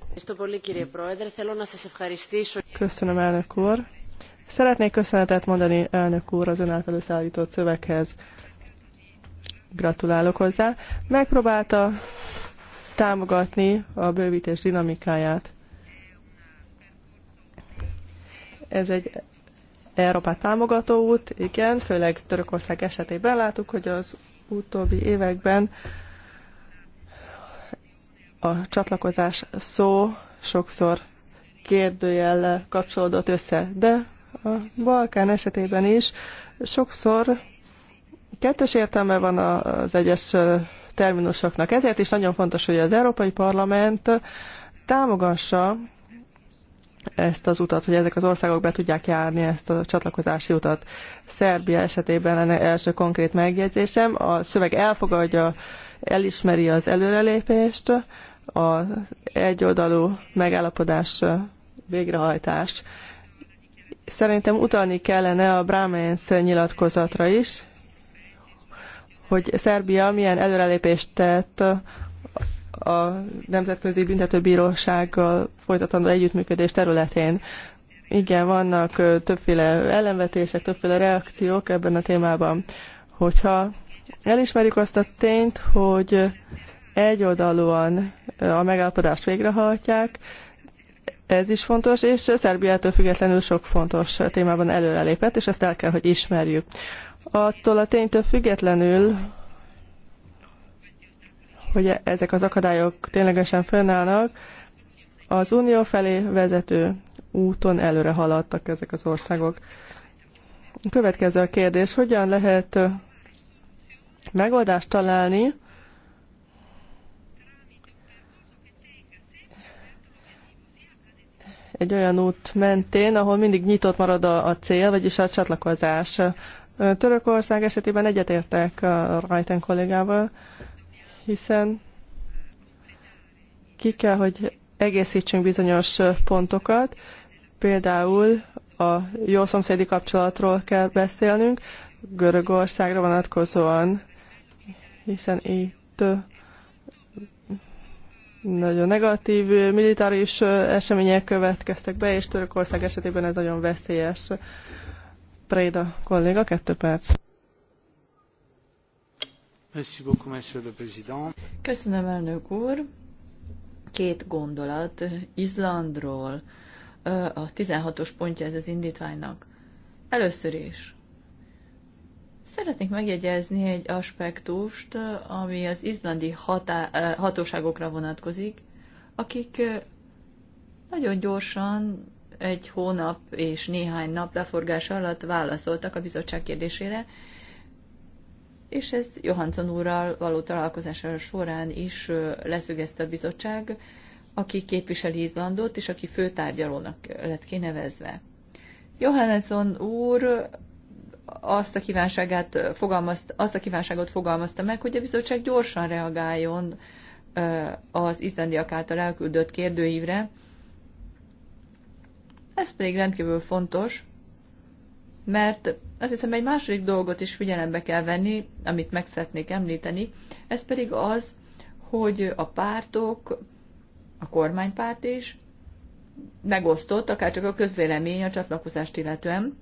Köszönöm, elnök úr. Szeretnék köszönetet mondani, elnök úr, az ön által összeállított szöveghez. Gratulálok hozzá. Megpróbálta támogatni a bővítés dinamikáját. Ez egy Európát támogató út, igen, főleg Törökország esetében láttuk, hogy az utóbbi években a csatlakozás szó sokszor kérdőjellel kapcsolódott össze, de a Balkán esetében is sokszor kettős értelme van az egyes terminusoknak. Ezért is nagyon fontos, hogy az Európai Parlament támogassa ezt az utat, hogy ezek az országok be tudják járni ezt a csatlakozási utat. Szerbia esetében lenne első konkrét megjegyzésem. A szöveg elfogadja, elismeri az előrelépést, az egyoldalú megállapodás végrehajtás. Szerintem utalni kellene a Brahmens nyilatkozatra is, hogy Szerbia milyen előrelépést tett a Nemzetközi Büntetőbírósággal folytatandó együttműködés területén. Igen, vannak többféle ellenvetések, többféle reakciók ebben a témában. Hogyha elismerjük azt a tényt, hogy egyoldalúan a megállapodást végrehajtják, ez is fontos, és Szerbiától függetlenül sok fontos témában előrelépett, és ezt el kell, hogy ismerjük. Attól a ténytől függetlenül, hogy ezek az akadályok ténylegesen fönnállnak, az unió felé vezető úton előre haladtak ezek az országok. Következő a kérdés, hogyan lehet megoldást találni egy olyan út mentén, ahol mindig nyitott marad a, a cél, vagyis a csatlakozás. Törökország esetében egyetértek a Rajten kollégával, hiszen ki kell, hogy egészítsünk bizonyos pontokat, például a jó szomszédi kapcsolatról kell beszélnünk, Görögországra vonatkozóan, hiszen itt nagyon negatív militáris események következtek be, és Törökország esetében ez nagyon veszélyes. Préda kolléga, kettő perc. Köszönöm, elnök úr. Két gondolat Izlandról. A 16-os pontja ez az indítványnak. Először is Szeretnék megjegyezni egy aspektust, ami az izlandi hatá- eh, hatóságokra vonatkozik, akik eh, nagyon gyorsan egy hónap és néhány nap leforgása alatt válaszoltak a bizottság kérdésére, és ez Johansson úrral való találkozása során is eh, leszögezte a bizottság, aki képviseli Izlandot, és aki főtárgyalónak lett kinevezve. Johansson úr azt a kívánságát fogalmazt, azt a kívánságot fogalmazta meg, hogy a bizottság gyorsan reagáljon az izlandiak által elküldött kérdőívre. Ez pedig rendkívül fontos, mert azt hiszem egy második dolgot is figyelembe kell venni, amit meg szeretnék említeni, ez pedig az, hogy a pártok, a kormánypárt is megosztott, akár csak a közvélemény a csatlakozást illetően,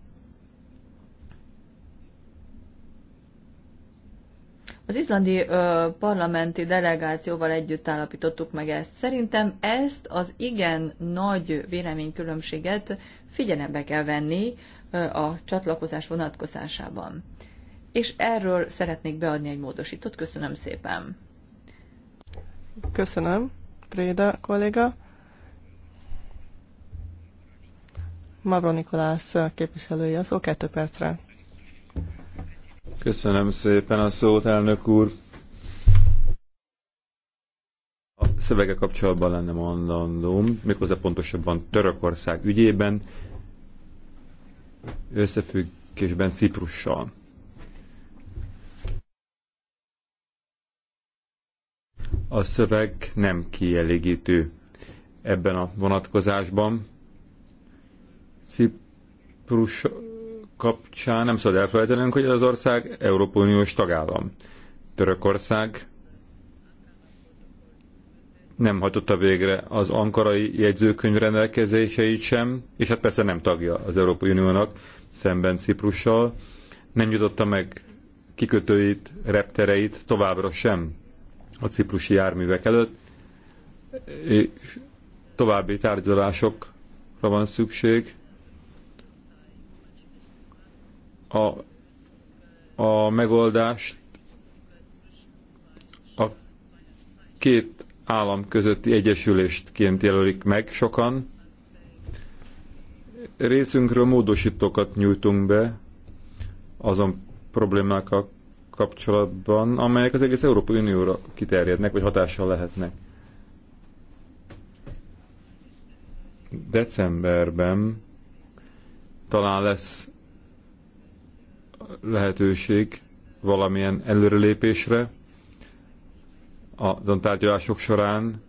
Az izlandi ö, parlamenti delegációval együtt állapítottuk meg ezt. Szerintem ezt az igen nagy véleménykülönbséget figyelembe kell venni ö, a csatlakozás vonatkozásában. És erről szeretnék beadni egy módosítót. Köszönöm szépen. Köszönöm, Préda kolléga. Mavro Nikolász képviselője, szó kettő percre. Köszönöm szépen a szót, elnök úr. A szövege kapcsolatban lenne mondandóm, méghozzá pontosabban Törökország ügyében, összefüggésben Ciprussal. A szöveg nem kielégítő ebben a vonatkozásban. Ciprus kapcsán nem szabad elfelejtenünk, hogy az ország Európai Uniós tagállam. Törökország nem hajtotta végre az ankarai jegyzőkönyv rendelkezéseit sem, és hát persze nem tagja az Európai Uniónak szemben Ciprussal, nem jutotta meg kikötőit, reptereit továbbra sem a ciprusi járművek előtt, és további tárgyalásokra van szükség, a, a megoldást a két állam közötti egyesülésként jelölik meg sokan. Részünkről módosítókat nyújtunk be azon problémákkal kapcsolatban, amelyek az egész Európai Unióra kiterjednek, vagy hatással lehetnek. Decemberben talán lesz lehetőség valamilyen előrelépésre azon tárgyalások során,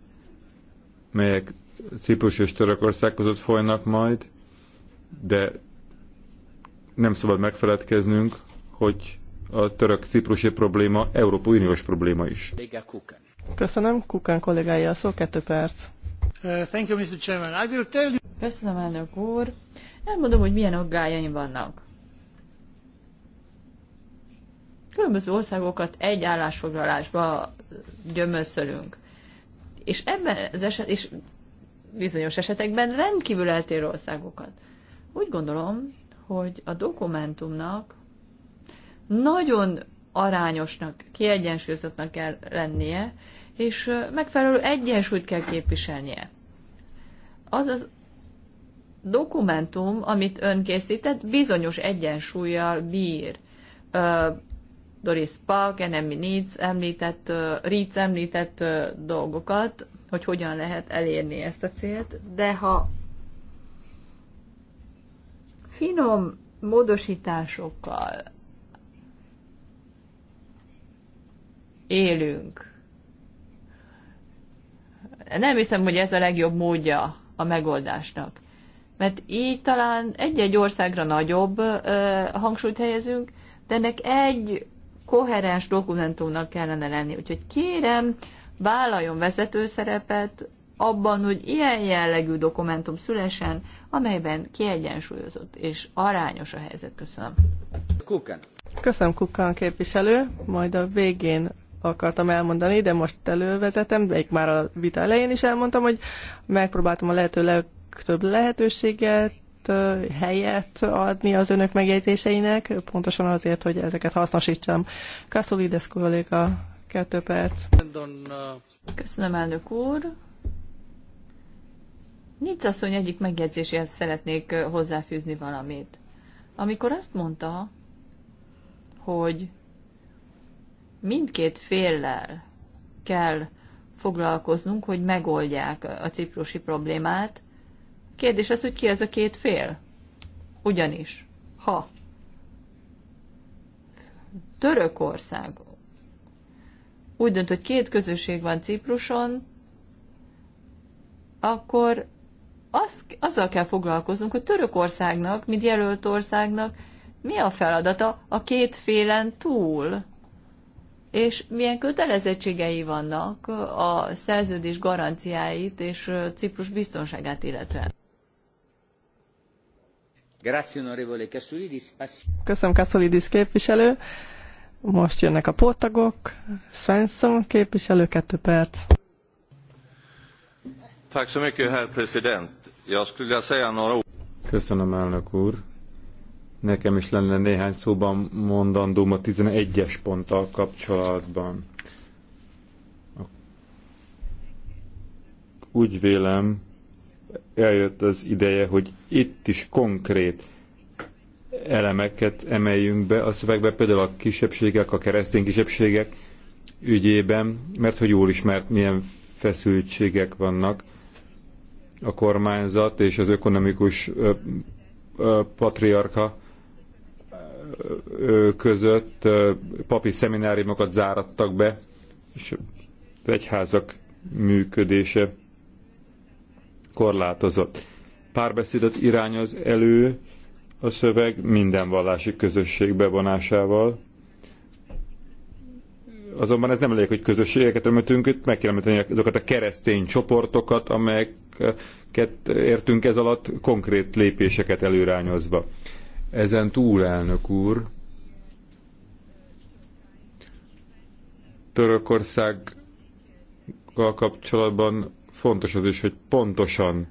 melyek Ciprus és Törökország között folynak majd, de nem szabad megfeledkeznünk, hogy a török-ciprusi probléma Európa Uniós probléma is. Köszönöm, Kukán kollégája a szó, kettő perc. Uh, thank you, Mr. Chairman. Köszönöm, elnök úr. Elmondom, hogy milyen aggájaim vannak. különböző országokat egy állásfoglalásba gyömöszölünk. És ebben az eset, és bizonyos esetekben rendkívül eltérő országokat. Úgy gondolom, hogy a dokumentumnak nagyon arányosnak, kiegyensúlyozottnak kell lennie, és megfelelő egyensúlyt kell képviselnie. Az az dokumentum, amit ön készített, bizonyos egyensúlyjal bír. Doris Park, Enemy Needs említett, Reeds említett dolgokat, hogy hogyan lehet elérni ezt a célt, de ha finom módosításokkal élünk, nem hiszem, hogy ez a legjobb módja a megoldásnak. Mert így talán egy-egy országra nagyobb ö, hangsúlyt helyezünk, de ennek egy koherens dokumentumnak kellene lenni. Úgyhogy kérem, vállaljon vezető szerepet abban, hogy ilyen jellegű dokumentum szülesen, amelyben kiegyensúlyozott és arányos a helyzet. Köszönöm. Kukán. Köszönöm, kukán képviselő. Majd a végén akartam elmondani, de most elővezetem, de már a vita elején is elmondtam, hogy megpróbáltam a lehető legtöbb lehetőséget helyet adni az önök megjegyzéseinek, pontosan azért, hogy ezeket hasznosítsam. Kasszulides kolléga, kettő perc. Köszönöm, elnök úr. Nincs hogy egyik megjegyzéséhez szeretnék hozzáfűzni valamit. Amikor azt mondta, hogy mindkét féllel kell foglalkoznunk, hogy megoldják a ciprusi problémát, Kérdés az, hogy ki ez a két fél. Ugyanis, ha Törökország úgy dönt, hogy két közösség van Cipruson, akkor azt, azzal kell foglalkoznunk, hogy Törökországnak, mint jelölt országnak mi a feladata a két félen túl, és milyen kötelezettségei vannak a szerződés garanciáit és Ciprus biztonságát illetően. Köszönöm, Kasszolidis képviselő. Most jönnek a pótagok. Svensson képviselő, kettő perc. Köszönöm, elnök úr. Nekem is lenne néhány szóban mondandóm a 11-es ponttal kapcsolatban. Úgy vélem, eljött az ideje, hogy itt is konkrét elemeket emeljünk be a szövegbe, például a kisebbségek, a keresztény kisebbségek ügyében, mert hogy jól ismert, milyen feszültségek vannak a kormányzat és az ökonomikus ö, ö, patriarka ö, között ö, papi szemináriumokat zárattak be, és az egyházak működése korlátozott. Párbeszédet irányoz elő a szöveg minden vallási közösség bevonásával. Azonban ez nem elég, hogy közösségeket ömötünk, itt meg kell azokat a keresztény csoportokat, amelyeket értünk ez alatt konkrét lépéseket előrányozva. Ezen túl, elnök úr, Törökországgal kapcsolatban fontos az is, hogy pontosan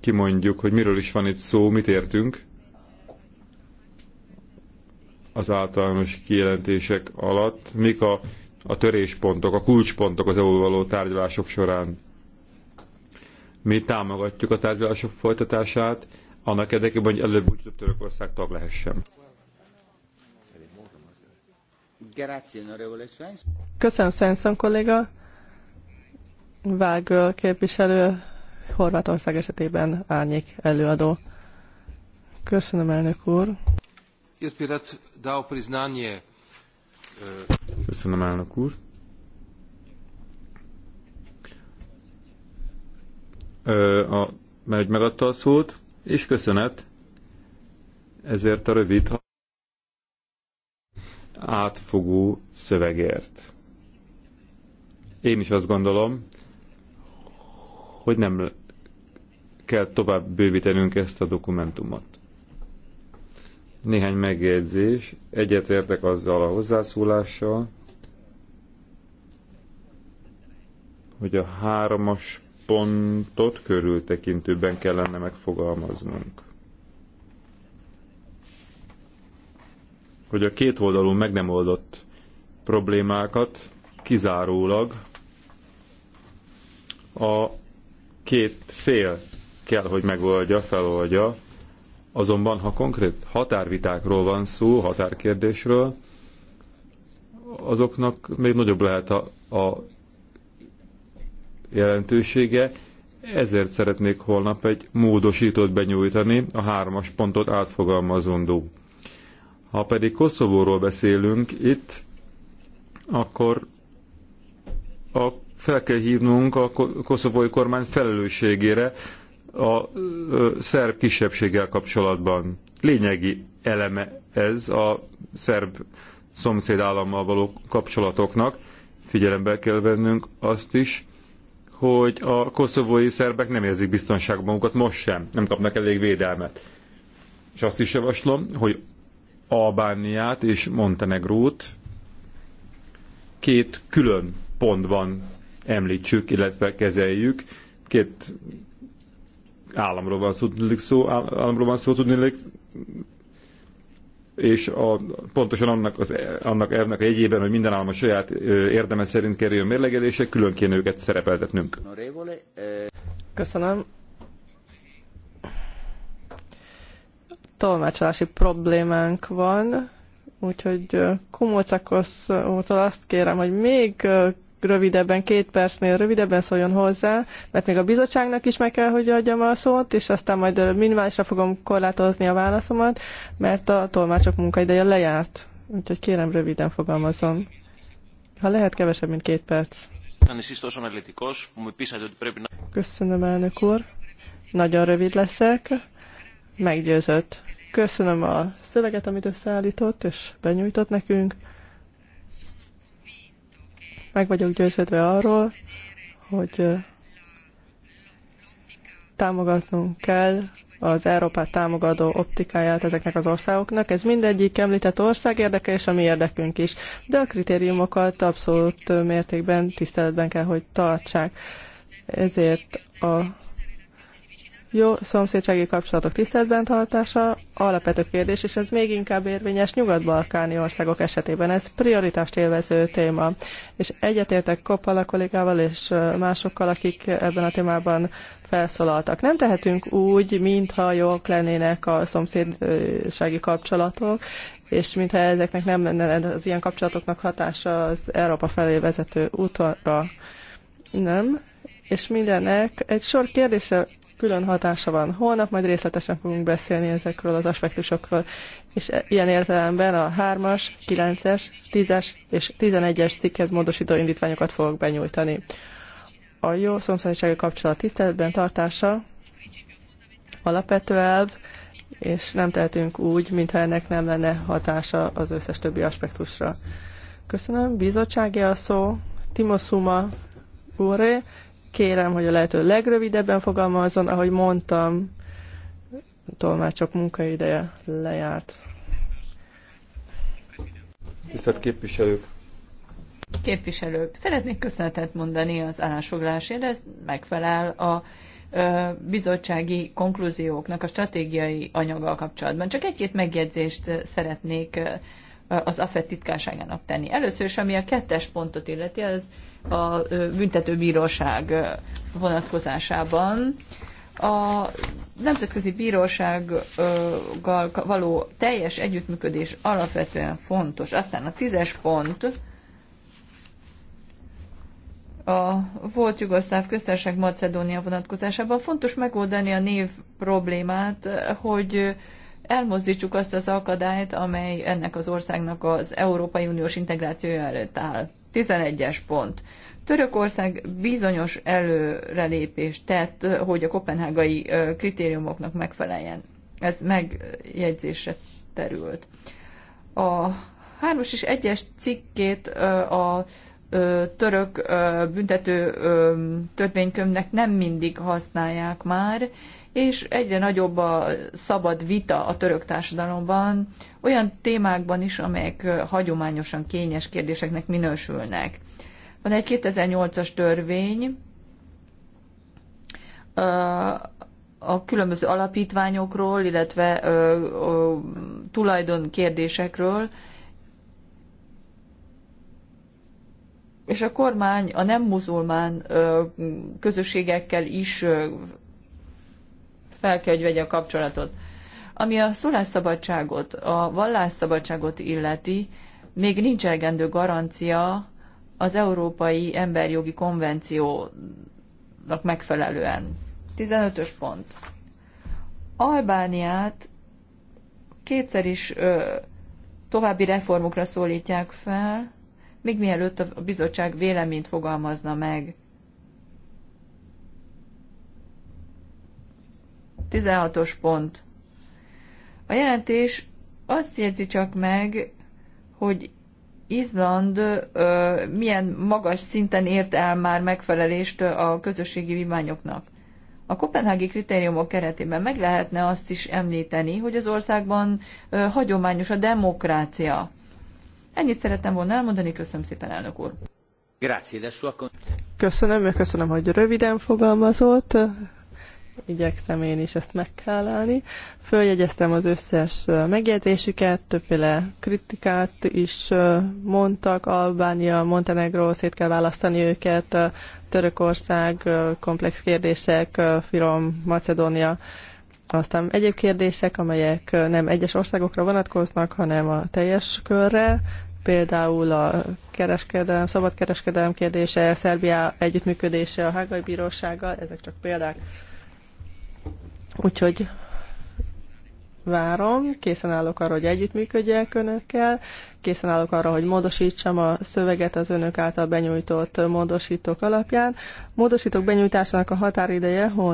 kimondjuk, hogy miről is van itt szó, mit értünk az általános kijelentések alatt, mik a, a töréspontok, a kulcspontok az EU való tárgyalások során. Mi támogatjuk a tárgyalások folytatását, annak érdekében, hogy előbb úgy Törökország tag lehessen. Köszönöm, Svensson kolléga. Vágöl képviselő Horvátország esetében árnyék előadó. Köszönöm, elnök úr. Eh, Köszönöm, elnök úr. Eh, a, mert megadta a szót, és köszönet ezért a rövid átfogó szövegért. Én is azt gondolom, hogy nem kell tovább bővítenünk ezt a dokumentumot. Néhány megjegyzés, egyetértek azzal a hozzászólással, hogy a hármas pontot körültekintőben kellene megfogalmaznunk. Hogy a két oldalú meg nem oldott problémákat kizárólag a két fél kell, hogy megoldja, feloldja, azonban ha konkrét határvitákról van szó, határkérdésről, azoknak még nagyobb lehet a, a jelentősége, ezért szeretnék holnap egy módosítót benyújtani, a hármas pontot átfogalmazondó. Ha pedig Koszovóról beszélünk itt, akkor a fel kell hívnunk a koszovói kormány felelősségére a szerb kisebbséggel kapcsolatban. Lényegi eleme ez a szerb szomszédállammal való kapcsolatoknak. Figyelembe kell vennünk azt is, hogy a koszovói szerbek nem érzik biztonságban magukat most sem, nem kapnak elég védelmet. És azt is javaslom, hogy Albániát és Montenegrót két külön pontban említsük, illetve kezeljük. Két államról van szó, tudnék szó, államról van szó, tudnék, és a, pontosan annak, az, annak elvnek a jegyében, hogy minden állam a saját érdeme szerint kerüljön mérlegelése, külön kéne őket szerepeltetnünk. Köszönöm. Tolmácsolási problémánk van, úgyhogy Kumócakosz úrtól azt kérem, hogy még rövidebben, két percnél rövidebben szóljon hozzá, mert még a bizottságnak is meg kell, hogy adjam a szót, és aztán majd minimálisra fogom korlátozni a válaszomat, mert a tolmácsok munkaideje lejárt. Úgyhogy kérem, röviden fogalmazom. Ha lehet, kevesebb, mint két perc. Köszönöm, elnök úr. Nagyon rövid leszek. Meggyőzött. Köszönöm a szöveget, amit összeállított és benyújtott nekünk. Meg vagyok győződve arról, hogy támogatnunk kell az Európát támogató optikáját ezeknek az országoknak. Ez mindegyik említett ország érdeke, és a mi érdekünk is. De a kritériumokat abszolút mértékben tiszteletben kell, hogy tartsák. Ezért a jó szomszédsági kapcsolatok tiszteletben tartása alapvető kérdés, és ez még inkább érvényes nyugat-balkáni országok esetében. Ez prioritást élvező téma. És egyetértek a kollégával és másokkal, akik ebben a témában felszólaltak. Nem tehetünk úgy, mintha jók lennének a szomszédsági kapcsolatok, és mintha ezeknek nem lenne az ilyen kapcsolatoknak hatása az Európa felé vezető útra. Nem, és mindenek egy sor kérdése külön hatása van. Holnap majd részletesen fogunk beszélni ezekről az aspektusokról. És e- ilyen értelemben a 3-as, 9-es, 10-es és 11-es cikkhez módosító indítványokat fogok benyújtani. A jó szomszédsági kapcsolat tiszteletben tartása alapvető elv, és nem tehetünk úgy, mintha ennek nem lenne hatása az összes többi aspektusra. Köszönöm. Bizottsági a szó. Suma, úré, Kérem, hogy a lehető legrövidebben fogalmazzon, ahogy mondtam, tolmácsok munkaideje lejárt. Tisztelt képviselők! Képviselők, szeretnék köszönetet mondani az állásfoglalásért, ez megfelel a bizottsági konklúzióknak a stratégiai anyaggal kapcsolatban. Csak egy-két megjegyzést szeretnék az AFET titkárságának tenni. Először is, ami a kettes pontot illeti, az a büntetőbíróság vonatkozásában. A Nemzetközi Bírósággal való teljes együttműködés alapvetően fontos. Aztán a tízes pont a volt Jugoszláv köztársaság Macedónia vonatkozásában fontos megoldani a név problémát, hogy elmozdítsuk azt az akadályt, amely ennek az országnak az Európai Uniós integrációja előtt áll. 11-es pont. Törökország bizonyos előrelépést tett, hogy a kopenhágai kritériumoknak megfeleljen. Ez megjegyzésre terült. A 3-as és 1-es cikkét a török büntető törvénykömnek nem mindig használják már, és egyre nagyobb a szabad vita a török társadalomban, olyan témákban is, amelyek hagyományosan kényes kérdéseknek minősülnek. Van egy 2008-as törvény, a különböző alapítványokról, illetve tulajdon kérdésekről, és a kormány a nem muzulmán közösségekkel is fel kell, hogy vegye a kapcsolatot. Ami a szólásszabadságot, a vallásszabadságot illeti, még nincs elegendő garancia az Európai Emberjogi Konvenciónak megfelelően. 15-ös pont. Albániát kétszer is ö, további reformokra szólítják fel, még mielőtt a bizottság véleményt fogalmazna meg. 16-os pont. A jelentés azt jegyzi csak meg, hogy Izland ö, milyen magas szinten ért el már megfelelést a közösségi vívmányoknak. A kopenhági kritériumok keretében meg lehetne azt is említeni, hogy az országban ö, hagyományos a demokrácia. Ennyit szerettem volna elmondani, köszönöm szépen, elnök úr. Köszönöm, köszönöm, hogy röviden fogalmazott igyekszem én is ezt állni. Följegyeztem az összes megjegyzésüket, többféle kritikát is mondtak, Albánia, Montenegro, szét kell választani őket, Törökország, komplex kérdések, Firom, Macedónia, aztán egyéb kérdések, amelyek nem egyes országokra vonatkoznak, hanem a teljes körre, például a kereskedelem, szabadkereskedelem kérdése, Szerbia együttműködése a Hágai Bírósággal, ezek csak példák. Úgyhogy várom, készen állok arra, hogy együttműködjek önökkel, készen állok arra, hogy módosítsam a szöveget az önök által benyújtott módosítók alapján. Módosítók benyújtásának a határideje hol